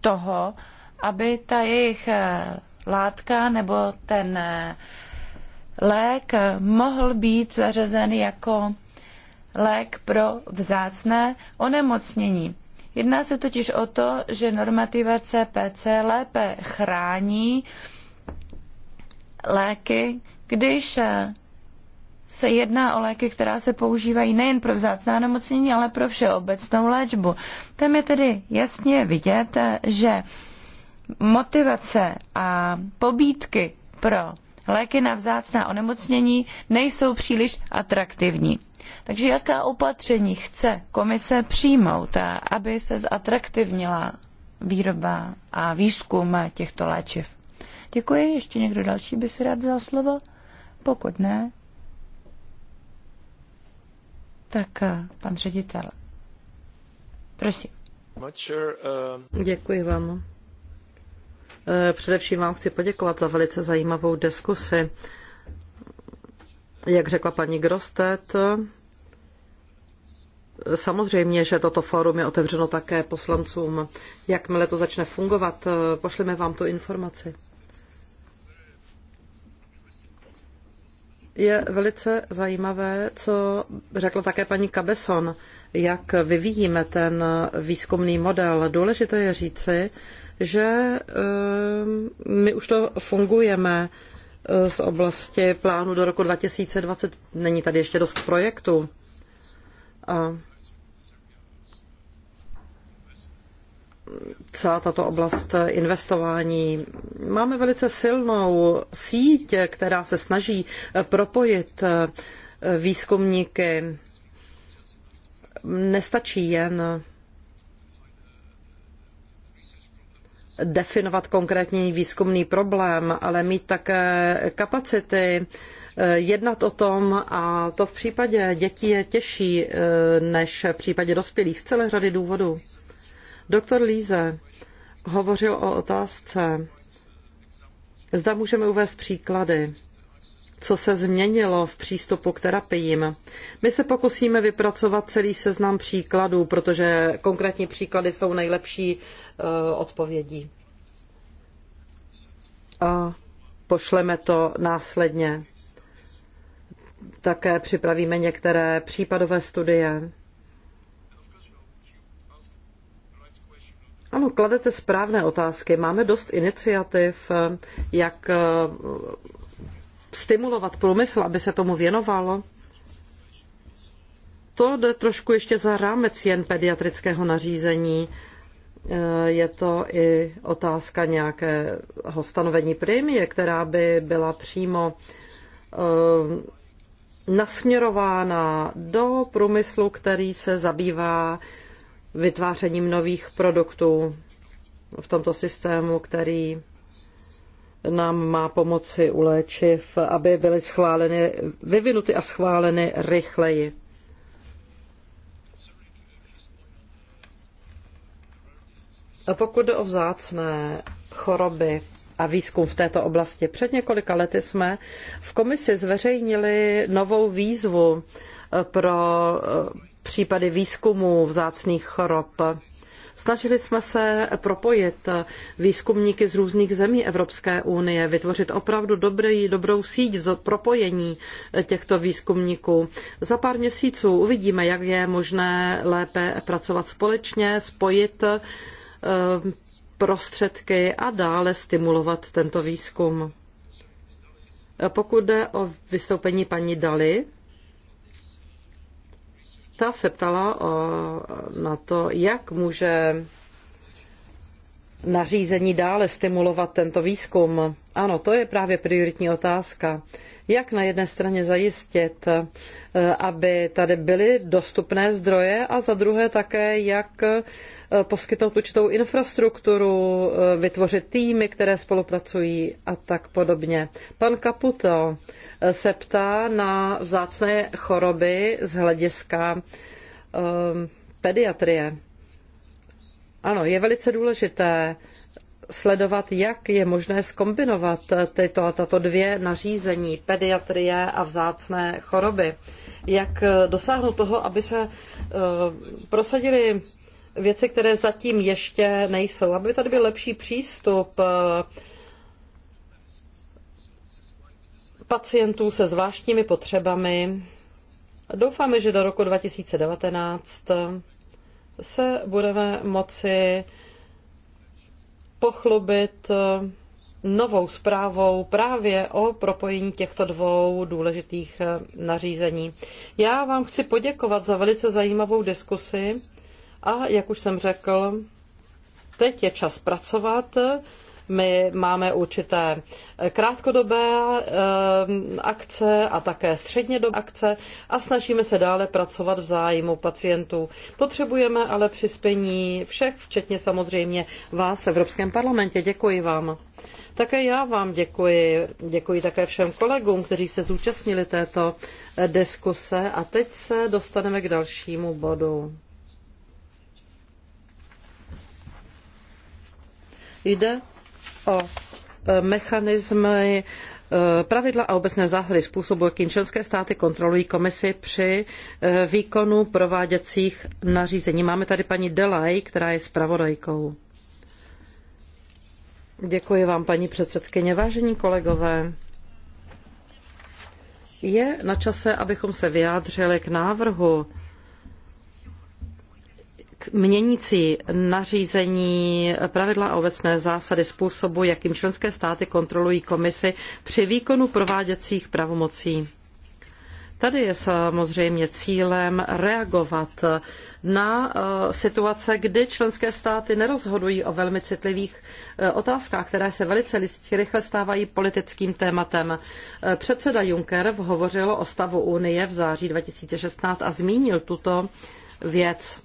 toho, aby ta jejich eh, látka nebo ten eh, lék mohl být zařazen jako lék pro vzácné onemocnění. Jedná se totiž o to, že normativa CPC lépe chrání léky, když se jedná o léky, která se používají nejen pro vzácná nemocnění, ale pro všeobecnou léčbu. Tam je tedy jasně vidět, že motivace a pobídky pro léky na vzácná onemocnění nejsou příliš atraktivní. Takže jaká opatření chce komise přijmout, aby se zatraktivnila výroba a výzkum těchto léčiv? Děkuji. Ještě někdo další by si rád vzal slovo? Pokud ne, tak eh, pan ředitel. Prosím. Děkuji vám. Eh, především vám chci poděkovat za velice zajímavou diskusi. Jak řekla paní Grostet, Samozřejmě, že toto fórum je otevřeno také poslancům. Jakmile to začne fungovat, pošleme vám tu informaci. Je velice zajímavé, co řekla také paní Kabeson, jak vyvíjíme ten výzkumný model. Důležité je říci, že ehm, my už to fungujeme Eh, z oblasti plánu do roku 2020. Není tady ještě dost projektů. A celá tato oblast investování. Máme velice silnou síť, která se snaží eh, propojit eh, výzkumníky. Nestačí jen definovat konkrétní výzkumný problém, ale mít také kapacity eh, jednat o tom a to v případě dětí je těžší eh, než v případě dospělých z celé řady důvodů. Doktor Líze hovořil o otázce, zda můžeme uvést příklady co se změnilo v přístupu k terapiím. My se pokusíme vypracovat celý seznam příkladů, protože konkrétní příklady jsou nejlepší eh, odpovědí. A pošleme to následně. Také připravíme některé případové studie. Ano, kladete správné otázky. Máme dost iniciativ, jak eh, stimulovat průmysl, aby se tomu věnovalo, to jde trošku ještě za rámec jen pediatrického nařízení. Eh, je to i otázka nějakého stanovení prémie, která by byla přímo eh, nasměrována do průmyslu, který se zabývá vytvářením nových produktů v tomto systému, který nám má pomoci u léčiv, aby byly schváleny, vyvinuty a schváleny rychleji. A pokud jde o vzácné choroby a výzkum v této oblasti, před několika lety jsme v komisi zveřejnili novou výzvu pro případy výzkumu vzácných chorob Snažili jsme se propojit výzkumníky z různých zemí Evropské unie, vytvořit opravdu dobrý, dobrou síť propojení těchto výzkumníků. Za pár měsíců uvidíme, jak je možné lépe pracovat společně, spojit eh, prostředky a dále stimulovat tento výzkum. Pokud jde o vystoupení paní Daly, ta se ptala o, na to, jak může nařízení dále stimulovat tento výzkum. Ano, to je právě prioritní otázka jak na jedné straně zajistit, eh, aby tady byly dostupné zdroje a za druhé také, jak eh, poskytnout určitou infrastrukturu, eh, vytvořit týmy, které spolupracují a tak podobně. Pan Kaputo se ptá na vzácné choroby z hlediska pediatrie. Ano, je velice důležité sledovat, jak je možné skombinovat tyto a tato dvě nařízení, pediatrie a vzácné choroby. Jak dosáhnout toho, aby se eh, prosadily věci, které zatím ještě nejsou, aby tady byl lepší přístup eh, pacientů se zvláštními potřebami. Doufáme, že do roku 2019 se budeme moci pochlubit eh, novou zprávou právě o propojení těchto dvou důležitých eh, nařízení. Já vám chci poděkovat za velice zajímavou diskusi a, jak už jsem řekl, teď je čas pracovat. My máme určité eh, krátkodobé eh, akce a také střednědobé akce a snažíme se dále pracovat v zájmu pacientů. Potřebujeme ale přispění všech, včetně samozřejmě vás v Evropském parlamentě. Děkuji vám. Také já vám děkuji. Děkuji také všem kolegům, kteří se zúčastnili této eh, diskuse. A teď se dostaneme k dalšímu bodu. Jde o e, mechanismy e, pravidla a obecné zásady způsobu, jakým členské státy kontrolují komisi při e, výkonu prováděcích nařízení. Máme tady paní Delaj, která je zpravodajkou. Děkuji vám, paní předsedkyně. Vážení kolegové, je na čase, abychom se vyjádřili k návrhu měnící nařízení pravidla a obecné zásady způsobu, jakým členské státy kontrolují komisi při výkonu prováděcích pravomocí. Tady je samozřejmě cílem reagovat na eh, situace, kdy členské státy nerozhodují o velmi citlivých eh, otázkách, které se velice rychle stávají politickým tématem. Eh, předseda Juncker hovořil o stavu Unie v září 2016 a zmínil tuto věc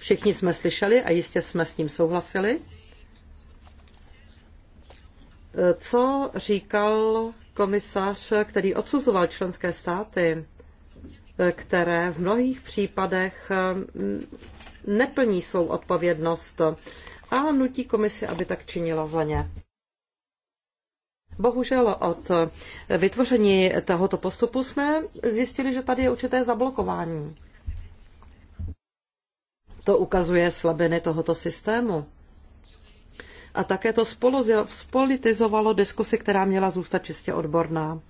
všichni jsme slyšeli a jistě jsme s ním souhlasili. Co říkal komisař, který odsuzoval členské státy, které v mnohých případech neplní svou odpovědnost a nutí komisi, aby tak činila za ně. Bohužel od vytvoření tohoto postupu jsme zjistili, že tady je určité zablokování. To ukazuje slabiny tohoto systému. A také to spolitizovalo diskusi, která měla zůstat čistě odborná.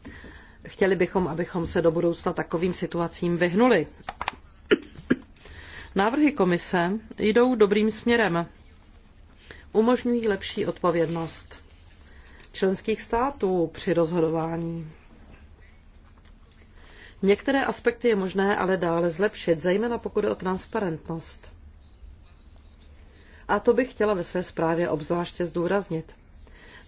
Chtěli bychom, abychom se do budoucna takovým situacím vyhnuli. Návrhy komise jdou dobrým směrem. Umožňují lepší odpovědnost členských států při rozhodování. Některé aspekty je možné ale dále zlepšit, zejména pokud je o transparentnost. A to bych chtěla ve své zprávě obzvláště zdůraznit.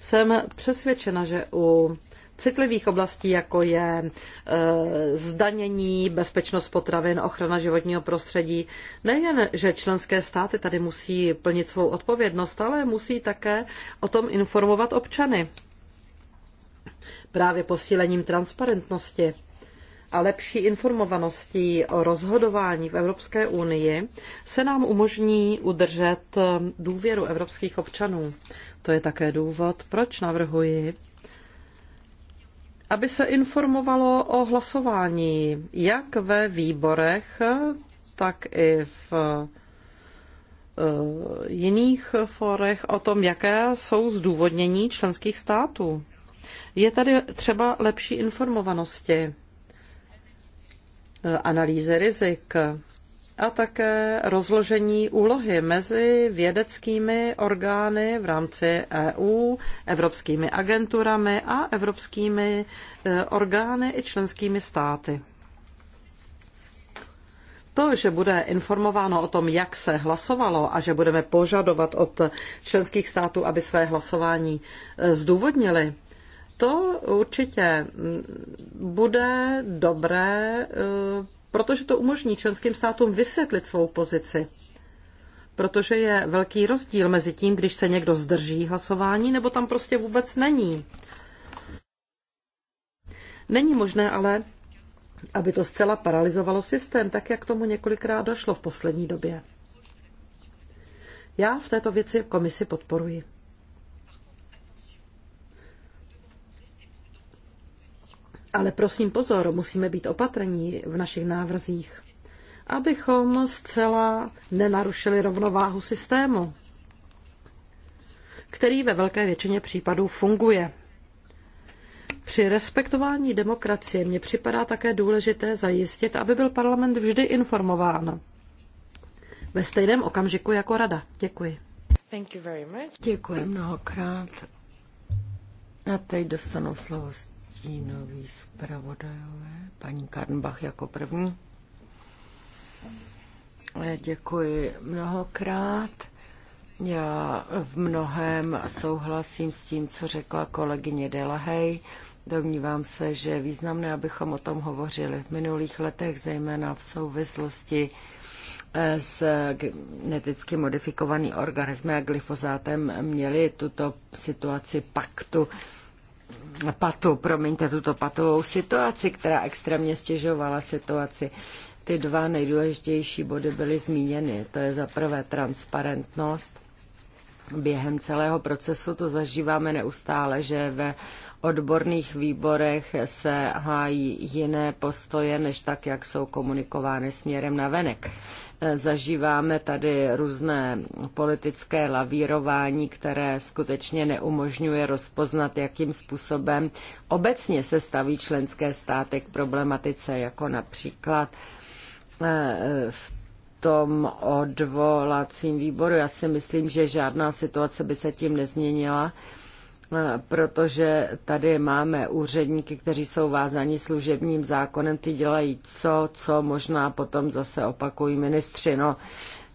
Jsem přesvědčena, že u citlivých oblastí, jako je e, zdanění, bezpečnost potravin, ochrana životního prostředí. Nejen, že členské státy tady musí plnit svou odpovědnost, ale musí také o tom informovat občany. Právě posílením transparentnosti a lepší informovaností o rozhodování v Evropské unii se nám umožní udržet důvěru evropských občanů. To je také důvod, proč navrhuji, aby se informovalo o hlasování jak ve výborech, tak i v e, jiných forech o tom, jaké jsou zdůvodnění členských států. Je tady třeba lepší informovanosti Eh, analýzy rizik a také rozložení úlohy mezi vědeckými orgány v rámci EU, evropskými agenturami a evropskými eh, orgány i členskými státy. To, že bude informováno o tom, jak se hlasovalo a že budeme požadovat od členských států, aby své hlasování eh, zdůvodnili, to určitě bude dobré, eh, protože to umožní členským státům vysvětlit svou pozici. Protože je velký rozdíl mezi tím, když se někdo zdrží hlasování, nebo tam prostě vůbec není. Není možné ale, aby to zcela paralizovalo systém, tak jak tomu několikrát došlo v poslední době. Já v této věci komisi podporuji. Ale prosím pozor, musíme být opatrní v našich návrzích, abychom zcela nenarušili rovnováhu systému, který ve velké většině případů funguje. Při respektování demokracie mně připadá také důležité zajistit, aby byl parlament vždy informován. Ve stejném okamžiku jako rada. Děkuji. Děkuji mnohokrát. A teď dostanu slovo Stínoví zpravodajové, paní Karnbach jako první. Eh, děkuji mnohokrát. Já v mnohem souhlasím s tím, co řekla kolegyně Delahej. Domnívám se, že je významné, abychom o tom hovořili v minulých letech, zejména v souvislosti eh, s geneticky modifikovaným organismy a glyfozátem měli tuto situaci paktu patu, promiňte tuto patovou situaci, která extrémně stěžovala situaci. Ty dva nejdůležitější body byly zmíněny. To je za prvé transparentnost během celého procesu to zažíváme neustále, že ve odborných výborech se hájí jiné postoje, než tak, jak jsou komunikovány směrem na venek. E, zažíváme tady různé politické lavírování, které skutečně neumožňuje rozpoznat, jakým způsobem obecně se staví členské státy k problematice, jako například e, v tom odvolacím výboru. Já si myslím, že žádná situace by se tím nezměnila protože tady máme úředníky, kteří jsou vázaní služebním zákonem, ty dělají co, co možná potom zase opakují ministři. No,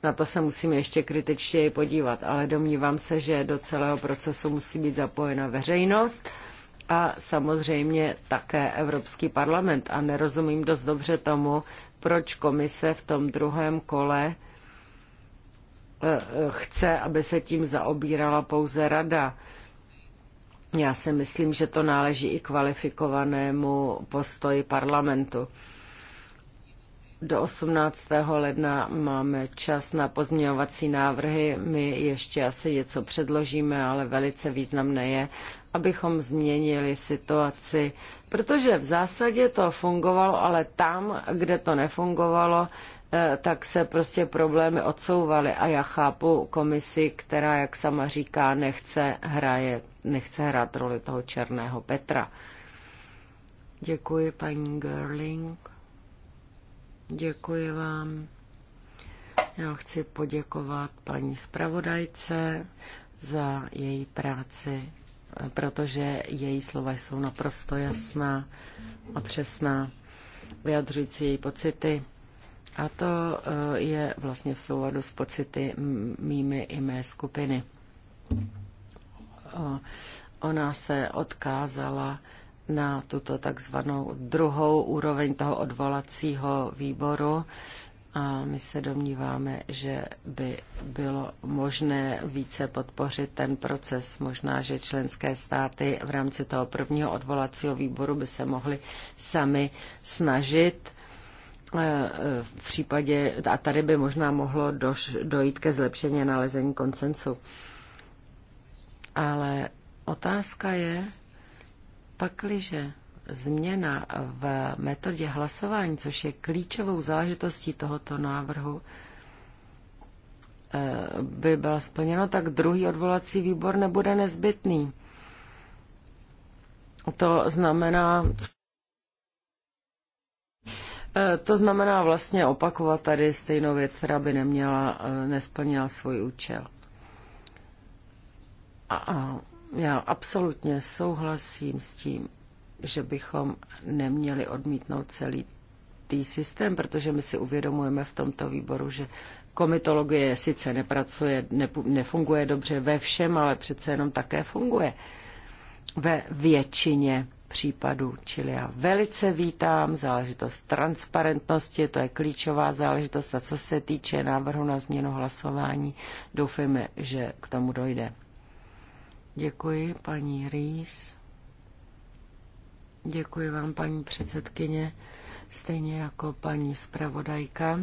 na to se musíme ještě kritičtěji podívat, ale domnívám se, že do celého procesu musí být zapojena veřejnost a samozřejmě také Evropský parlament. A nerozumím dost dobře tomu, proč komise v tom druhém kole eh, eh, chce, aby se tím zaobírala pouze rada já si myslím, že to náleží i kvalifikovanému postoji parlamentu. Do 18. ledna máme čas na pozměňovací návrhy. My ještě asi něco předložíme, ale velice významné je, abychom změnili situaci, protože v zásadě to fungovalo, ale tam, kde to nefungovalo, Eh, tak se prostě problémy odsouvaly a já chápu komisi, která, jak sama říká, nechce, hraje, nechce hrát roli toho černého Petra. Děkuji, paní Gerling. Děkuji vám. Já chci poděkovat paní zpravodajce za její práci, protože její slova jsou naprosto jasná a přesná, vyjadřující její pocity. A to e, je vlastně v souladu s pocity mými i mé skupiny. Ona se odkázala na tuto takzvanou druhou úroveň toho odvolacího výboru a my se domníváme, že by bylo možné více podpořit ten proces. Možná, že členské státy v rámci toho prvního odvolacího výboru by se mohly sami snažit Eh, v případě, a tady by možná mohlo doš, dojít ke zlepšení nalezení koncensu. Ale otázka je, pakliže změna v metodě hlasování, což je klíčovou záležitostí tohoto návrhu, eh, by byla splněna, tak druhý odvolací výbor nebude nezbytný. To znamená, E, to znamená vlastně opakovat tady stejnou věc, která by neměla, e, nesplnila svůj účel. A já absolutně souhlasím s tím, že bychom neměli odmítnout celý tý systém, protože my si uvědomujeme v tomto výboru, že komitologie sice nepracuje, nefunguje dobře ve všem, ale přece jenom také funguje ve většině případů. Čili já velice vítám záležitost transparentnosti, to je klíčová záležitost a co se týče návrhu na změnu hlasování, doufejme, že k tomu dojde. Děkuji, paní Rýs. Děkuji vám, paní předsedkyně, stejně jako paní zpravodajka.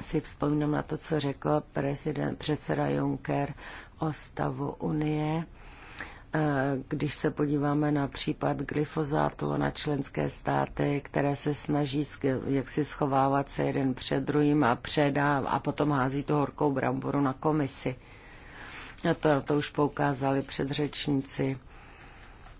Si vzpomínám na to, co řekl prezident, předseda Juncker o stavu Unie Eh, když se podíváme na případ glyfozátu na členské státy, které se snaží jak si schovávat se jeden před druhým a předá a potom hází tu horkou bramboru na komisi. A to, to už poukázali předřečníci.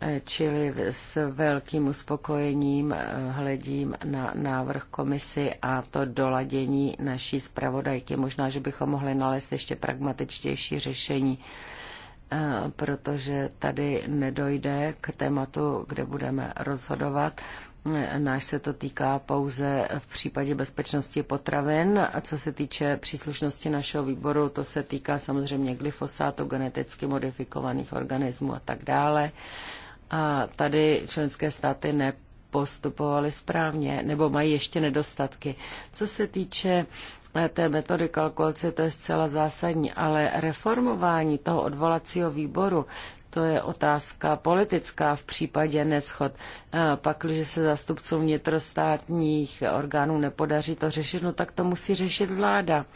Eh, čili s velkým uspokojením eh, hledím na návrh komisy a to doladění naší zpravodajky. Možná, že bychom mohli nalézt ještě pragmatičtější řešení Eh, protože tady nedojde k tématu, kde budeme rozhodovat. Eh, náš se to týká pouze v případě bezpečnosti potravin a co se týče příslušnosti našeho výboru, to se týká samozřejmě glyfosátu, geneticky modifikovaných organismů a tak dále. A tady členské státy ne postupovali správně nebo mají ještě nedostatky. Co se týče té metody kalkulace, to je zcela zásadní, ale reformování toho odvolacího výboru, to je otázka politická v případě neschod. Eh, Pak, když se zastupcům vnitrostátních orgánů nepodaří to řešit, no tak to musí řešit vláda.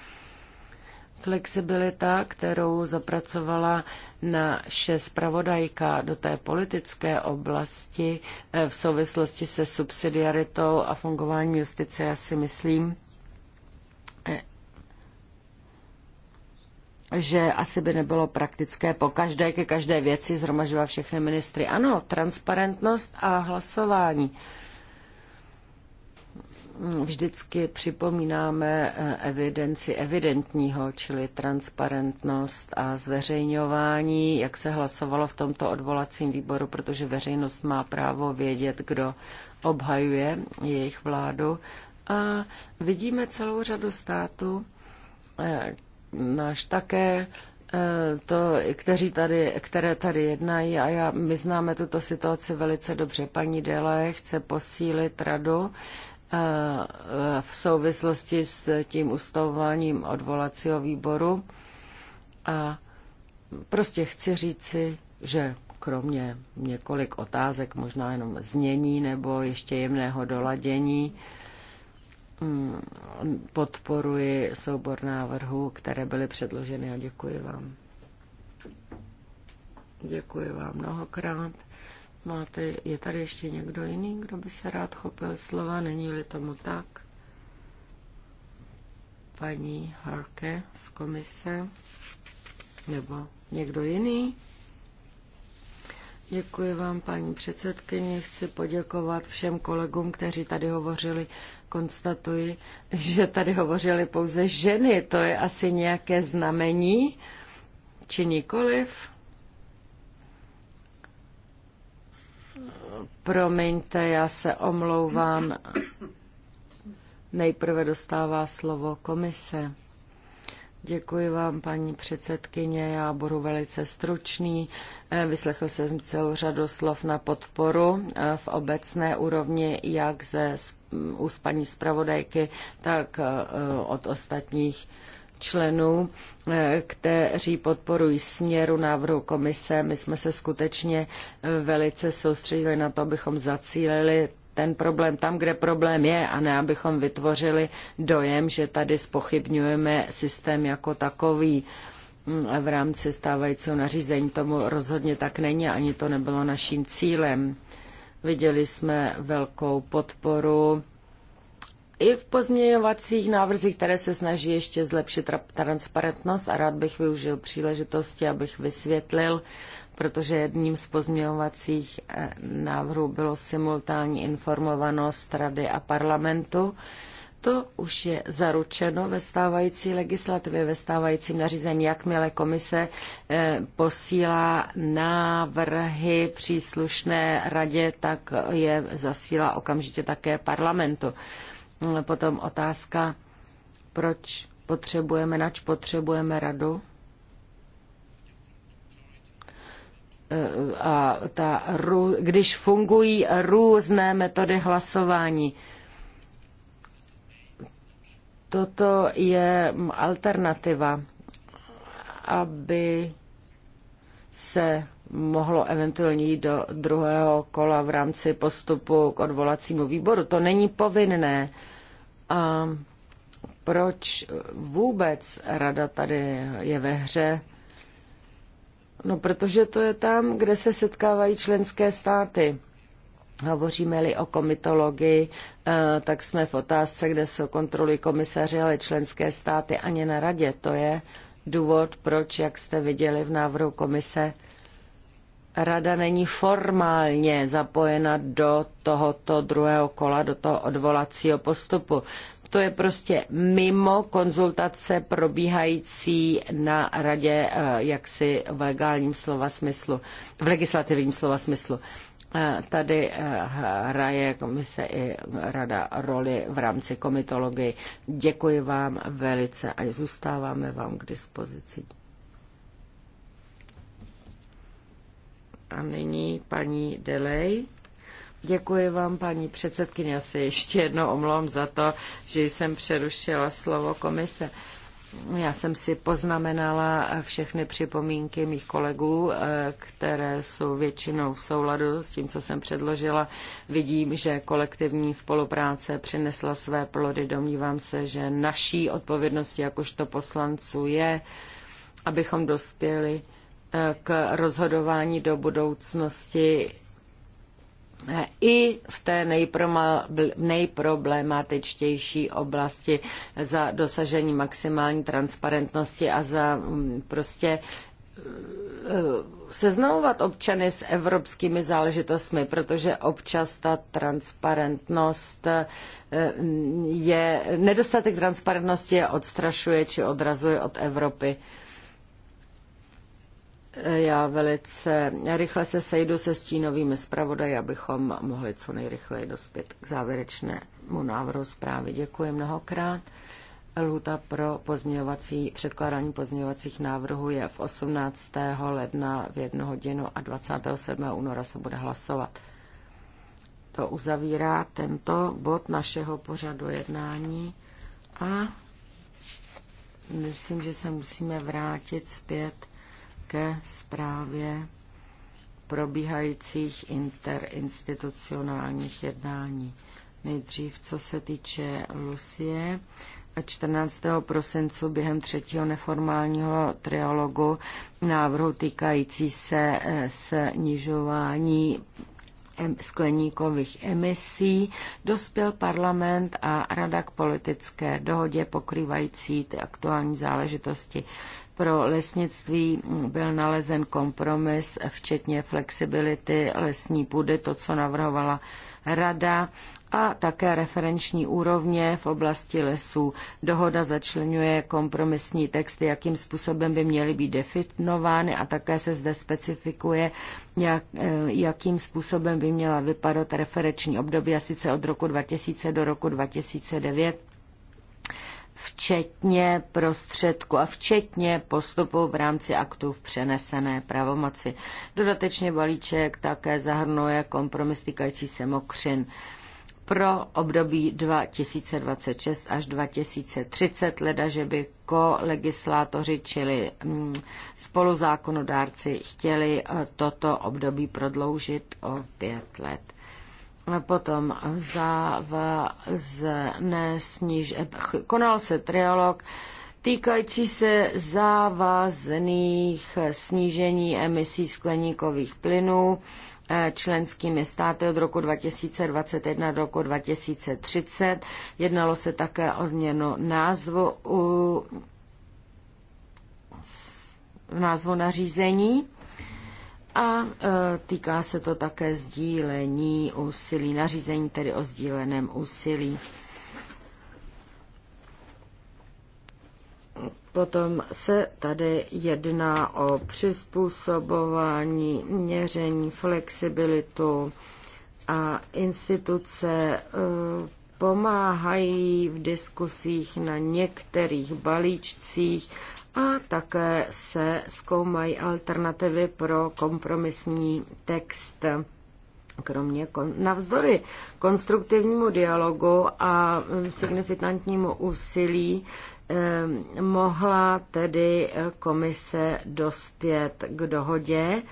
Flexibilita, kterou zapracovala naše zpravodajka do té politické oblasti eh, v souvislosti se subsidiaritou a fungováním justice, já si myslím, že asi by nebylo praktické po každé ke každé věci zhromažovat všechny ministry. Ano, transparentnost a hlasování. Vždycky připomínáme eh, evidenci evidentního, čili transparentnost a zveřejňování, jak se hlasovalo v tomto odvolacím výboru, protože veřejnost má právo vědět, kdo obhajuje jejich vládu. A vidíme celou řadu států, eh, náš také, eh, to, kteří tady, které tady jednají a já, my známe tuto situaci velice dobře. Paní Dele chce posílit radu eh, v souvislosti s tím ustavováním odvolacího výboru a prostě chci říci, že kromě několik otázek, možná jenom znění nebo ještě jemného doladění, Mm, podporuji soubor návrhů, které byly předloženy a děkuji vám. Děkuji vám mnohokrát. Máte, je tady ještě někdo jiný, kdo by se rád chopil slova? Není-li tomu tak? Paní Harke z komise? Nebo někdo jiný? Děkuji vám, paní předsedkyně. Chci poděkovat všem kolegům, kteří tady hovořili. Konstatuji, že tady hovořili pouze ženy. To je asi nějaké znamení, či nikoliv? Promiňte, já se omlouvám. Nejprve dostává slovo komise. Děkuji vám, paní předsedkyně. Já budu velice stručný. Eh, vyslechl jsem celou řadu slov na podporu eh, v obecné úrovni, jak ze mm, úst paní zpravodajky, tak eh, od ostatních členů, kteří podporují směru návrhu komise. My jsme se skutečně velice soustředili na to, abychom zacílili ten problém tam, kde problém je, a ne abychom vytvořili dojem, že tady spochybňujeme systém jako takový v rámci stávajícího nařízení. Tomu rozhodně tak není, ani to nebylo naším cílem. Viděli jsme velkou podporu i v pozměňovacích návrzích, které se snaží ještě zlepšit transparentnost a rád bych využil příležitosti, abych vysvětlil protože jedním z pozměňovacích eh, návrhů bylo simultánní informovanost Rady a parlamentu. To už je zaručeno ve stávající legislativě, ve stávajícím nařízení, jakmile komise eh, posílá návrhy příslušné radě, tak je zasílá okamžitě také parlamentu. Eh, potom otázka, proč potřebujeme, nač potřebujeme radu? Eh, a ta, když fungují různé metody hlasování. Toto je alternativa, aby se mohlo eventuálně jít do druhého kola v rámci postupu k odvolacímu výboru. To není povinné. A proč vůbec rada tady je ve hře? No, protože to je tam, kde se setkávají členské státy. Hovoříme-li o komitologii, eh, tak jsme v otázce, kde se kontrolují komisaři, ale členské státy ani na radě. To je důvod, proč, jak jste viděli v návrhu komise, rada není formálně zapojena do tohoto druhého kola, do toho odvolacího postupu. To je prostě mimo konzultace probíhající na radě eh, jaksi v legálním slova smyslu, v legislativním slova smyslu. Eh, tady eh, hraje komise i rada roli v rámci komitologii. Děkuji vám velice a zůstáváme vám k dispozici. A nyní paní Delej. Děkuji vám, paní předsedkyně. Já se ještě jednou omlouvám za to, že jsem přerušila slovo komise. Já jsem si poznamenala všechny připomínky mých kolegů, eh, které jsou většinou v souladu s tím, co jsem předložila. Vidím, že kolektivní spolupráce přinesla své plody. Domnívám se, že naší odpovědností jakožto poslanců je, abychom dospěli eh, k rozhodování do budoucnosti i v té nejproblematičtější oblasti za dosažení maximální transparentnosti a za mm, prostě eh, seznamovat občany s evropskými záležitostmi, protože občas ta transparentnost eh, je, nedostatek transparentnosti je odstrašuje či odrazuje od Evropy. Já velice rychle se sejdu se stínovými zpravodaji, abychom mohli co nejrychleji dospět k závěrečnému návrhu zprávy. Děkuji mnohokrát. Lhuta pro pozměňovací, předkládání pozměňovacích návrhů je v 18. ledna v 1 hodinu a 27. února se bude hlasovat. To uzavírá tento bod našeho pořadu jednání a myslím, že se musíme vrátit zpět ke zprávě probíhajících interinstitucionálních jednání. Nejdřív, co se týče Lucie, 14. prosincu během třetího neformálního trialogu návrhu týkající se eh, snižování skleníkových emisí dospěl parlament a rada k politické dohodě pokrývající ty aktuální záležitosti. Pro lesnictví byl nalezen kompromis, včetně flexibility lesní půdy, to, co navrhovala rada a také referenční úrovně v oblasti lesů. Dohoda začlenuje kompromisní texty, jakým způsobem by měly být definovány a také se zde specifikuje, jak, eh, jakým způsobem by měla vypadat referenční období, a sice od roku 2000 do roku 2009 včetně prostředku a včetně postupu v rámci aktů v přenesené pravomoci. Dodatečně balíček také zahrnuje kompromis týkající se mokřin pro období 2026 až 2030, leda, že by ko-legislátoři, čili mm, spoluzákonodárci, chtěli e, toto období prodloužit o pět let. Potom závaz nesníž... E, konal se trialog týkající se závazných snížení emisí skleníkových plynů členskými státy od roku 2021 do roku 2030. Jednalo se také o změnu názvu u názvu nařízení a e, týká se to také sdílení úsilí, nařízení tedy o sdíleném úsilí. Potom se tady jedná o přizpůsobování, měření, flexibilitu a instituce eh, pomáhají v diskusích na některých balíčcích a také se zkoumají alternativy pro kompromisní text. Kromě kon- navzdory konstruktivnímu dialogu a mm, signifikantnímu úsilí Ehm, mohla tedy eh, komise dospět k dohodě.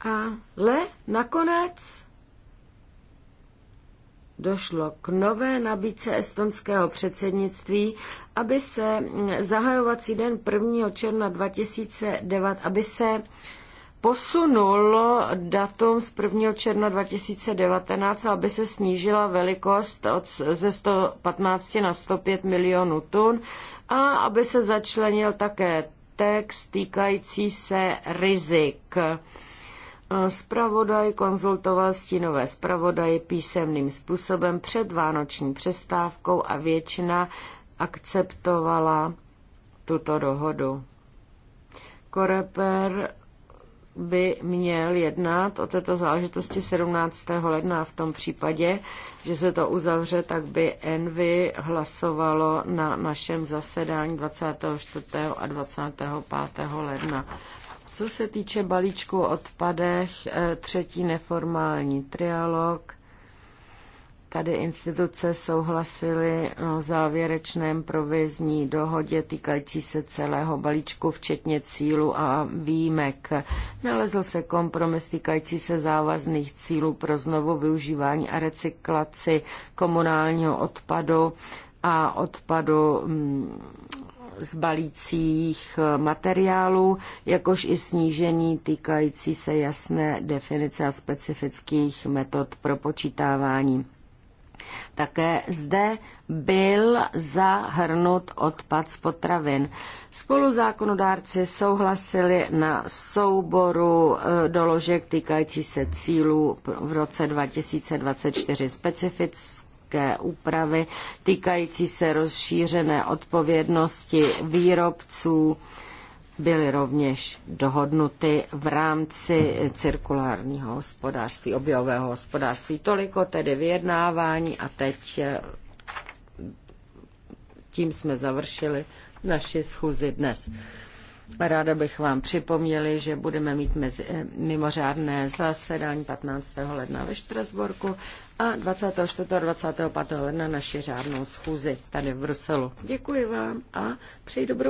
Ale nakonec došlo k nové nabídce estonského předsednictví, aby se hm, zahajovací den 1. června 2009, aby se posunul datum z 1. června 2019, aby se snížila velikost od, ze 115 na 105 milionů tun a aby se začlenil také text týkající se rizik. Spravodaj konzultoval stínové spravodaje písemným způsobem před vánoční přestávkou a většina akceptovala tuto dohodu. Koreper by měl jednat o této záležitosti 17. ledna. V tom případě, že se to uzavře, tak by Envy hlasovalo na našem zasedání 24. a 25. ledna. Co se týče balíčku odpadech, eh, třetí neformální trialog Tady instituce souhlasily o závěrečném provizní dohodě týkající se celého balíčku, včetně cílu a výjimek. Nalezl se kompromis týkající se závazných cílů pro znovu využívání a recyklaci komunálního odpadu a odpadu mm, z balících materiálů, jakož i snížení týkající se jasné definice a specifických metod pro počítávání. Také zde byl zahrnut odpad z potravin. zákonodárci souhlasili na souboru e, doložek týkající se cílů v roce 2024 specifické úpravy týkající se rozšířené odpovědnosti výrobců byly rovněž dohodnuty v rámci cirkulárního hospodářství, objevového hospodářství. Toliko tedy vyjednávání a teď eh, tím jsme završili naši schůzi dnes. Ráda bych vám připomněli, že budeme mít mezi, eh, mimořádné zasedání 15. ledna ve Štrasburku a 24. a 25. ledna naši řádnou schůzi tady v Bruselu. Děkuji vám a přeji dobrou